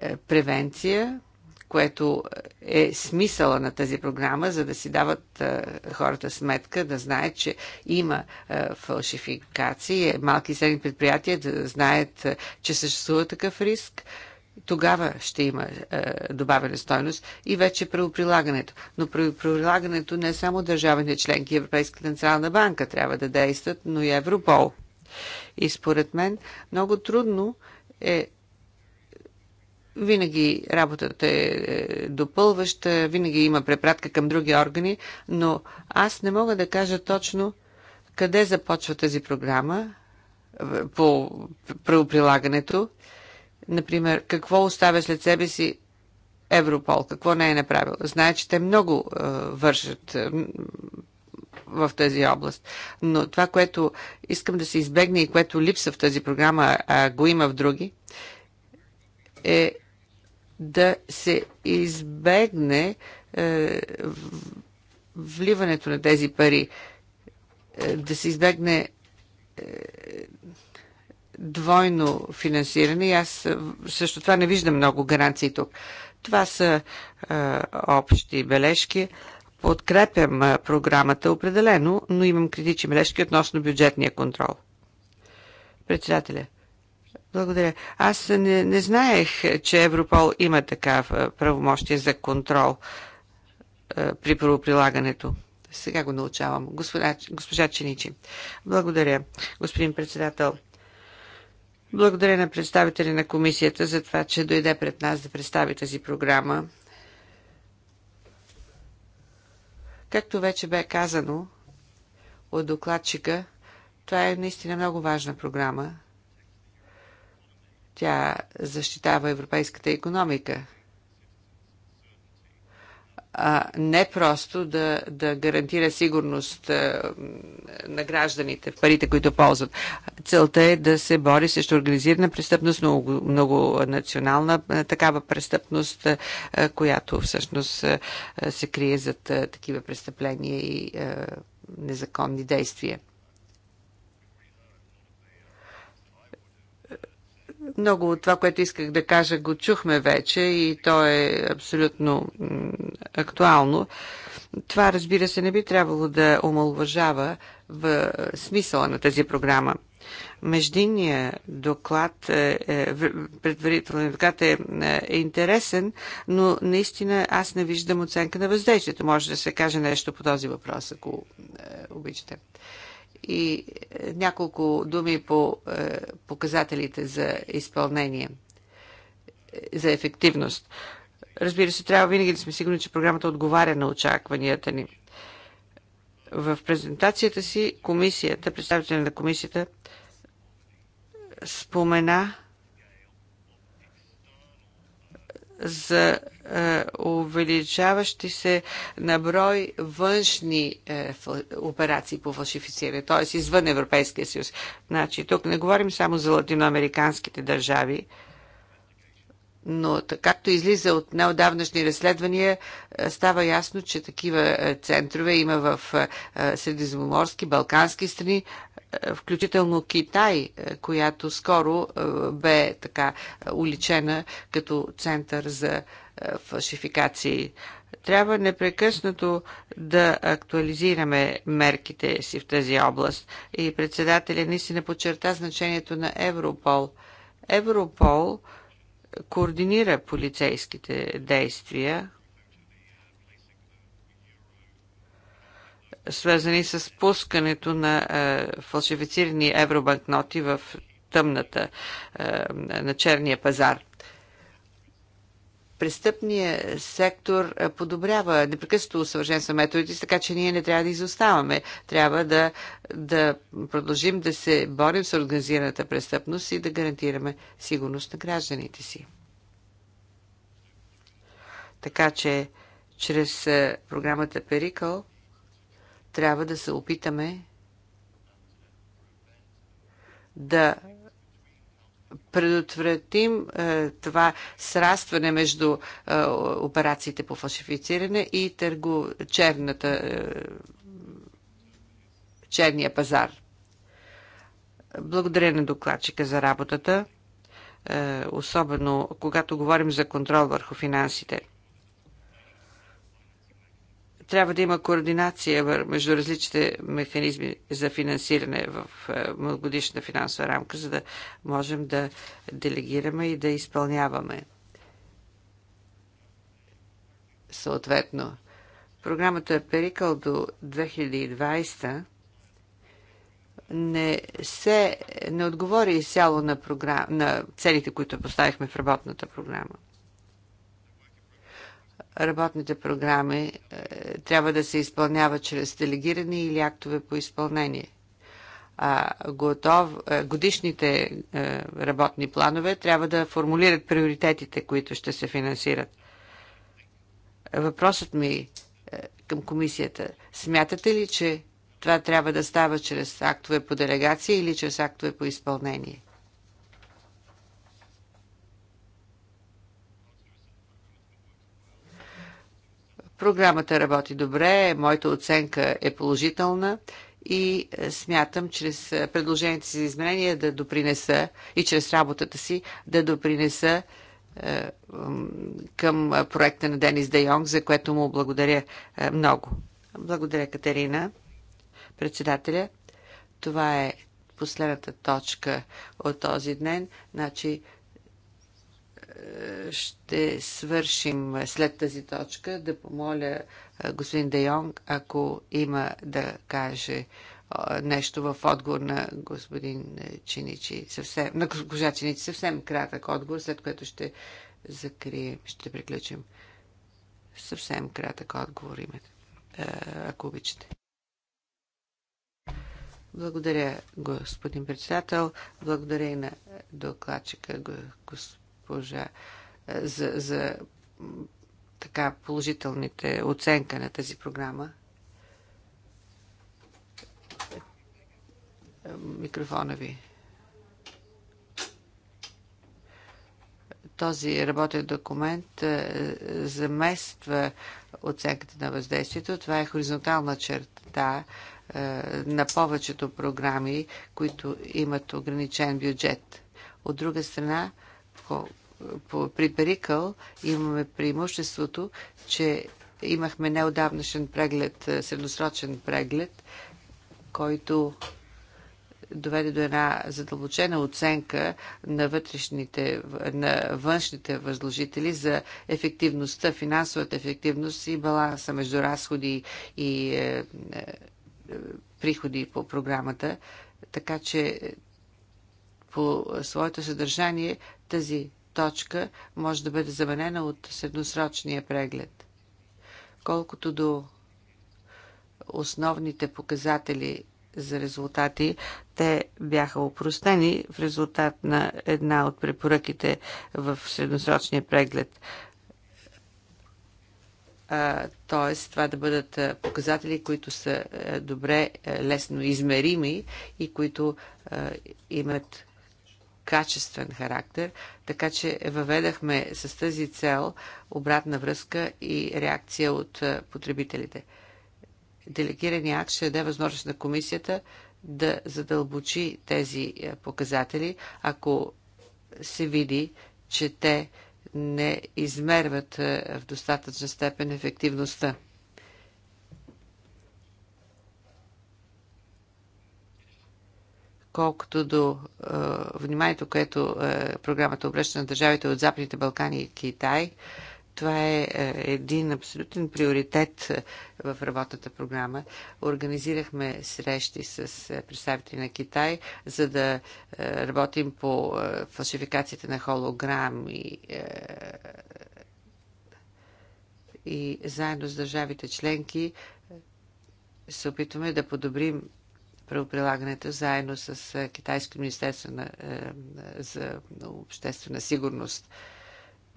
Е, превенция, което е смисъла на тази програма, за да си дават хората сметка, да знаят, че има фалшификации, малки и средни предприятия да знаят, че съществува такъв риск тогава ще има е, добавена стойност и вече правоприлагането. Но правоприлагането не е само държавните членки, Европейската централна банка трябва да действат, но и Европол. И според мен много трудно е винаги работата е, е допълваща, винаги има препратка към други органи, но аз не мога да кажа точно къде започва тази програма по правоприлагането. Например, какво оставя след себе си Европол, какво не е направил. Знае, че те много е, вършат е, в тази област. Но това, което искам да се избегне и което липса в тази програма, а го има в други, е да се избегне е, вливането на тези пари, е, да се избегне е, двойно финансиране и аз също това не виждам много гаранции тук. Това са е, общи бележки. Подкрепям програмата определено, но имам критични бележки относно бюджетния контрол. Председателя. Благодаря. Аз не, не знаех, че Европол има такава правомощие за контрол е, при правоприлагането. Сега го научавам. Госпожа, госпожа Ченичи. Благодаря, господин председател. Благодаря на представители на комисията за това, че дойде пред нас да представи тази програма. Както вече бе казано от докладчика, това е наистина много важна програма. Тя защитава европейската економика а не просто да, да гарантира сигурност на гражданите парите, които ползват. Целта е да се бори срещу организирана престъпност, много, много национална такава престъпност, която всъщност се крие зад такива престъпления и незаконни действия. Много от това, което исках да кажа, го чухме вече и то е абсолютно актуално. Това, разбира се, не би трябвало да омалуважава в е, смисъла на тази програма. Междинният доклад, е, е, предварителният доклад е, е интересен, но наистина аз не виждам оценка на въздействието. Може да се каже нещо по този въпрос, ако обичате. И е, няколко думи по е, показателите за изпълнение, е, за ефективност. Разбира се, трябва винаги да сме сигурни, че програмата отговаря на очакванията ни. В презентацията си комисията, представителя на комисията, спомена за е, увеличаващи се наброй външни е, операции по фалшифициране, т.е. извън Европейския съюз. Значи, тук не говорим само за латиноамериканските държави, но както излиза от неодавнашни разследвания, е, става ясно, че такива е, центрове има в е, средиземноморски, балкански страни, включително Китай, която скоро бе така уличена като център за фалшификации. Трябва непрекъснато да актуализираме мерките си в тази област. И председателя ни си не подчерта значението на Европол. Европол – координира полицейските действия, свързани с пускането на е, фалшифицирани евробанкноти в тъмната, е, на черния пазар престъпният сектор е, подобрява непрекъснато усъвършенства методите, така че ние не трябва да изоставаме. Трябва да, да продължим да се борим с организираната престъпност и да гарантираме сигурност на гражданите си. Така че чрез е, програмата Перикъл трябва да се опитаме да предотвратим е, това срастване между е, операциите по фалшифициране и търго, черната, е, черния пазар. Благодаря на докладчика за работата, особено когато говорим за контрол върху финансите трябва да има координация между различните механизми за финансиране в е, многогодишната финансова рамка, за да можем да делегираме и да изпълняваме. Съответно, програмата Перикъл до 2020 не се не отговори изцяло на, програм, на целите, които поставихме в работната програма работните програми е, трябва да се изпълняват чрез делегирани или актове по изпълнение. А готов, е, годишните е, работни планове трябва да формулират приоритетите, които ще се финансират. Въпросът ми към комисията. Смятате ли, че това трябва да става чрез актове по делегация или чрез актове по изпълнение? Програмата работи добре, моята оценка е положителна и е, смятам чрез е, предложените си за изменения да допринеса и чрез работата си да допринеса е, към проекта на Денис Де Йонг, за което му благодаря много. Благодаря, Катерина, председателя. Това е последната точка от този ден. Значи, ще свършим след тази точка. Да помоля господин Де Йонг, ако има да каже нещо в отговор на господин Чиничи, съвсем, на госпожа Чиничи, съвсем кратък отговор, след което ще закрием, ще приключим. Съвсем кратък отговор имате, ако обичате. Благодаря, господин председател. Благодаря и на докладчика, господин госпожа е, за, за така положителните оценка на тази програма. Е, микрофона ви. Този работен документ е, замества оценката на въздействието. Това е хоризонтална черта на повечето програми, които имат ограничен бюджет. От друга страна, при Перикъл имаме преимуществото, че имахме неодавнашен преглед, е, средносрочен преглед, който доведе до една задълбочена оценка на, вътрешните, на външните възложители за ефективността, финансовата ефективност и баланса между разходи и е, е, приходи по програмата. Така че по своето съдържание тази точка може да бъде заменена от средносрочния преглед. Колкото до основните показатели за резултати, те бяха опростени в резултат на една от препоръките в средносрочния преглед. Т.е. това да бъдат показатели, които са добре, лесно измерими и които имат качествен характер, така че въведахме с тази цел обратна връзка и реакция от потребителите. Делегирани акт ще даде възможност на комисията да задълбочи тези показатели, ако се види, че те не измерват в достатъчна степен ефективността. Колкото до е, вниманието, което е, програмата обръща на държавите от Западните Балкани и Китай, това е, е един абсолютен приоритет в работната програма. Организирахме срещи с представители на Китай, за да работим по фалшификацията на холограми и заедно с държавите членки се опитваме да подобрим правоприлагането заедно с е, Китайско министерство на, е, за обществена сигурност.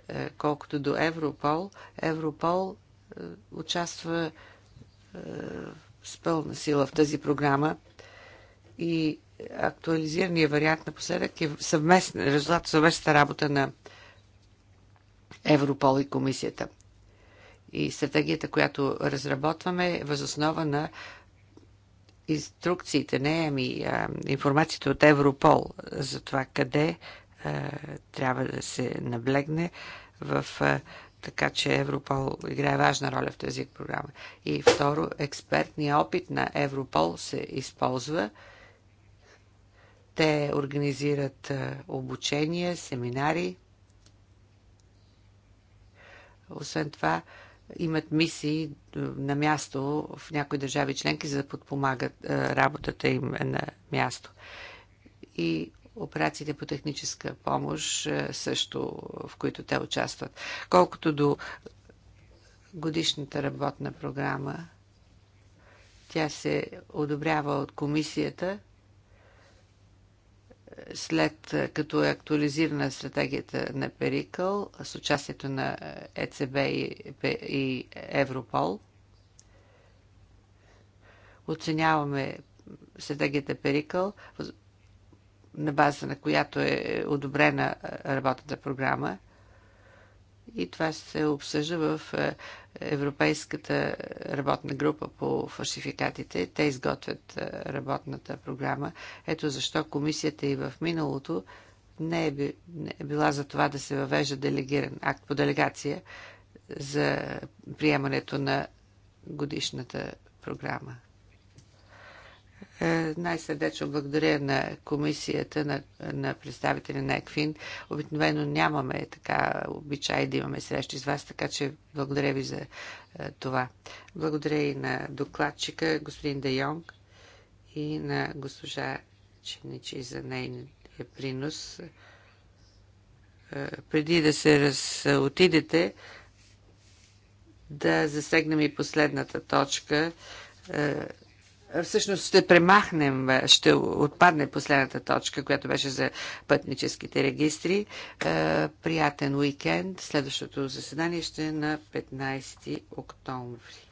Е, колкото до Европол, Европол участва с пълна сила в тази програма и актуализирания вариант напоследък е съвместна резултат съвместната работа на Европол и комисията. И стратегията, която разработваме, е възоснова на инструкциите, не, ами а, информацията от Европол за това къде а, трябва да се наблегне в а, така че Европол играе важна роля в тази програма. И второ, експертният опит на Европол се използва. Те организират обучение, семинари. Освен това, имат мисии е, на място в някои държави членки, за да подпомагат е, работата им на място. И операциите по техническа помощ е, също, в които те участват. Колкото до годишната работна програма, тя се одобрява от комисията след е, като е актуализирана стратегията на Перикъл с участието на е, ЕЦБ и Европол, оценяваме стратегията Перикъл, на база на която е, е одобрена работната програма и това се обсъжда в е, Европейската работна група по фалшификатите. Те изготвят е, работната програма. Ето защо комисията и в миналото не е, би, не е била за това да се въвежда делегиран акт по делегация за приемането на годишната програма. Е, най-сърдечно благодаря на комисията, на, на представители на ЕКФИН. Обикновено нямаме така обичай да имаме срещи с вас, така че благодаря ви за е, това. Благодаря и на докладчика, господин Де Йонг, и на госпожа Чиничи за нейния принос. Е, преди да се раз... отидете, да засегнем и последната точка Всъщност ще премахнем, ще отпадне последната точка, която беше за пътническите регистри. Е, приятен уикенд. Следващото заседание ще е на 15 октомври.